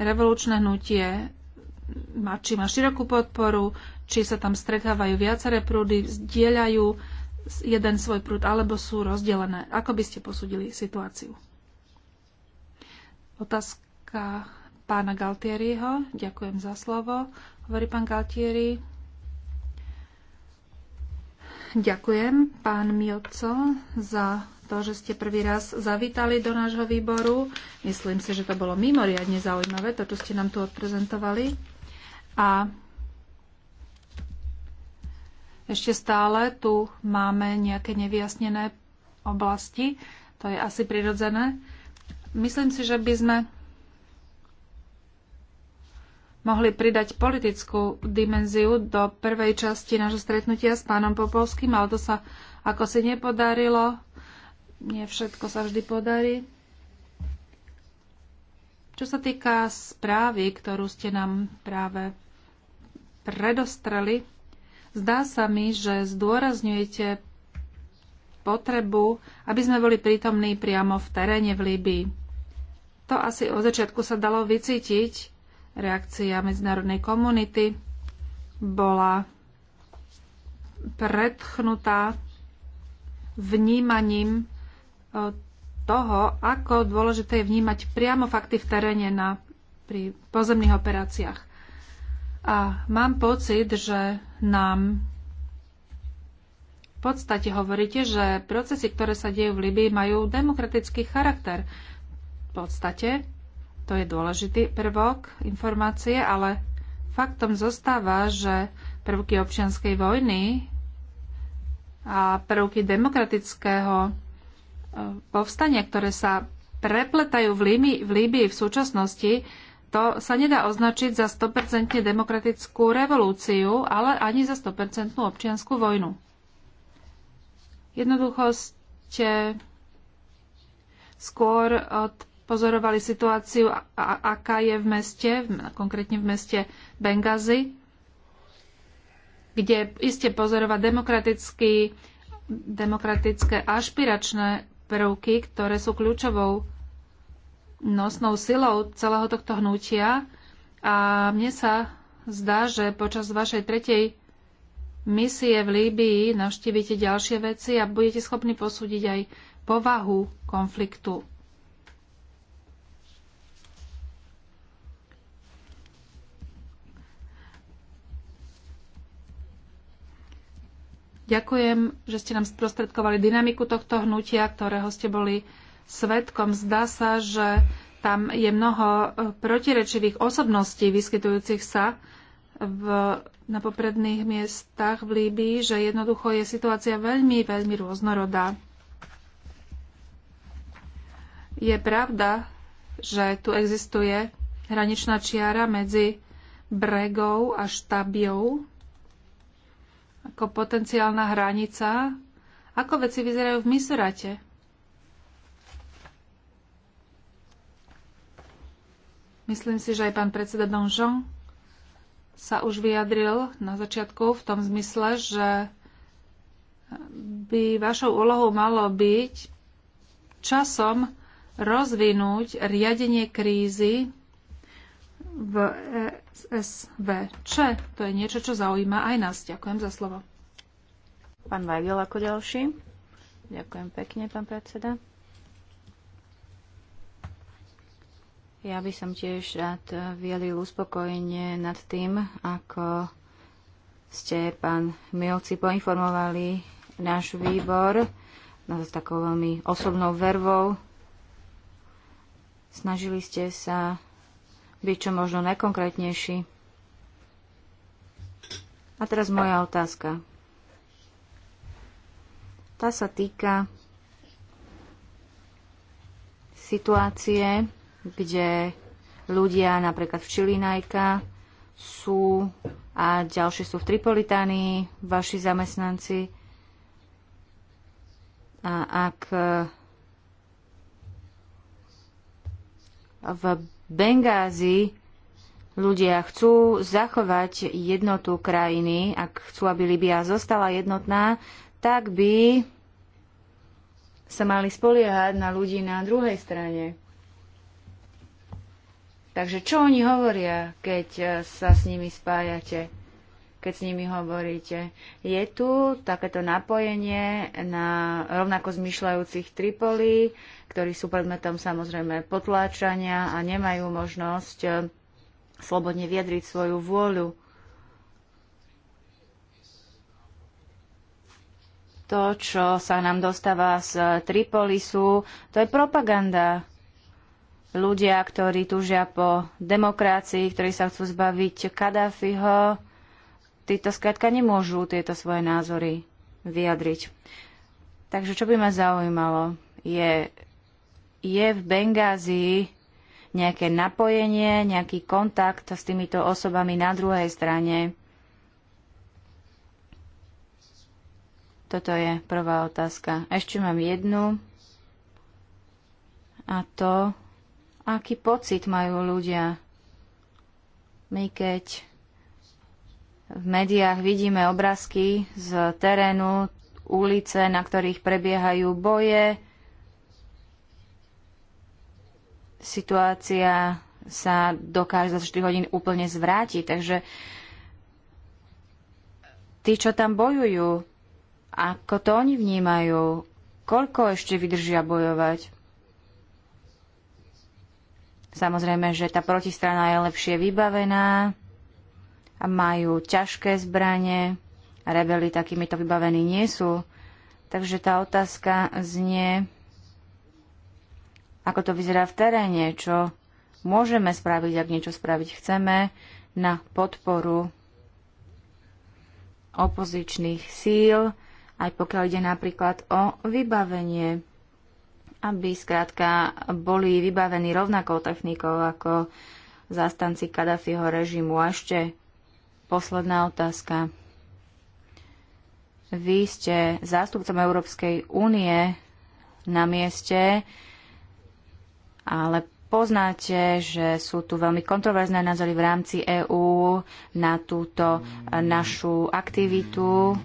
revolučné hnutie, či má širokú podporu, či sa tam stretávajú viaceré prúdy, zdieľajú jeden svoj prúd, alebo sú rozdelené. Ako by ste posúdili situáciu? Otázka pána Galtieriho. Ďakujem za slovo. Hovorí pán Galtieri. Ďakujem, pán Mioco, za to, že ste prvý raz zavítali do nášho výboru. Myslím si, že to bolo mimoriadne zaujímavé, to, čo ste nám tu odprezentovali. A ešte stále tu máme nejaké nevyjasnené oblasti. To je asi prirodzené. Myslím si, že by sme mohli pridať politickú dimenziu do prvej časti nášho stretnutia s pánom Popolským, ale to sa ako si nepodarilo. Nie všetko sa vždy podarí. Čo sa týka správy, ktorú ste nám práve predostreli, Zdá sa mi, že zdôrazňujete potrebu, aby sme boli prítomní priamo v teréne v Líbii. To asi od začiatku sa dalo vycítiť. Reakcia medzinárodnej komunity bola predchnutá vnímaním e, toho, ako dôležité je vnímať priamo fakty v teréne na, pri pozemných operáciách. A mám pocit, že nám v podstate hovoríte, že procesy, ktoré sa dejú v Libii, majú demokratický charakter. V podstate to je dôležitý prvok informácie, ale faktom zostáva, že prvky občianskej vojny a prvky demokratického e, povstania, ktoré sa prepletajú v Líbii v, Líbii v súčasnosti, to sa nedá označiť za 100% demokratickú revolúciu, ale ani za 100% občianskú vojnu. Jednoducho ste skôr pozorovali situáciu, aká je v meste, konkrétne v meste Bengazi, kde iste pozorovať demokratické ašpiračné prvky, ktoré sú kľúčovou nosnou silou celého tohto hnutia a mne sa zdá, že počas vašej tretej misie v Líbii navštívite ďalšie veci a budete schopní posúdiť aj povahu konfliktu. Ďakujem, že ste nám sprostredkovali dynamiku tohto hnutia, ktorého ste boli svetkom. Zdá sa, že tam je mnoho eh, protirečivých osobností vyskytujúcich sa v, na popredných miestach v Líbii, že jednoducho je situácia veľmi, veľmi rôznorodá. Je pravda, že tu existuje hraničná čiara medzi bregou a štabiou ako potenciálna hranica. Ako veci vyzerajú v Misurate? Myslím si, že aj pán predseda Donjon sa už vyjadril na začiatku v tom zmysle, že by vašou úlohou malo byť časom rozvinúť riadenie krízy v SVČ. To je niečo, čo zaujíma aj nás. Ďakujem za slovo. Pán Vajgel ako ďalší. Ďakujem pekne, pán predseda. Ja by som tiež rád vyjadril uspokojenie nad tým, ako ste, pán Milci, poinformovali náš výbor no, s takou veľmi osobnou vervou. Snažili ste sa byť čo možno najkonkrétnejší. A teraz moja otázka. Tá sa týka situácie, kde ľudia napríklad v Čilinajka sú a ďalší sú v Tripolitánii, vaši zamestnanci. A ak e, v Bengázi ľudia chcú zachovať jednotu krajiny, ak chcú, aby Libia zostala jednotná, tak by sa mali spoliehať na ľudí na druhej strane. Takže čo oni hovoria, keď e, sa s nimi spájate, keď s nimi hovoríte? Je tu takéto napojenie na rovnako zmyšľajúcich Tripolí, ktorí sú predmetom samozrejme potláčania a nemajú možnosť e, slobodne vyjadriť svoju vôľu. To, čo sa nám dostáva z Tripolisu, to je propaganda ľudia, ktorí túžia po demokracii, ktorí sa chcú zbaviť Kadáfiho, títo skrátka nemôžu tieto svoje názory vyjadriť. Takže čo by ma zaujímalo, je, je v Bengázii nejaké napojenie, nejaký kontakt s týmito osobami na druhej strane. Toto je prvá otázka. Ešte mám jednu. A to, aký pocit majú ľudia. My keď v médiách vidíme obrázky z terénu, ulice, na ktorých prebiehajú boje, situácia sa dokáže za 4 hodín úplne zvrátiť. Takže tí, čo tam bojujú, ako to oni vnímajú, koľko ešte vydržia bojovať? Samozrejme, že tá protistrana je lepšie vybavená a majú ťažké zbranie. Rebeli takýmito vybavení nie sú. Takže tá otázka znie, ako to vyzerá v teréne, čo môžeme spraviť, ak niečo spraviť chceme, na podporu opozičných síl, aj pokiaľ ide napríklad o vybavenie aby skrátka boli vybavení rovnakou technikou ako zástanci Kadafiho režimu. A ešte posledná otázka. Vy ste zástupcom Európskej únie na mieste, ale poznáte, že sú tu veľmi kontroverzné názory v rámci EÚ na túto našu aktivitu.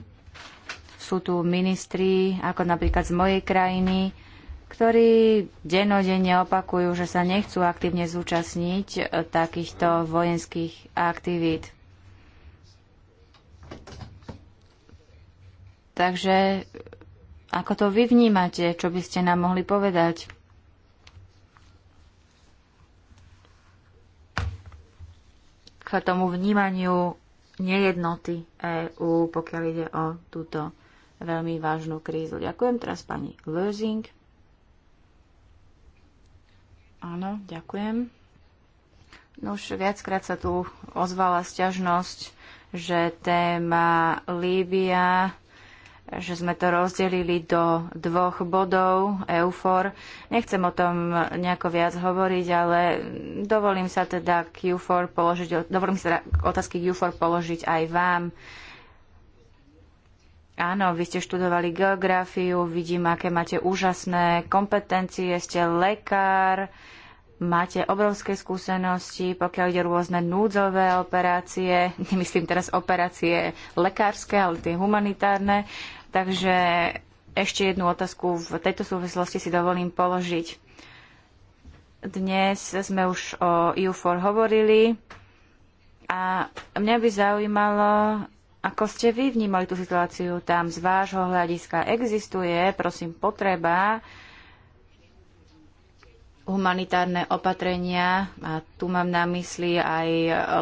Sú tu ministri, ako napríklad z mojej krajiny, ktorí denodenne opakujú, že sa nechcú aktívne zúčastniť e, takýchto vojenských aktivít. Takže ako to vy vnímate, čo by ste nám mohli povedať? K tomu vnímaniu nejednoty EÚ, pokiaľ ide o túto veľmi vážnu krízu. Ďakujem teraz pani Lösing. Áno, ďakujem. No už viackrát sa tu ozvala sťažnosť, že téma Líbia, že sme to rozdelili do dvoch bodov EUFOR. Nechcem o tom nejako viac hovoriť, ale dovolím sa teda k EUFOR položiť, dovolím sa teda otázky k EUFOR položiť aj vám. Uh, Áno, vy ste študovali geografiu, vidím, aké máte úžasné kompetencie, ste lekár, máte obrovské skúsenosti, pokiaľ ide rôzne núdzové operácie, nemyslím teraz operácie lekárske, ale tie humanitárne. Takže ešte jednu otázku v tejto súvislosti si dovolím položiť. Dnes sme už o EU4 hovorili a mňa by zaujímalo, ako ste vy vnímali tú situáciu tam z vášho hľadiska? Existuje, prosím, potreba humanitárne opatrenia, a tu mám na mysli aj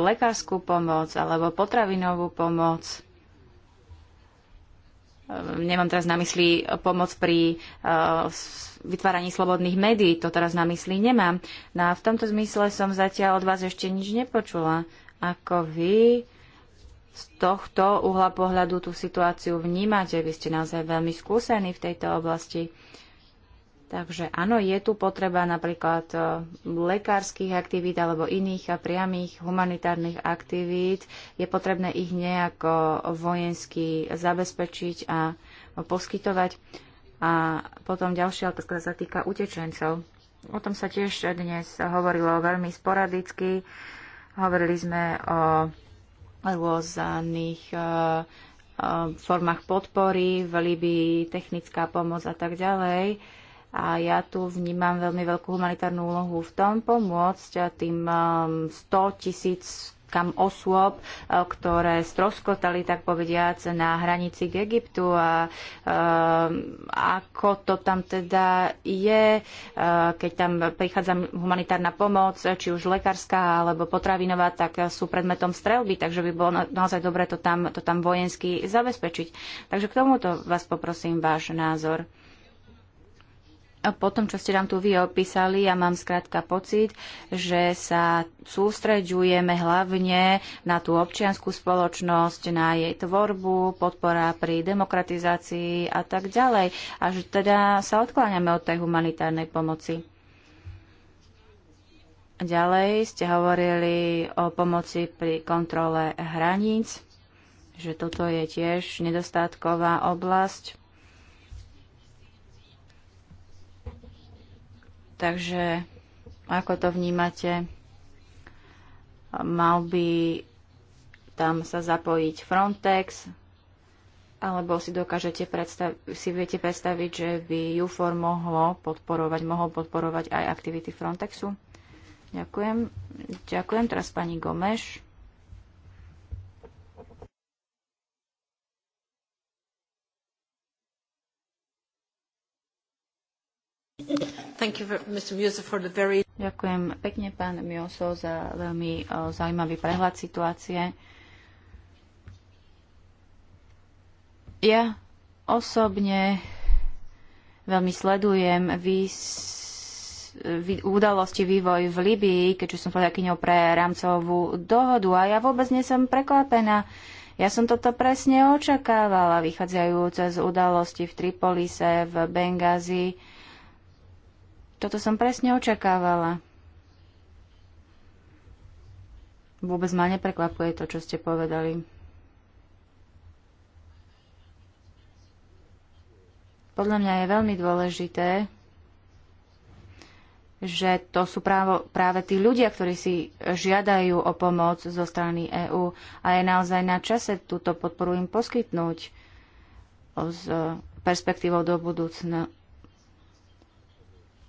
lekárskú pomoc alebo potravinovú pomoc. Nemám teraz na mysli pomoc pri eh, vytváraní slobodných médií, to teraz na mysli nemám. No a v tomto zmysle som zatiaľ od vás ešte nič nepočula. Ako vy z tohto uhla pohľadu tú situáciu vnímate. Vy ste naozaj veľmi skúsení v tejto oblasti. Takže áno, je tu potreba napríklad e, lekárskych aktivít alebo iných a priamých humanitárnych aktivít. Je potrebné ich nejako e, vojensky zabezpečiť a poskytovať. A potom ďalšia otázka sa týka utečencov. O tom sa tiež dnes hovorilo veľmi sporadicky. Hovorili sme o rôznych e, e, formách podpory v Libii, technická pomoc a tak ďalej. A ja tu vnímam veľmi veľkú humanitárnu úlohu v tom pomôcť tým 100 e, tisíc kam osôb, e, ktoré stroskotali, tak povediac, na hranici k Egyptu a e, ako to tam teda je, e, keď tam prichádza humanitárna pomoc, či už lekárska alebo potravinová, tak sú predmetom strelby, takže by bolo naozaj dobre to tam, to tam vojensky zabezpečiť. Takže k tomuto vás poprosím váš názor po tom, čo ste nám tu vy opísali, ja mám skrátka pocit, že sa sústreďujeme hlavne na tú občianskú spoločnosť, na jej tvorbu, podpora pri demokratizácii a tak ďalej. A že teda sa odkláňame od tej humanitárnej pomoci. Ďalej ste hovorili o pomoci pri kontrole hraníc, že toto je tiež nedostatková oblasť. Takže ako to vnímate? Mal by tam sa zapojiť Frontex, alebo si dokážete predstaviť, si viete predstaviť, že by UFOR mohlo podporovať, mohol podporovať aj aktivity Frontexu? Ďakujem. Ďakujem. Teraz pani Gomeš. Ďakujem pekne, pán Mioso, za veľmi eh, zaujímavý prehľad situácie. Ja osobne veľmi sledujem udalosti, vývoj v Libii, keďže som povedakyňou pre rámcovú dohodu a ja vôbec nie som prekvapená. Ja som toto presne očakávala, vychádzajúce z udalosti v Tripolise, v Bengazi. Toto som presne očakávala. Vôbec ma neprekvapuje to, čo ste povedali. Podľa mňa je veľmi dôležité, že to sú právo, práve tí ľudia, ktorí si žiadajú o pomoc zo strany EÚ a je naozaj na čase túto podporu im poskytnúť s perspektívou do budúcna.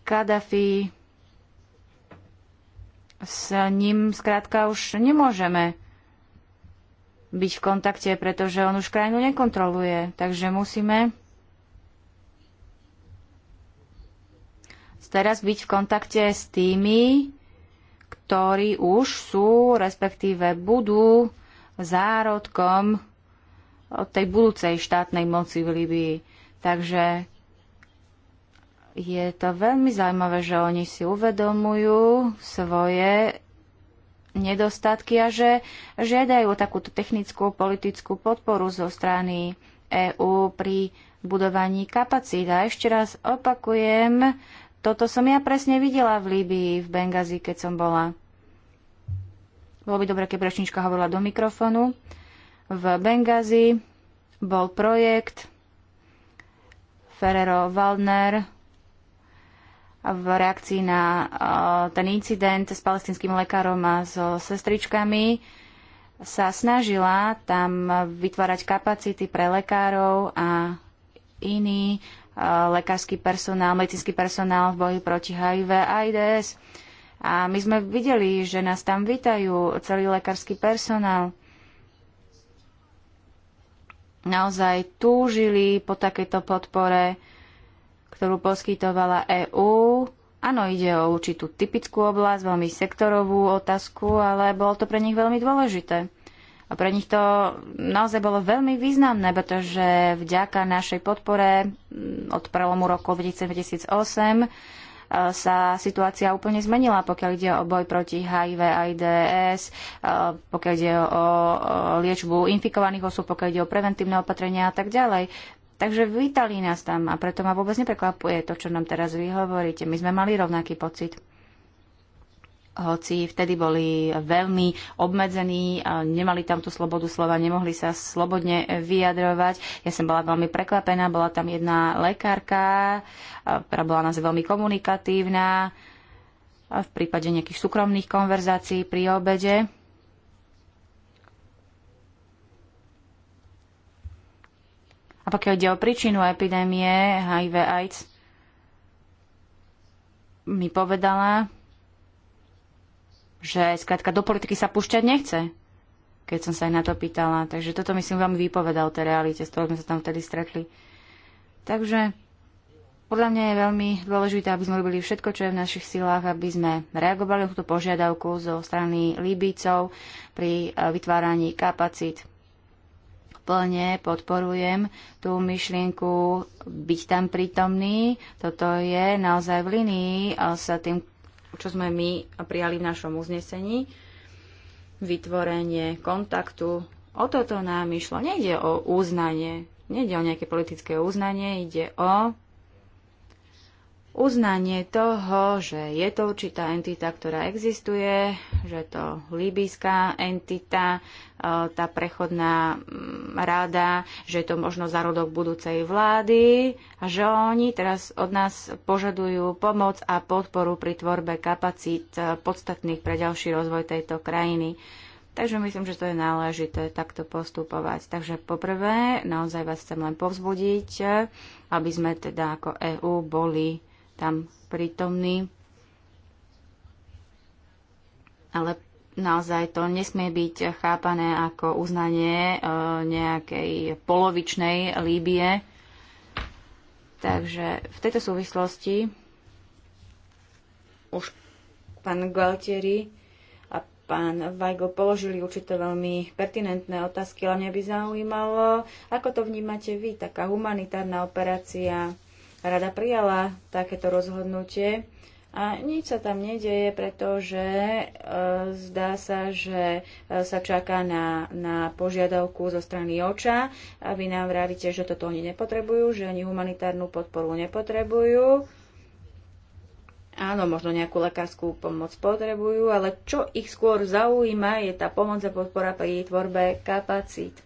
Kadafi, s ním zkrátka už nemôžeme byť v kontakte, pretože on už krajinu nekontroluje. Takže musíme teraz byť v kontakte s tými, ktorí už sú, respektíve budú zárodkom od tej budúcej štátnej moci v Libii. Takže je to veľmi zaujímavé, že oni si uvedomujú svoje nedostatky a že žiadajú takúto technickú politickú podporu zo strany EÚ pri budovaní kapacít. A ešte raz opakujem, toto som ja presne videla v Líbii, v Bengazi, keď som bola. Bolo by dobre, keď Brešnička hovorila do mikrofonu. V Bengazi bol projekt Ferrero Waldner, v reakcii na eh, ten incident s palestinským lekárom a so sestričkami sa snažila tam vytvárať kapacity pre lekárov a iný eh, lekársky personál, medicínsky personál v boji proti HIV a AIDS. A my sme videli, že nás tam vítajú celý lekársky personál. Naozaj túžili po takejto podpore ktorú poskytovala EÚ. Áno, ide o určitú typickú oblasť, veľmi sektorovú otázku, ale bolo to pre nich veľmi dôležité. A pre nich to naozaj bolo veľmi významné, pretože vďaka našej podpore mm, od prelomu roku 2008 eh, sa situácia úplne zmenila, pokiaľ ide o boj proti HIV, AIDS, eh, pokiaľ ide o liečbu infikovaných osôb, pokiaľ ide o preventívne opatrenia a tak ďalej. Takže vítali nás tam a preto ma vôbec neprekvapuje to, čo nám teraz vy hovoríte. My sme mali rovnaký pocit. Hoci vtedy boli veľmi obmedzení, nemali tam tú slobodu slova, nemohli sa slobodne vyjadrovať. Ja som bola veľmi prekvapená, bola tam jedna lekárka, ktorá bola nás veľmi komunikatívna v prípade nejakých súkromných konverzácií pri obede A pokiaľ ide o príčinu epidémie HIV AIDS, mi povedala, že skrátka do politiky sa púšťať nechce, keď som sa aj na to pýtala. Takže toto myslím veľmi vypovedal o tej realite, s ktorou sme sa tam vtedy stretli. Takže podľa mňa je veľmi dôležité, aby sme robili všetko, čo je v našich silách, aby sme reagovali na túto požiadavku zo strany Líbícov pri eh, vytváraní kapacít plne podporujem tú myšlienku byť tam prítomný. Toto je naozaj v linii eh, s tým, čo sme my prijali v našom uznesení. Vytvorenie kontaktu. O toto nám išlo. Nejde o uznanie, nejde o nejaké politické uznanie, ide o uznanie toho, že je to určitá entita, ktorá existuje, že to líbyská entita, e, tá prechodná mm, rada, že je to možno zárodok budúcej vlády a že oni teraz od nás požadujú pomoc a podporu pri tvorbe kapacít e, podstatných pre ďalší rozvoj tejto krajiny. Takže myslím, že to je náležité takto postupovať. Takže poprvé, naozaj vás chcem len povzbudiť, aby sme teda ako EÚ boli tam prítomní. Ale naozaj to nesmie byť chápané ako uznanie e, nejakej polovičnej Líbie. Takže v tejto súvislosti už pán Gualtieri a pán Vajgo položili určité veľmi pertinentné otázky, ale mňa by zaujímalo, ako to vnímate vy, taká humanitárna operácia rada prijala takéto rozhodnutie a nič sa tam nedeje, pretože e, zdá sa, že eh, sa čaká na, na požiadavku zo strany oča. A vy nám vravíte, že toto oni nepotrebujú, že ani humanitárnu podporu nepotrebujú. Áno, možno nejakú lekárskú pomoc potrebujú, ale čo ich skôr zaujíma, je tá pomoc a podpora pri tvorbe kapacít.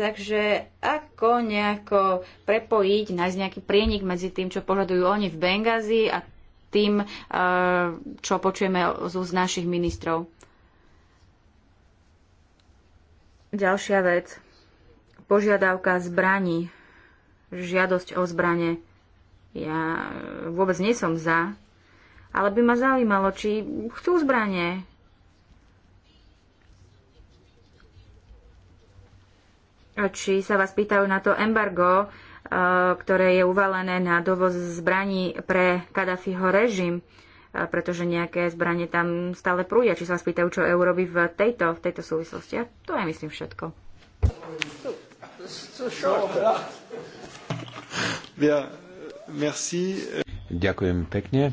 Takže ako nejako prepojiť, nájsť nejaký prienik medzi tým, čo požadujú oni v Bengazi a tým, eh, čo počujeme z úst našich ministrov. Ďalšia vec. Požiadavka zbraní. Žiadosť o zbranie. Ja vôbec nie som za, ale by ma zaujímalo, či chcú zbranie, či sa vás pýtajú na to embargo, e, ktoré je uvalené na dovoz zbraní pre Kadafiho režim, e, pretože nejaké zbranie tam stále prúdia. Či sa vás pýtajú, čo EU robí v tejto, v tejto súvislosti. A to je, myslím, všetko. Ďakujem pekne.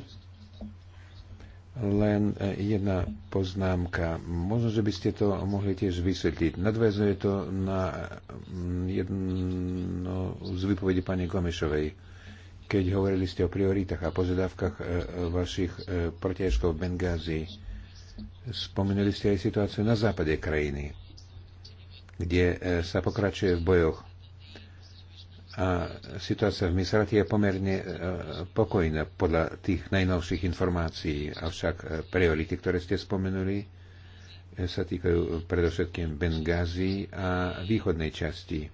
Len e, jedna poznámka. Možno, že by ste to mohli tiež vysvetliť. Nadvezuje to na mm, jedno z vypovedí pani Komišovej, keď hovorili ste o prioritách a požiadavkách e, vašich e, protiažkov v Bengázi. Spomenuli ste aj situáciu na západe krajiny, kde sa pokračuje v bojoch a situácia v Misrati je pomerne e, pokojná podľa tých najnovších informácií, avšak e, priority, ktoré ste spomenuli, e, sa týkajú predovšetkým Bengázy a východnej časti,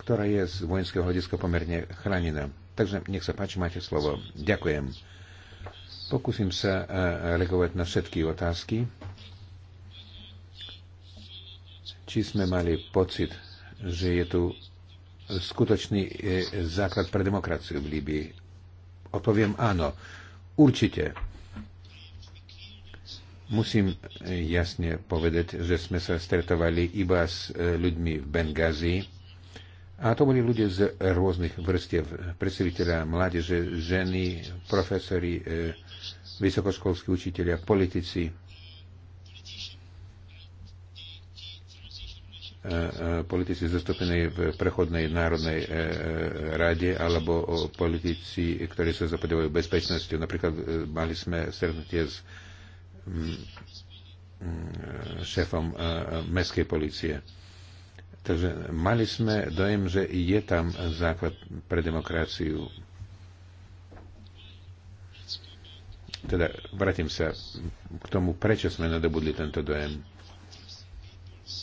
ktorá je z vojenského hľadiska pomerne chránená. Takže nech sa páči, máte slovo. Ďakujem. Pokúsim sa reagovať na všetky otázky. Či sme mali pocit, že je tu skutočný e, základ pre demokraciu v Líbii? Odpoviem áno. Určite. Musím e, jasne povedať, že sme sa stretovali iba s e, ľuďmi v Bengázi. A to boli ľudia z rôznych vrstiev, predstaviteľa mládeže, ženy, profesori, vysokoškolskí učiteľia, politici. politici zastúpení v prechodnej národnej e, e, rade alebo politici, ktorí sa zapodávajú bezpečnosťou. Napríklad e, mali sme stretnutie s mm, mm, šéfom mestskej policie. Takže mali sme dojem, že je tam základ pre demokraciu. Teda vrátim sa k tomu, prečo sme nadobudli tento dojem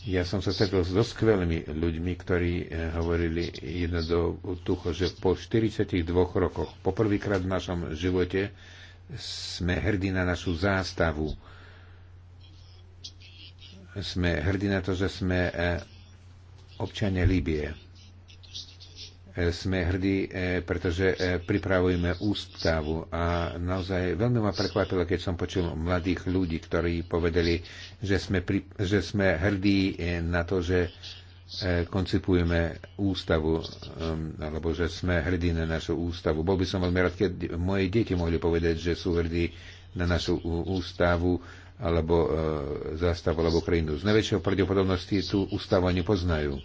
ja som sa stretol so skvelými ľuďmi, ktorí eh, hovorili jednoducho, že po 42 rokoch, poprvýkrát v našom živote, sme hrdí na našu zástavu. Sme hrdí na to, že sme eh, občania Líbie E, sme hrdí, e, pretože e, pripravujeme ústavu a naozaj veľmi ma prekvapilo, keď som počul mladých ľudí, ktorí povedali, že sme, pri, že sme hrdí na to, že koncipujeme ústavu, alebo že sme hrdí na našu ústavu. Bol by som veľmi rád, keď moje deti mohli povedať, že sú hrdí na našu ústavu, alebo e, zastavu, alebo krajinu. Z najväčšou pravdepodobnosti tú ústavu ani poznajú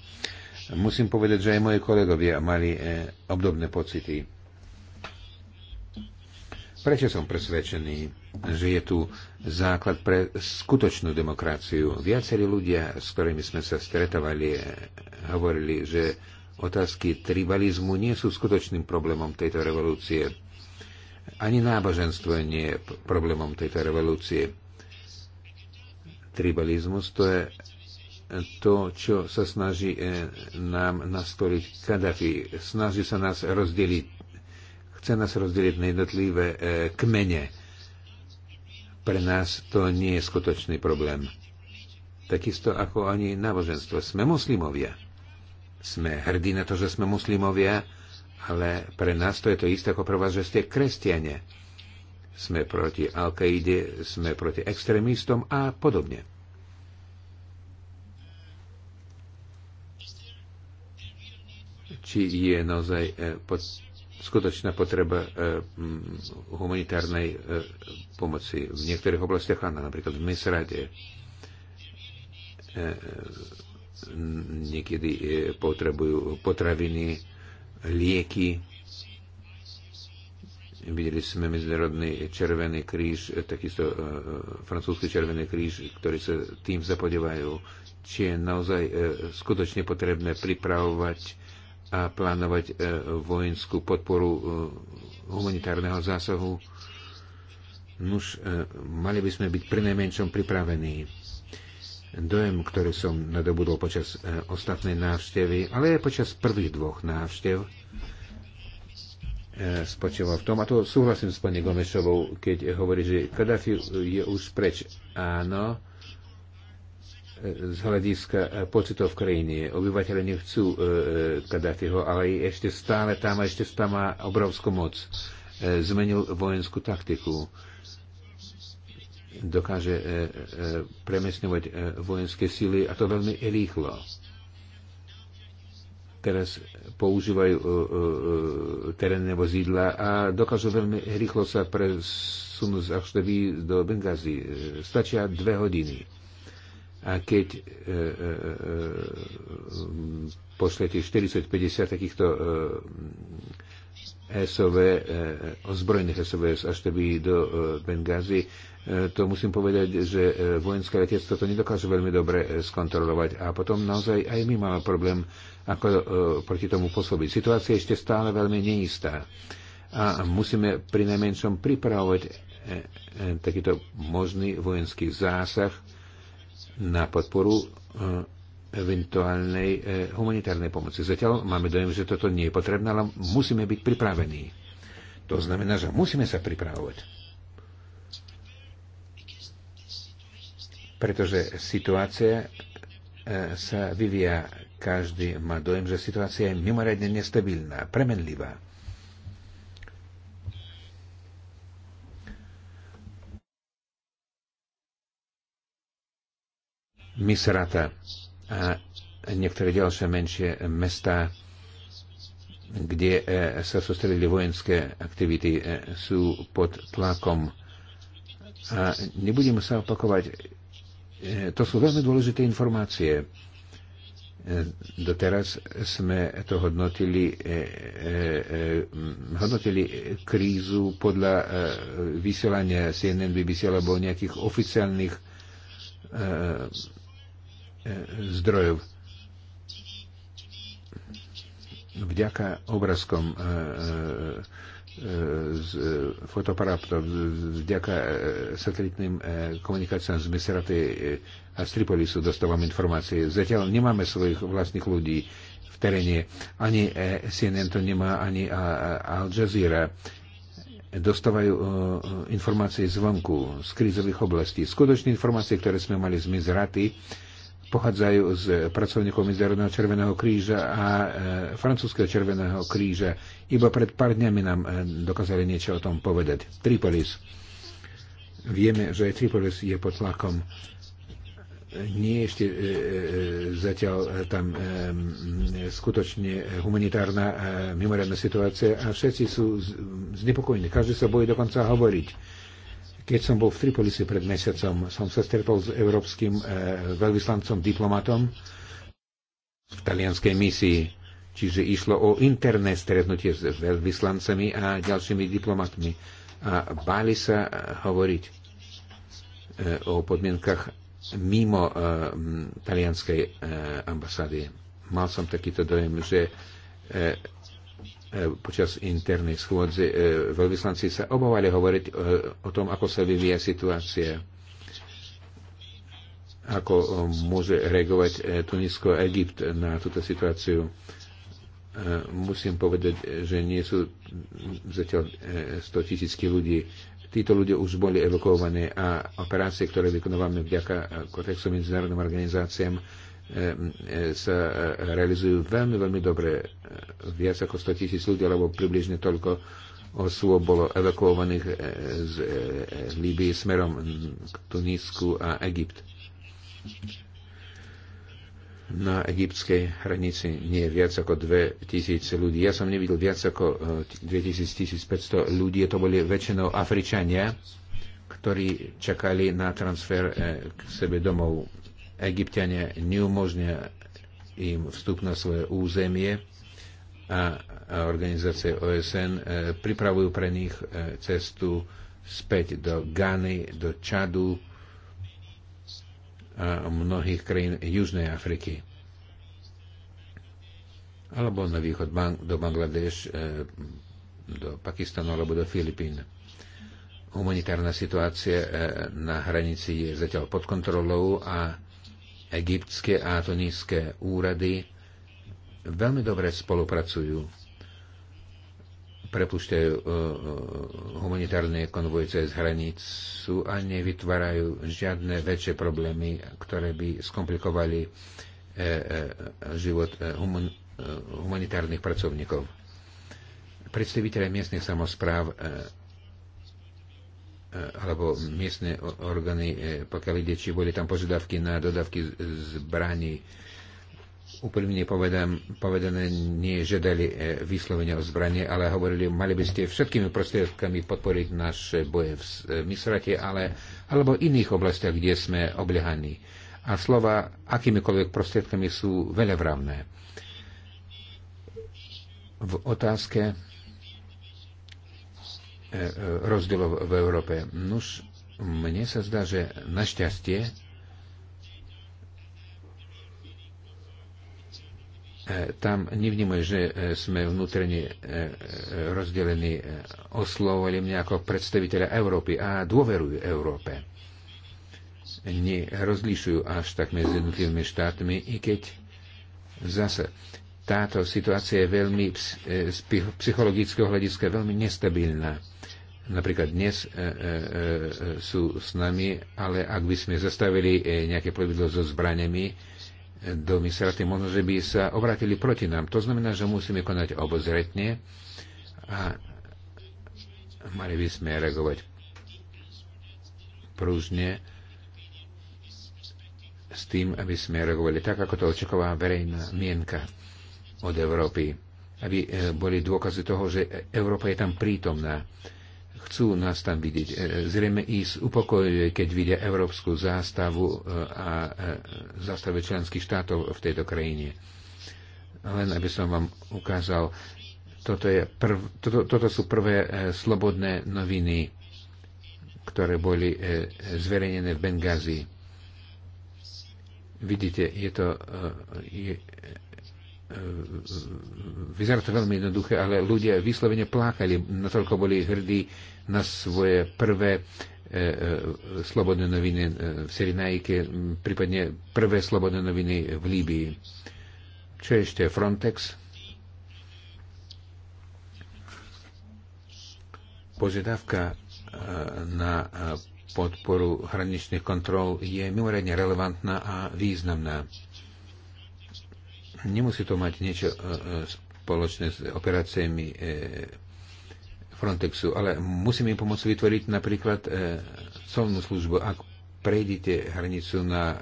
Musím povedať, že aj moje kolegovia mali e, obdobné pocity. Prečo som presvedčený, že je tu základ pre skutočnú demokraciu? Viacerí ľudia, s ktorými sme sa stretovali, e, hovorili, že otázky tribalizmu nie sú skutočným problémom tejto revolúcie. Ani náboženstvo nie je problémom tejto revolúcie tribalizmus, to je to, čo sa snaží e, nám nastoliť Kadafi. Snaží sa nás rozdeliť. Chce nás rozdeliť na jednotlivé e, kmene. Pre nás to nie je skutočný problém. Takisto ako ani náboženstvo. Sme muslimovia. Sme hrdí na to, že sme muslimovia, ale pre nás to je to isté ako pre vás, že ste kresťania. Sme proti Al-Kaide, sme proti extrémistom a podobne. či je naozaj e, pod, skutočná potreba e, humanitárnej e, pomoci v niektorých oblastiach, áno, napríklad v Misrade niekedy potrebujú potraviny, lieky. Videli sme Medzinárodný červený kríž, takisto francúzsky červený kríž, ktorí sa tým zapodievajú, či je naozaj skutočne potrebné pripravovať a plánovať e, vojenskú podporu e, humanitárneho zásahu. Nuž, e, mali by sme byť pri najmenšom pripravení. Dojem, ktorý som nadobudol počas ostatnej návštevy, ale aj počas prvých dvoch návštev, spočíval v tom, a to súhlasím s pani Gomešovou, keď hovorí, že Kadafi je už preč. Áno, z hľadiska e, pocitov v krajine. Obyvateľe nechcú e, e Kadáfiho, ale ešte stále tam a ešte stále má obrovskú moc. E, zmenil vojenskú taktiku. Dokáže e, e, premiesňovať e, vojenské síly a to veľmi rýchlo. Teraz používajú e, e, terénne vozidla a dokážu veľmi rýchlo sa presunúť z Aštevy do Bengazi. E, stačia dve hodiny a keď e, e, e, pošlete 40-50 takýchto SOV, ozbrojených SOV až by do Bengázy, to musím povedať, že vojenské letectvo to nedokáže veľmi dobre skontrolovať. A potom naozaj aj my máme problém, ako proti tomu pôsobiť. Situácia je ešte stále veľmi neistá. A musíme pri najmenšom pripravovať takýto možný vojenský zásah, na podporu eh, eventuálnej eh, humanitárnej pomoci. Zatiaľ máme dojem, že toto nie je potrebné, ale musíme byť pripravení. To znamená, že musíme sa pripravovať. Pretože situácia eh, sa vyvíja. Každý má dojem, že situácia je mimoriadne nestabilná, premenlivá. Misrata a niektoré ďalšie menšie mesta, kde e, sa sústredili vojenské aktivity, e, sú pod tlakom. A nebudem sa opakovať, e, to sú veľmi dôležité informácie. Doteraz sme to hodnotili, hodnotili krízu podľa vysielania CNN, BBC alebo nejakých oficiálnych zdrojov. Vďaka obrazkom e, e, e, z fotoaparátov, vďaka satelitným komunikáciám z Meseraty a z Tripolisu dostávam informácie. Zatiaľ nemáme svojich vlastných ľudí v teréne. Ani CNN to nemá, ani Al Jazeera. Dostávajú informácie zvonku, z krízových oblastí. Skutočné informácie, ktoré sme mali z Mizraty, pochádzajú z pracovníkov Medzinárodného Červeného kríža a e, Francúzského Červeného kríža. Iba pred pár dňami nám e, dokázali niečo o tom povedať. Tripolis. Vieme, že Tripolis je pod tlakom nie ešte e, e, zatiaľ tam e, skutočne humanitárna e, mimoriadná situácia a všetci sú znepokojení. Každý sa bojí dokonca hovoriť keď som bol v Tripolisi pred mesiacom, som sa stretol s európskym e, veľvyslancom, diplomatom v talianskej misii. Čiže išlo o interné stretnutie s veľvyslancami a ďalšími diplomatmi. A báli sa e, hovoriť e, o podmienkach mimo e, talianskej e, ambasády. Mal som takýto dojem, že e, E, počas internej schôdze e, veľvyslanci sa obávali hovoriť e, o tom, ako sa vyvíja situácia, ako môže reagovať Tunisko a Egypt na túto situáciu. Musím povedať, že nie sú zatiaľ 100 tisícky ľudí. Títo ľudia už boli evokovaní a operácie, ktoré vykonávame vďaka kontextu medzinárodným organizáciám, E, e, sa realizujú veľmi, veľmi dobre. E, viac ako 100 tisíc ľudí, alebo približne toľko osôb bolo evakuovaných z Líbie smerom k Tunísku a Egypt. Na egyptskej hranici nie je viac ako 2000 ľudí. Ja som nevidel viac ako 2500 ľudí. To boli väčšinou Afričania, ktorí čakali na transfer k sebe domov Egyptiania neumožnia im vstup na svoje územie a organizácie OSN e, pripravujú pre nich e, cestu späť do Gany, do Čadu a mnohých krajín Južnej Afriky alebo na východ do Bangladeš, e, do Pakistanu alebo do Filipín. Humanitárna situácia na hranici je zatiaľ pod kontrolou a egyptské a tunické úrady veľmi dobre spolupracujú. Prepušťajú e, e, humanitárne konvoje cez hranicu a nevytvárajú žiadne väčšie problémy, ktoré by skomplikovali e, život humanitárnych pracovníkov. Predstaviteľe miestnych samozpráv Eh, alebo miestne orgány, eh, pokiaľ ide, či boli tam požiadavky na dodavky zbraní. Úprimne povedané, nie žiadali eh, vyslovenia o zbranie, ale hovorili, mali by ste všetkými prostriedkami podporiť naše boje v Misrate, ale, alebo iných oblastiach, kde sme obliehaní. A slova akýmikoľvek prostriedkami sú veľa vravné. V otázke E, rozdielov v Európe. Nuž, mne sa zdá, že našťastie e, tam nevnímajú, že e, sme vnútrene rozdelení. Oslovovali mňa ako predstaviteľa Európy a dôverujú Európe. Nerozlišujú až tak medzi jednotlivými štátmi, i keď zase táto situácia je veľmi z psychologického hľadiska veľmi nestabilná napríklad dnes e, e, e, sú s nami, ale ak by sme zastavili e, nejaké plavidlo so zbraniami e, do Misraty, možno, že by sa obratili proti nám. To znamená, že musíme konať obozretne a mali by sme reagovať prúžne s tým, aby sme reagovali tak, ako to očakáva verejná mienka od Európy. Aby boli dôkazy toho, že Európa je tam prítomná. Chcú nás tam vidieť. E, zrejme ich upokojuje, keď vidia európsku zástavu e, a e, zástave členských štátov v tejto krajine. Len aby som vám ukázal, toto, je prv, toto, toto sú prvé slobodné noviny, ktoré boli zverejnené v Bengázii. Vidíte, je to je, E, e, e, vyzerá to veľmi jednoduché, ale ľudia vyslovene plákali, natoľko boli hrdí na svoje prvé e, e, slobodné noviny v Sirinajke, prípadne prvé slobodné noviny v Líbii. Čo je ešte Frontex? Požiadavka na podporu hraničných kontrol je mimoriadne relevantná a významná. Nemusí to mať niečo e, e, spoločné s operáciami e, Frontexu, ale musíme im pomôcť vytvoriť napríklad colnú službu. Ak prejdete hranicu na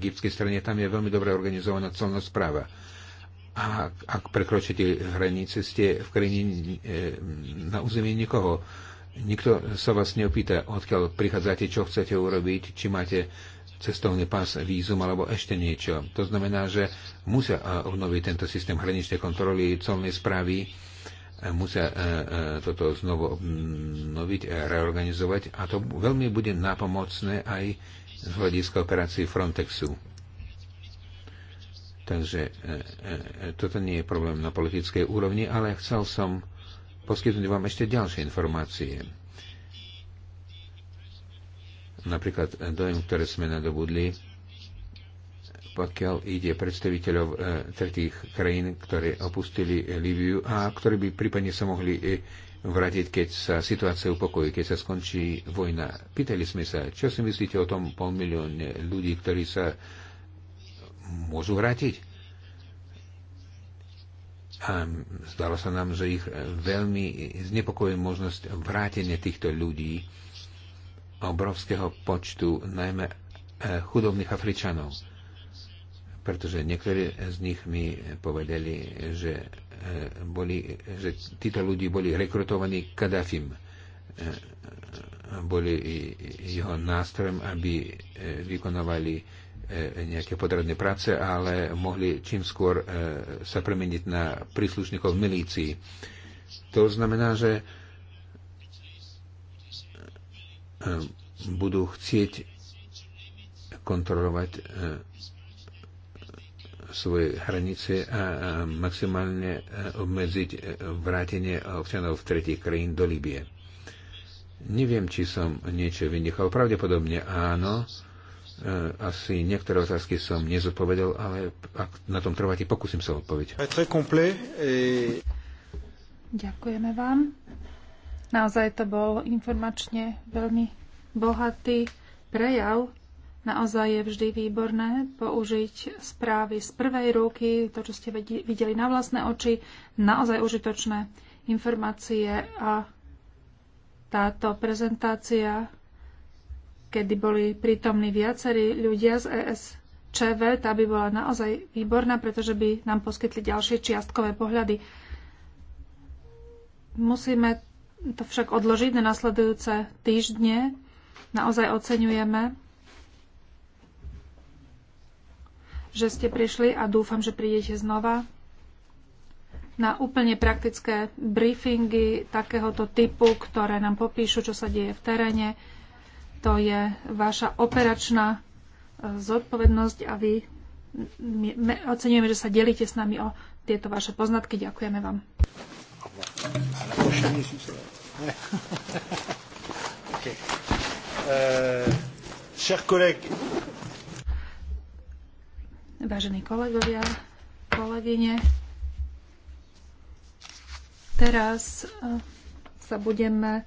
egyptskej strane, tam je veľmi dobre organizovaná colná správa. A ak prekročíte hranice, ste v krajine na území nikoho. Nikto sa vás neopýta, odkiaľ prichádzate, čo chcete urobiť, či máte cestovný pás, vízum alebo ešte niečo. To znamená, že musia e, obnoviť tento systém hraničnej kontroly, colnej správy, e, musia e, toto znovu obnoviť a reorganizovať a to veľmi bude napomocné aj z hľadiska operácií Frontexu. Takže toto nie je problém na politickej úrovni, ale chcel som poskytnúť vám ešte ďalšie informácie Napríklad dojem, ktoré sme nadobudli, pokiaľ ide predstaviteľov e, tretích krajín, ktoré opustili Líbiu a ktorí by prípadne sa mohli e, vrátiť, keď sa situácia upokojí, keď sa skončí vojna. Pýtali sme sa, čo si myslíte o tom pol milióne ľudí, ktorí sa môžu vrátiť? A zdalo sa nám, že ich veľmi znepokojuje možnosť vrátenia týchto ľudí obrovského počtu najmä eh, chudobných Afričanov. Pretože niektorí z nich mi povedali, že, eh, boli, že títo ľudí boli rekrutovaní Kadafim. Eh, boli jeho nástrojem, aby vykonovali nejaké podradné práce, ale mohli čím skôr sa premeniť na príslušníkov milícií. To znamená, že E, budú chcieť kontrolovať e, svoje hranice a maximálne e, obmedziť vrátenie občanov v tretich krajín do Libie. Neviem, či som niečo vynechal. Pravdepodobne áno. Asi niektoré otázky som nezodpovedal, ale ak na tom trváte, pokúsim sa odpovedať. Ďakujeme vám. Naozaj to bol informačne veľmi bohatý prejav. Naozaj je vždy výborné použiť správy z prvej ruky, to, čo ste videli na vlastné oči, naozaj užitočné informácie a táto prezentácia, kedy boli prítomní viacerí ľudia z ES ČV, tá by bola naozaj výborná, pretože by nám poskytli ďalšie čiastkové pohľady. Musíme to však odložiť na nasledujúce týždne. Naozaj oceňujeme, že ste prišli a dúfam, že prídete znova na úplne praktické briefingy takéhoto typu, ktoré nám popíšu, čo sa deje v teréne. To je vaša operačná e, zodpovednosť a vy oceňujeme, že sa delíte s nami o tieto vaše poznatky. Ďakujeme vám okay. Eh, Vážení kolegovia, kolegyne, teraz eh, sa budeme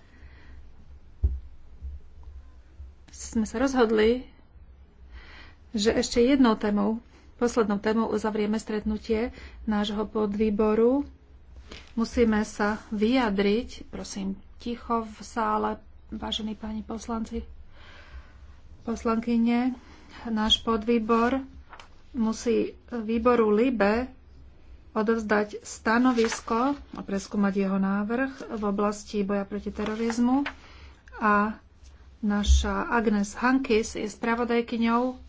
sme sa rozhodli, že ešte jednou témou, poslednou témou uzavrieme stretnutie nášho podvýboru Musíme sa vyjadriť, prosím, ticho v sále, vážení páni poslanci, poslankyne. Náš podvýbor musí výboru LIBE odovzdať stanovisko a preskúmať jeho návrh v oblasti boja proti terorizmu. A naša Agnes Hankis je spravodajkyňou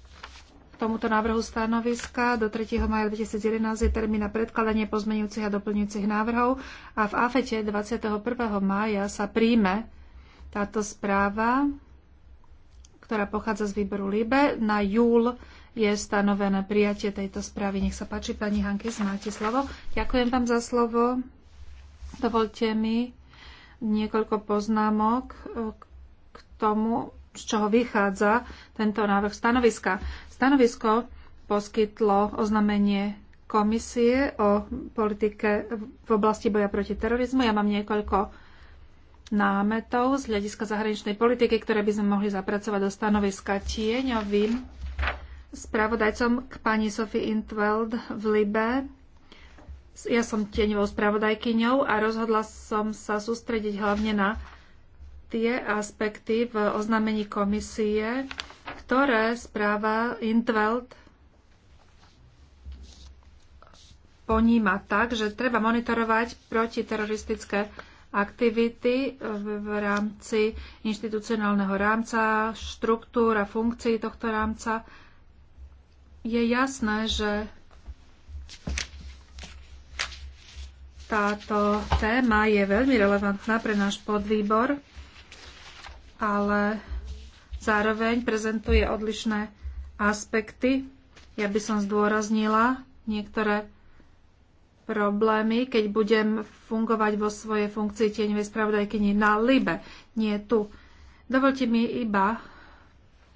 tomuto návrhu stanoviska. Do 3. maja 2011 je termín na predkladanie pozmeňujúcich a doplňujúcich návrhov a v AFETE 21. mája sa príjme táto správa, ktorá pochádza z výboru LIBE. Na júl je stanovené prijatie tejto správy. Nech sa páči, pani Hankis, máte slovo. Ďakujem vám za slovo. Dovolte mi niekoľko poznámok k tomu, z čoho vychádza tento návrh stanoviska. Stanovisko poskytlo oznámenie komisie o politike v oblasti boja proti terorizmu. Ja mám niekoľko námetov z hľadiska zahraničnej politiky, ktoré by sme mohli zapracovať do stanoviska tieňovým spravodajcom k pani Sophie Intveld v Libe. Ja som tieňovou spravodajkyňou a rozhodla som sa sústrediť hlavne na tie aspekty v oznámení komisie, ktoré správa Intveld poníma tak, že treba monitorovať protiteroristické aktivity v rámci inštitucionálneho rámca, štruktúr a funkcií tohto rámca. Je jasné, že táto téma je veľmi relevantná pre náš podvýbor, ale Zároveň prezentuje odlišné aspekty. Ja by som zdôraznila niektoré problémy, keď budem fungovať vo svojej funkcii tieňovej spravodajkyni na Libe, nie tu. Dovolte mi iba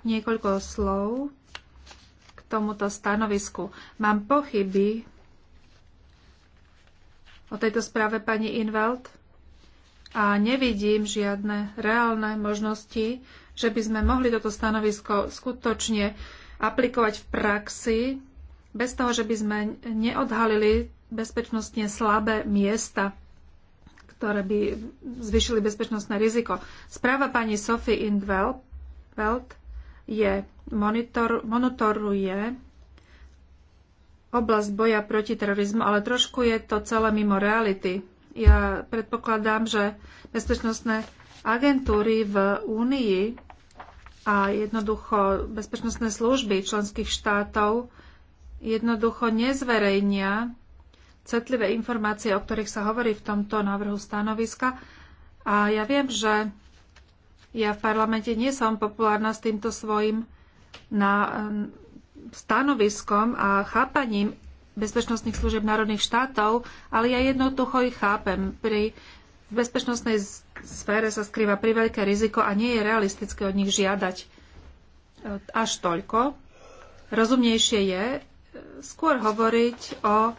niekoľko slov k tomuto stanovisku. Mám pochyby o tejto správe pani Inveld a nevidím žiadne reálne možnosti že by sme mohli toto stanovisko skutočne aplikovať v praxi, bez toho, že by sme neodhalili bezpečnostne slabé miesta, ktoré by zvyšili bezpečnostné riziko. Správa pani Sophie Indveld je, monitor, monitoruje oblasť boja proti terorizmu, ale trošku je to celé mimo reality. Ja predpokladám, že bezpečnostné agentúry v Únii a jednoducho bezpečnostné služby členských štátov jednoducho nezverejnia citlivé informácie, o ktorých sa hovorí v tomto návrhu stanoviska. A ja viem, že ja v parlamente nie som populárna s týmto svojim na, stanoviskom a chápaním bezpečnostných služieb národných štátov, ale ja jednoducho ich chápem. Pri bezpečnostnej sfére sa skrýva priveľké riziko a nie je realistické od nich žiadať e, až toľko. Rozumnejšie je e, skôr hovoriť o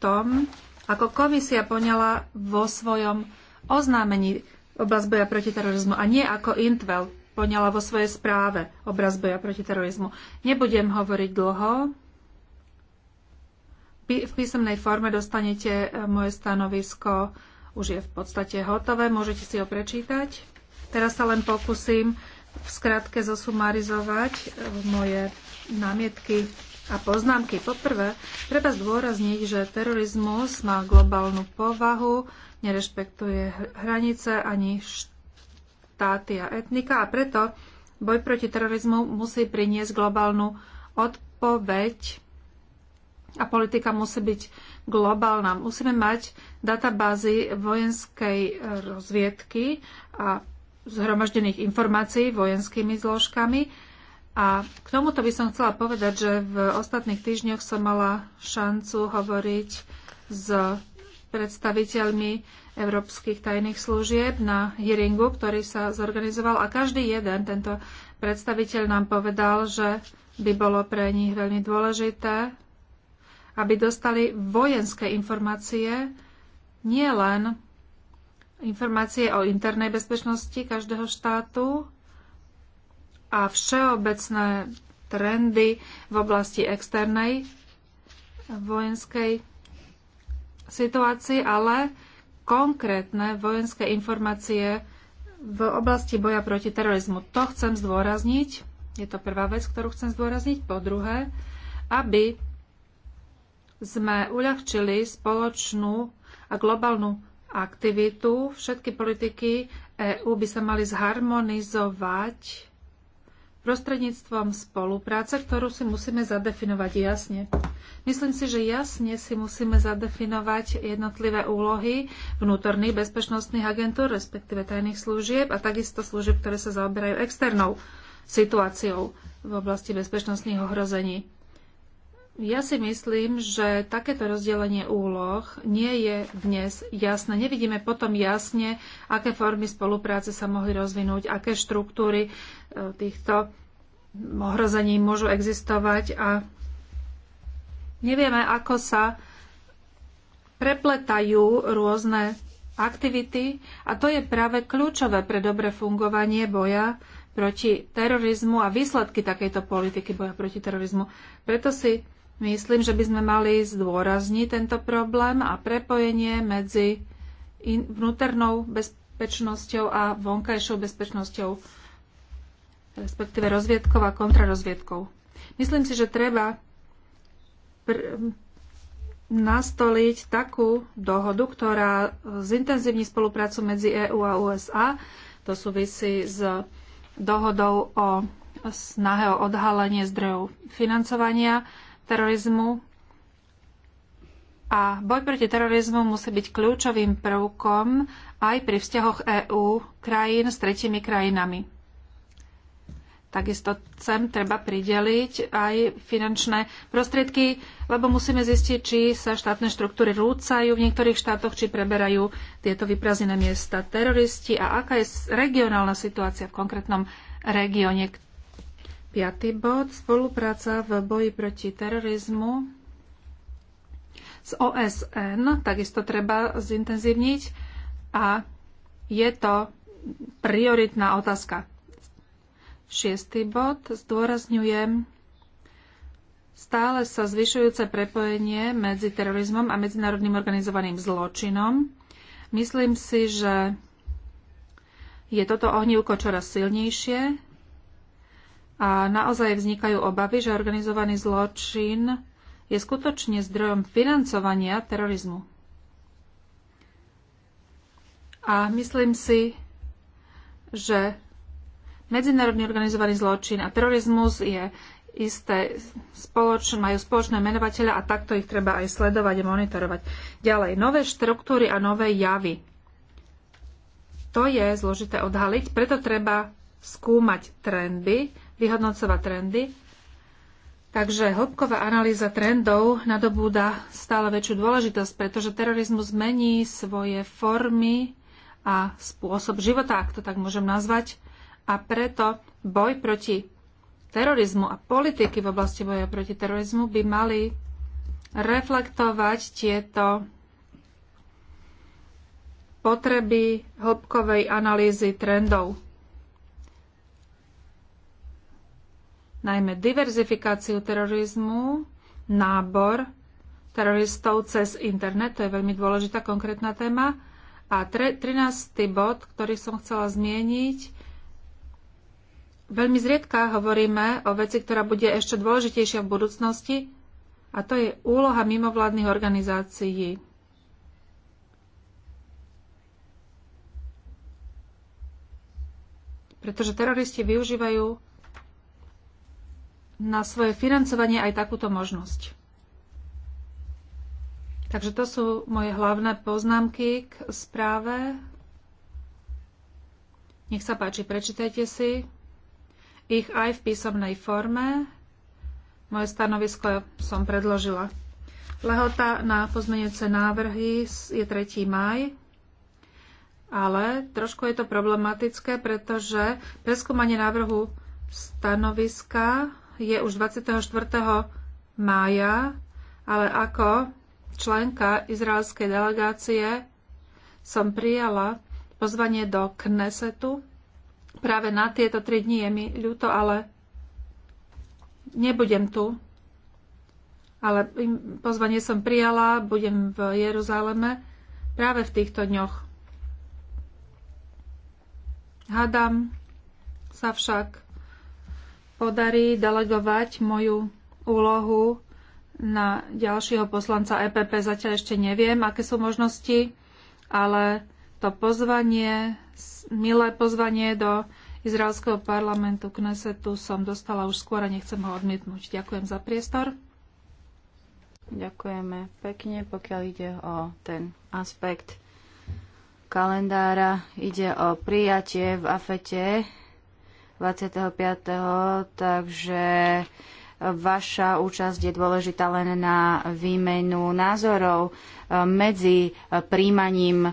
tom, ako komisia poňala vo svojom oznámení obraz boja proti terorizmu a nie ako Intvel poňala vo svojej správe obraz boja proti terorizmu. Nebudem hovoriť dlho. V písomnej forme dostanete e, moje stanovisko už je v podstate hotové, môžete si ho prečítať. Teraz sa len pokúsim v skratke zosumarizovať eh, moje námietky a poznámky. Poprvé, treba zdôrazniť, že terorizmus má globálnu povahu, nerešpektuje hranice ani štáty a etnika a preto boj proti terorizmu musí priniesť globálnu odpoveď a politika musí byť globálna. Musíme mať databázy vojenskej e, rozviedky a zhromaždených informácií vojenskými zložkami. A k tomuto by som chcela povedať, že v ostatných týždňoch som mala šancu hovoriť s predstaviteľmi európskych tajných služieb na hearingu, ktorý sa zorganizoval a každý jeden tento predstaviteľ nám povedal, že by bolo pre nich veľmi dôležité aby dostali vojenské informácie, nie len informácie o internej bezpečnosti každého štátu a všeobecné trendy v oblasti externej vojenskej situácii, ale konkrétne vojenské informácie v oblasti boja proti terorizmu. To chcem zdôrazniť. Je to prvá vec, ktorú chcem zdôrazniť. Po druhé, aby sme uľahčili spoločnú a globálnu aktivitu. Všetky politiky EÚ by sa mali zharmonizovať prostredníctvom spolupráce, ktorú si musíme zadefinovať jasne. Myslím si, že jasne si musíme zadefinovať jednotlivé úlohy vnútorných bezpečnostných agentúr, respektíve tajných služieb a takisto služieb, ktoré sa zaoberajú externou situáciou v oblasti bezpečnostných ohrození. Ja si myslím, že takéto rozdelenie úloh nie je dnes jasné. Nevidíme potom jasne, aké formy spolupráce sa mohli rozvinúť, aké štruktúry e, týchto ohrození môžu existovať a nevieme, ako sa prepletajú rôzne aktivity a to je práve kľúčové pre dobre fungovanie boja proti terorizmu a výsledky takejto politiky boja proti terorizmu. Preto si Myslím, že by sme mali zdôrazniť tento problém a prepojenie medzi vnútornou bezpečnosťou a vonkajšou bezpečnosťou, respektíve rozviedkou a kontrarozviedkou. Myslím si, že treba nastoliť takú dohodu, ktorá zintenzívni spoluprácu medzi EÚ a USA. To súvisí s dohodou o snahe o odhalenie zdrojov financovania terorizmu. A boj proti terorizmu musí byť kľúčovým prvkom aj pri vzťahoch EÚ krajín s tretimi krajinami. Takisto sem treba prideliť aj finančné prostriedky, lebo musíme zistiť, či sa štátne štruktúry rúcajú v niektorých štátoch, či preberajú tieto vyprázdnené miesta teroristi a aká je regionálna situácia v konkrétnom regióne, Piatý bod. Spolupráca v boji proti terorizmu s OSN. Takisto treba zintenzívniť. A je to prioritná otázka. Šiestý bod. Zdôrazňujem stále sa zvyšujúce prepojenie medzi terorizmom a medzinárodným organizovaným zločinom. Myslím si, že je toto ohnívko čoraz silnejšie a naozaj vznikajú obavy, že organizovaný zločin je skutočne zdrojom financovania terorizmu. A myslím si, že medzinárodný organizovaný zločin a terorizmus je isté spoloč, majú spoločné menovateľa a takto ich treba aj sledovať a monitorovať. Ďalej, nové štruktúry a nové javy. To je zložité odhaliť, preto treba skúmať trendy vyhodnocovať trendy. Takže hĺbková analýza trendov nadobúda stále väčšiu dôležitosť, pretože terorizmus mení svoje formy a spôsob života, ak to tak môžem nazvať. A preto boj proti terorizmu a politiky v oblasti boja proti terorizmu by mali reflektovať tieto potreby hĺbkovej analýzy trendov. najmä diverzifikáciu terorizmu, nábor teroristov cez internet, to je veľmi dôležitá konkrétna téma. A 13. bod, ktorý som chcela zmieniť, veľmi zriedka hovoríme o veci, ktorá bude ešte dôležitejšia v budúcnosti, a to je úloha mimovládnych organizácií. Pretože teroristi využívajú na svoje financovanie aj takúto možnosť. Takže to sú moje hlavné poznámky k správe. Nech sa páči, prečítajte si ich aj v písomnej forme. Moje stanovisko som predložila. Lehota na pozmenujúce návrhy je 3. maj, ale trošku je to problematické, pretože preskúmanie návrhu stanoviska je už 24. mája, ale ako členka izraelskej delegácie som prijala pozvanie do Knesetu. Práve na tieto tri dni je mi ľúto, ale nebudem tu. Ale pozvanie som prijala, budem v Jeruzaleme práve v týchto dňoch. Hadam sa však podarí delegovať moju úlohu na ďalšieho poslanca EPP. Zatiaľ ešte neviem, aké sú možnosti, ale to pozvanie, milé pozvanie do izraelského parlamentu Knesetu som dostala už skôr a nechcem ho odmietnúť. Ďakujem za priestor. Ďakujeme pekne, pokiaľ ide o ten aspekt kalendára. Ide o prijatie v AFETE 25. Takže vaša účasť je dôležitá len na výmenu názorov e, medzi e, príjmaním e,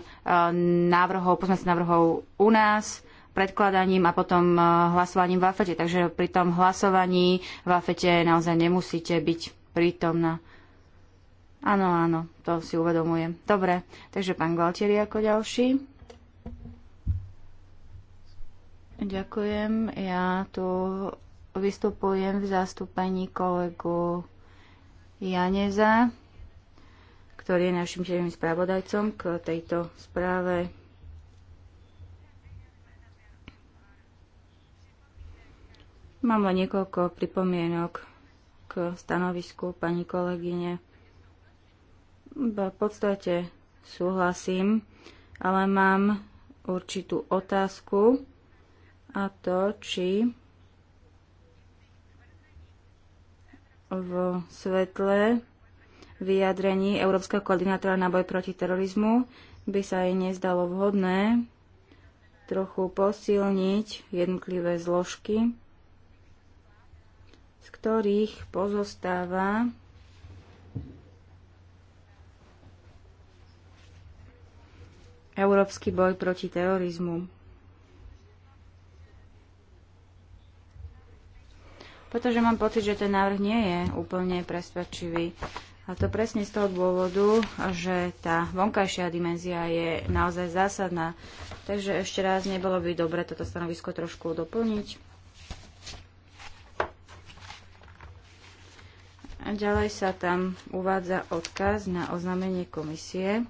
návrhov, pozmeňovacích návrhov u nás predkladaním a potom hlasovaním v AFETE. Takže pri tom hlasovaní v AFETE naozaj nemusíte byť prítomná. Áno, áno, to si uvedomujem. Dobre, takže pán Gualtieri ako ďalší. Ďakujem. Ja tu vystupujem v zastúpení kolegu Janeza, ktorý je našim živým spravodajcom k tejto správe. Mám len niekoľko pripomienok k stanovisku pani kolegyne. V podstate súhlasím, ale mám určitú otázku a to, či v svetle vyjadrení Európskeho koordinátora na boj proti terorizmu by sa jej nezdalo vhodné trochu posilniť jednotlivé zložky, z ktorých pozostáva Európsky boj proti terorizmu. pretože mám pocit, že ten návrh nie je úplne presvedčivý. A to presne z toho dôvodu, že tá vonkajšia dimenzia je naozaj zásadná. Takže ešte raz nebolo by dobre toto stanovisko trošku doplniť. A ďalej sa tam uvádza odkaz na oznámenie komisie.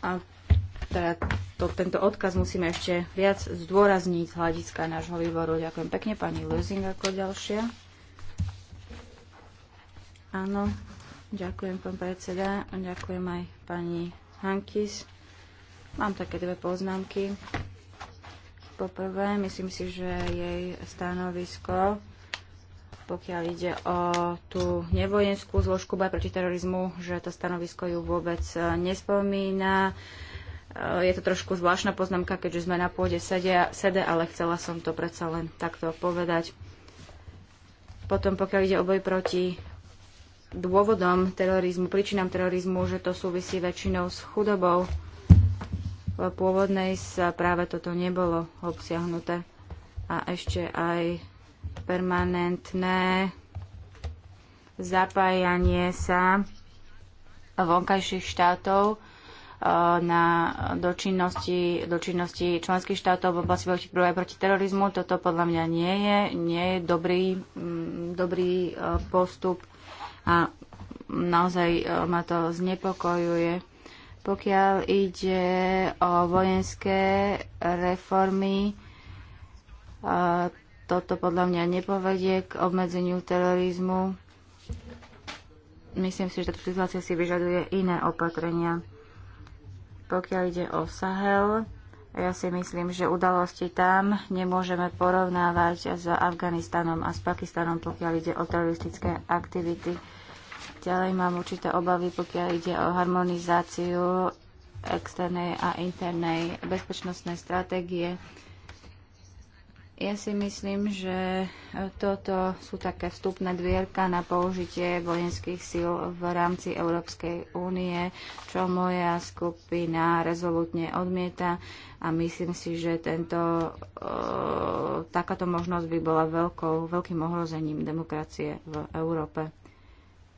A teda to, tento odkaz musíme ešte viac zdôrazniť z hľadiska nášho výboru. Ďakujem pekne pani Lezing ako ďalšia. Áno, ďakujem pán predseda ďakujem aj pani Hankis. Mám také dve poznámky. Poprvé, myslím si, že jej stanovisko, pokiaľ ide o tú nevojenskú zložku boja proti terorizmu, že to stanovisko ju vôbec eh, nespomína. Uh, je to trošku zvláštna poznámka, keďže sme na pôde sede, sede, ale chcela som to predsa len takto povedať. Potom, pokiaľ ide o boj proti dôvodom terorizmu, príčinám terorizmu, že to súvisí väčšinou s chudobou, v pôvodnej sa práve toto nebolo obsiahnuté. A ešte aj permanentné zapájanie sa vonkajších štátov na, do, činnosti, členských štátov v oblasti veľkých boja proti terorizmu. Toto podľa mňa nie je, nie je dobrý, mm, dobrý e, postup a naozaj e, ma to znepokojuje. Pokiaľ ide o vojenské reformy, e, toto podľa mňa nepovedie k obmedzeniu terorizmu. Myslím si, že táto situácia si vyžaduje iné opatrenia pokiaľ ide o Sahel, ja si myslím, že udalosti tam nemôžeme porovnávať s Afganistanom a s Pakistanom, pokiaľ ide o teroristické aktivity. Ďalej mám určité obavy, pokiaľ ide o harmonizáciu externej a internej bezpečnostnej stratégie ja si myslím, že e, toto sú také vstupné dvierka na použitie vojenských síl v rámci Európskej únie, čo moja skupina rezolutne odmieta a myslím si, že tento, e, takáto možnosť by bola veľkou, veľkým ohrozením demokracie v Európe.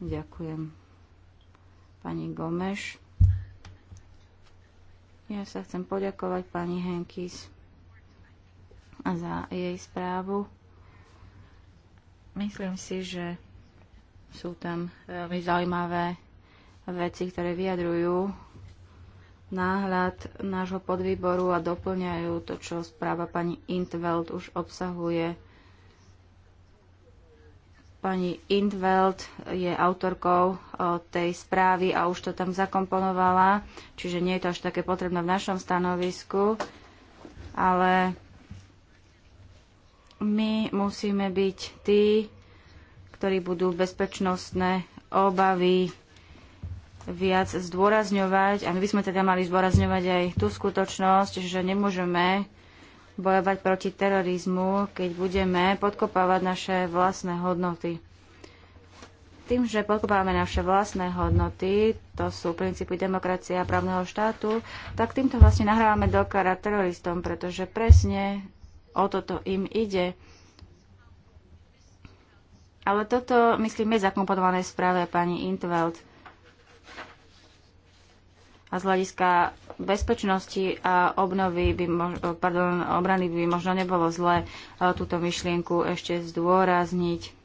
Ďakujem. Pani Gomeš. Ja sa chcem poďakovať pani Henkis za jej správu. Myslím si, že sú tam veľmi zaujímavé veci, ktoré vyjadrujú náhľad nášho podvýboru a doplňajú to, čo správa pani Intveld už obsahuje. Pani Intveld je autorkou e, tej správy a už to tam zakomponovala, čiže nie je to až také potrebné v našom stanovisku, ale my musíme byť tí, ktorí budú bezpečnostné obavy viac zdôrazňovať. A my by sme teda mali zdôrazňovať aj tú skutočnosť, že nemôžeme bojovať proti terorizmu, keď budeme podkopávať naše vlastné hodnoty. Tým, že podkopávame naše vlastné hodnoty, to sú princípy demokracie a právneho štátu, tak týmto vlastne nahrávame do kara teroristom, pretože presne O toto im ide. Ale toto, myslím, je zakomponované v správe pani Intveld. A z hľadiska bezpečnosti a obnovy by mož- pardon, obrany by možno nebolo zle túto myšlienku ešte zdôrazniť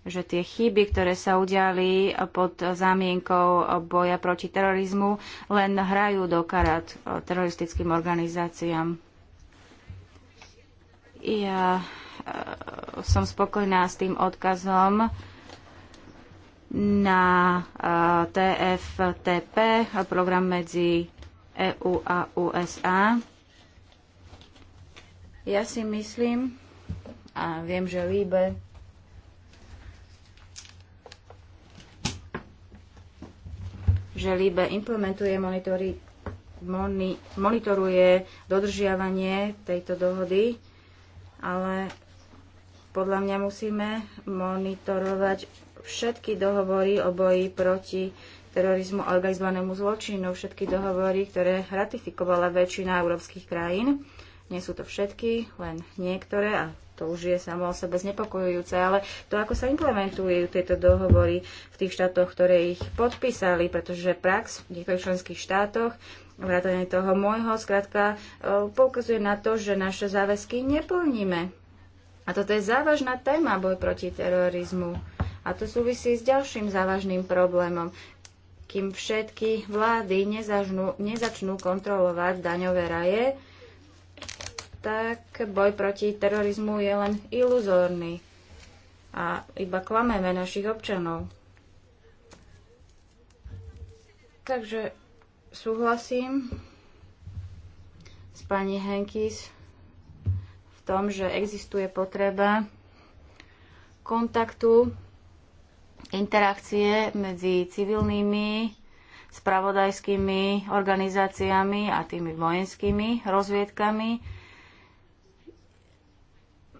že tie chyby, ktoré sa udiali pod zámienkou boja proti terorizmu, len hrajú do karát e, teroristickým organizáciám. Ja e, som spokojná s tým odkazom na e, TFTP, program medzi EU a USA. Ja si myslím, a viem, že líbe, že líbe implementuje monitory, moni, monitoruje dodržiavanie tejto dohody ale podľa mňa musíme monitorovať všetky dohovory o boji proti terorizmu a organizovanému zločinu, všetky dohovory, ktoré ratifikovala väčšina európskych krajín. Nie sú to všetky, len niektoré a to už je samo o sebe znepokojujúce, ale to, ako sa implementujú tieto dohovory v tých štátoch, ktoré ich podpísali, pretože prax v niektorých členských štátoch vrátane toho môjho, skrátka e, poukazuje na to, že naše záväzky neplníme. A toto je závažná téma boj proti terorizmu. A to súvisí s ďalším závažným problémom. Kým všetky vlády nezažnú, nezačnú kontrolovať daňové raje, tak boj proti terorizmu je len iluzórny a iba klameme našich občanov. Takže súhlasím s pani Henkis v tom, že existuje potreba kontaktu, interakcie medzi civilnými, spravodajskými organizáciami a tými vojenskými rozviedkami,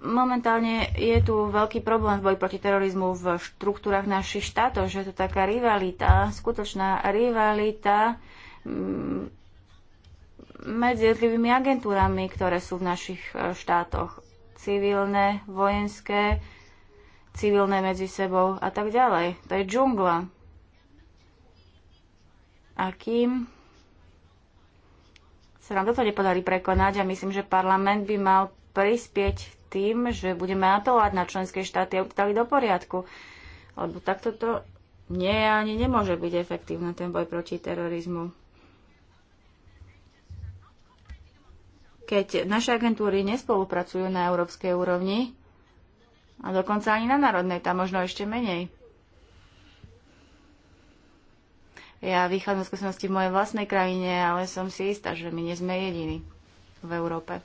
momentálne je tu veľký problém v boji proti terorizmu v štruktúrach našich štátov, že je tu taká rivalita, skutočná rivalita mm, medzi jednotlivými agentúrami, ktoré sú v našich e, štátoch. Civilné, vojenské, civilné medzi sebou a tak ďalej. To je džungla. A kým sa nám toto nepodarí prekonať, a ja myslím, že parlament by mal prispieť tým, že budeme apelovať na členské štáty, aby dali do poriadku. Lebo takto to nie ani nemôže byť efektívne ten boj proti terorizmu. Keď naše agentúry nespolupracujú na európskej úrovni, a dokonca ani na národnej, tam možno ešte menej. Ja vychádzam z skúsenosti v mojej vlastnej krajine, ale som si istá, že my nie sme jediní v Európe.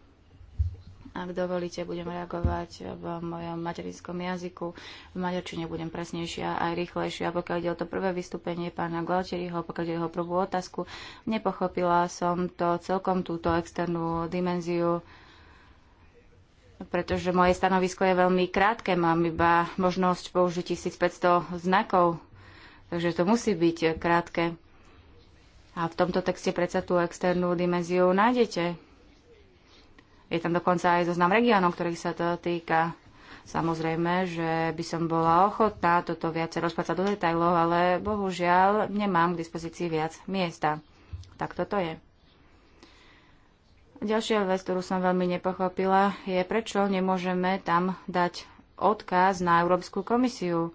Ak dovolíte, budem reagovať v mojom materinskom jazyku. V maďarčine budem presnejšia a aj rýchlejšia. Pokiaľ ide o to prvé vystúpenie pána Gualtieriho, pokiaľ ide o jeho prvú otázku, nepochopila som to celkom túto externú dimenziu pretože moje stanovisko je veľmi krátke, mám iba možnosť použiť 1500 znakov, takže to musí byť krátke. A v tomto texte predsa tú externú dimenziu nájdete. Je tam dokonca aj zoznam regiónov, ktorých sa to týka. Samozrejme, že by som bola ochotná toto viacej rozpracať do detajlov, ale bohužiaľ nemám k dispozícii viac miesta. Tak toto je. Ďalšia vec, ktorú som veľmi nepochopila, je prečo nemôžeme tam dať odkaz na Európsku komisiu.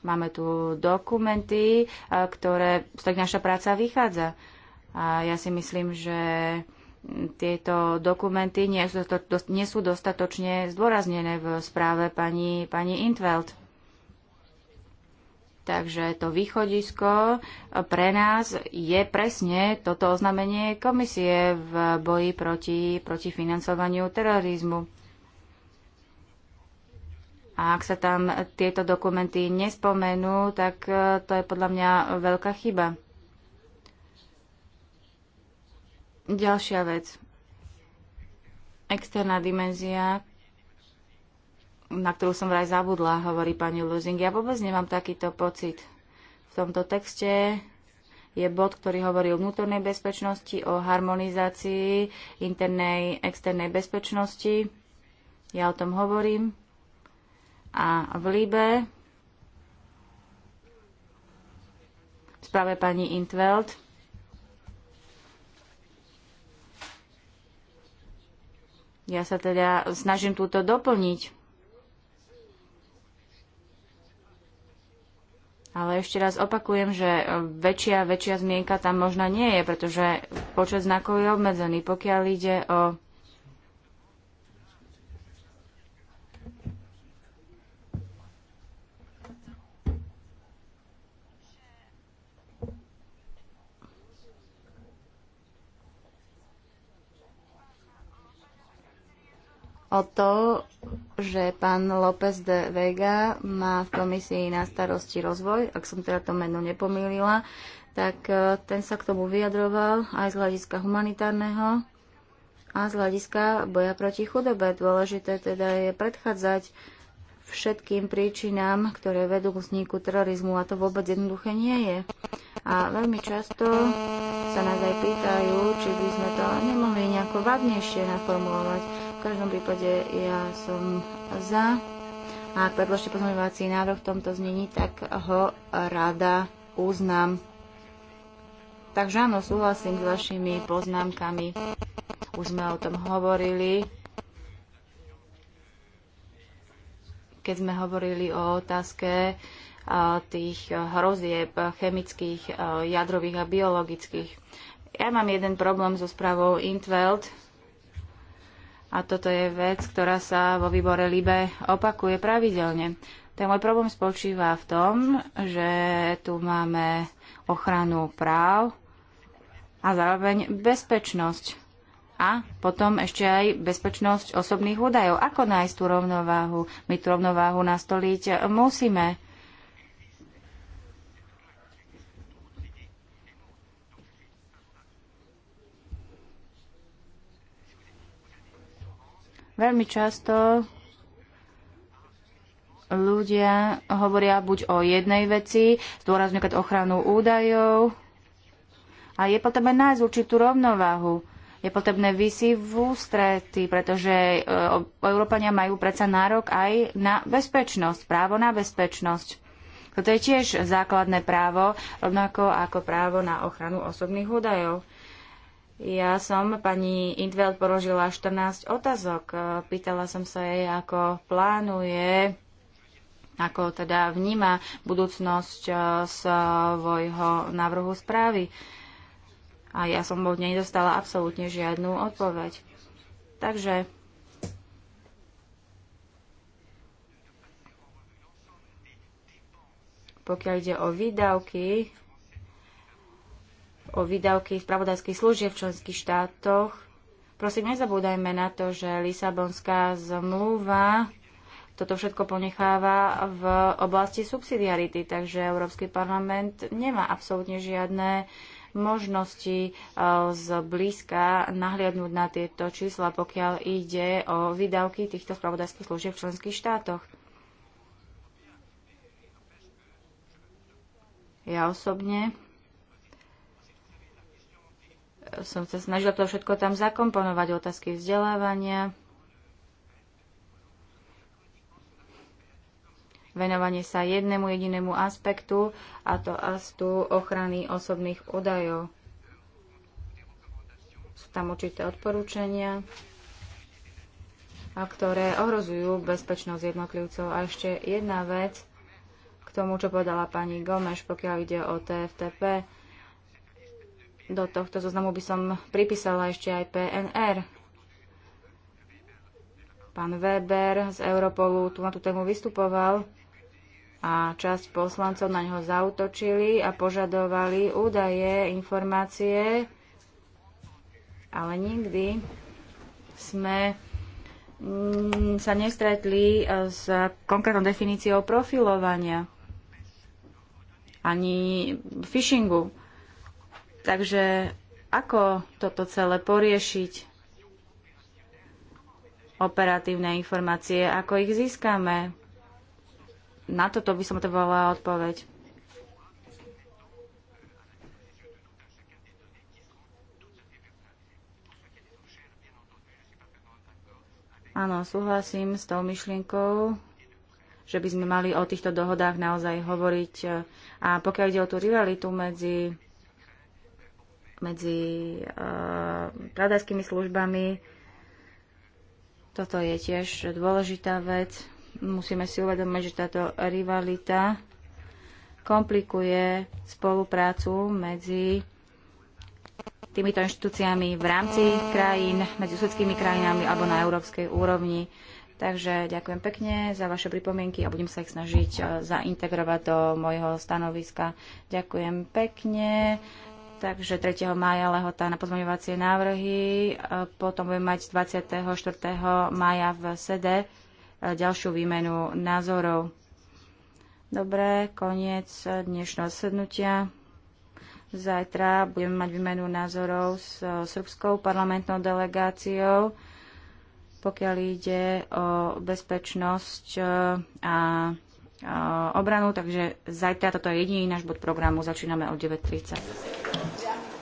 Máme tu dokumenty, ktoré, z ktorých naša práca vychádza. A ja si myslím, že tieto dokumenty nie sú, nie sú dostatočne zdôraznené v správe pani, pani Intveld. Takže to východisko pre nás je presne toto oznámenie komisie v boji proti, proti financovaniu terorizmu. A ak sa tam tieto dokumenty nespomenú, tak eh, to je podľa mňa veľká chyba. Ďalšia vec. Externá dimenzia, na ktorú som vraj zabudla, hovorí pani Lusing. Ja vôbec nemám takýto pocit. V tomto texte je bod, ktorý hovorí o vnútornej bezpečnosti, o harmonizácii internej, externej bezpečnosti. Ja o tom hovorím. A v Líbe správe pani Intveld Ja sa teda snažím túto doplniť. Ale ešte raz opakujem, že väčšia, väčšia zmienka tam možno nie je, pretože počet znakov je obmedzený. Pokiaľ ide o o to, že pán López de Vega má v komisii na starosti rozvoj, ak som teda to meno nepomýlila, tak e, ten sa k tomu vyjadroval aj z hľadiska humanitárneho a z hľadiska boja proti chudobe. Dôležité teda je predchádzať všetkým príčinám, ktoré vedú k vzniku terorizmu a to vôbec jednoduché nie je. A veľmi často sa nás aj pýtajú, či by sme to nemohli nejako vádnejšie naformulovať každom prípade ja som za. A ak predložte pozmeňovací návrh v tomto znení, tak ho rada uznám. Takže áno, súhlasím s vašimi poznámkami. Už sme o tom hovorili, keď sme hovorili o otázke tých hrozieb chemických, jadrových a biologických. Ja mám jeden problém so správou Intveld, a toto je vec, ktorá sa vo výbore LIBE opakuje pravidelne. Ten môj problém spočíva v tom, že tu máme ochranu práv a zároveň bezpečnosť. A potom ešte aj bezpečnosť osobných údajov. Ako nájsť tú rovnováhu? My tú rovnováhu nastoliť musíme. Veľmi často ľudia hovoria buď o jednej veci, zdôrazňujú ochranu údajov a je potrebné nájsť určitú rovnováhu. Je potrebné vysi v ústrety, pretože e, Európania majú predsa nárok aj na bezpečnosť, právo na bezpečnosť. Toto je tiež základné právo, rovnako ako právo na ochranu osobných údajov. Ja som pani Intveld položila 14 otázok. E, pýtala som sa jej, ako plánuje ako teda vníma budúcnosť e, svojho návrhu správy. A ja som od nej dostala absolútne žiadnu odpoveď. Takže pokiaľ ide o výdavky, o výdavky spravodajských služieb v členských štátoch. Prosím, nezabúdajme na to, že Lisabonská zmluva toto všetko ponecháva v oblasti subsidiarity, takže Európsky parlament nemá absolútne žiadne možnosti e, zblízka nahliadnúť na tieto čísla, pokiaľ ide o výdavky týchto spravodajských služieb v členských štátoch. Ja osobne som sa snažila to všetko tam zakomponovať, otázky vzdelávania, venovanie sa jednému jedinému aspektu, a to astu ochrany osobných údajov. Sú tam určité odporúčania, a ktoré ohrozujú bezpečnosť jednotlivcov. A ešte jedna vec k tomu, čo povedala pani Gomeš, pokiaľ ide o TFTP. Do tohto zoznamu by som pripísala ešte aj PNR. Pán Weber z Europolu tu na tú tému vystupoval a časť poslancov na neho zautočili a požadovali údaje, informácie, ale nikdy sme mm, sa nestretli e, s konkrétnou definíciou profilovania ani phishingu. Takže ako toto celé poriešiť? Operatívne informácie, ako ich získame? Na toto by som trebovala odpoveď. Áno, súhlasím s tou myšlienkou, že by sme mali o týchto dohodách naozaj hovoriť. A pokiaľ ide o tú rivalitu medzi medzi eh, pravdajskými službami. Toto je tiež dôležitá vec. Musíme si uvedomiť, že táto rivalita komplikuje spoluprácu medzi týmito inštitúciami v rámci krajín, medzi susedskými krajinami alebo na európskej úrovni. Takže ďakujem pekne za vaše pripomienky a budem sa ich snažiť eh, zaintegrovať do mojho stanoviska. Ďakujem pekne takže 3. mája lehota na pozmeňovacie návrhy, e, potom budeme mať 24. mája v sede e, ďalšiu výmenu názorov. Dobre, koniec dnešného sednutia. Zajtra budeme mať výmenu názorov s e, srbskou parlamentnou delegáciou, pokiaľ ide o bezpečnosť a obranu, takže zajtra toto je jediný náš bod programu, začíname o 9.30.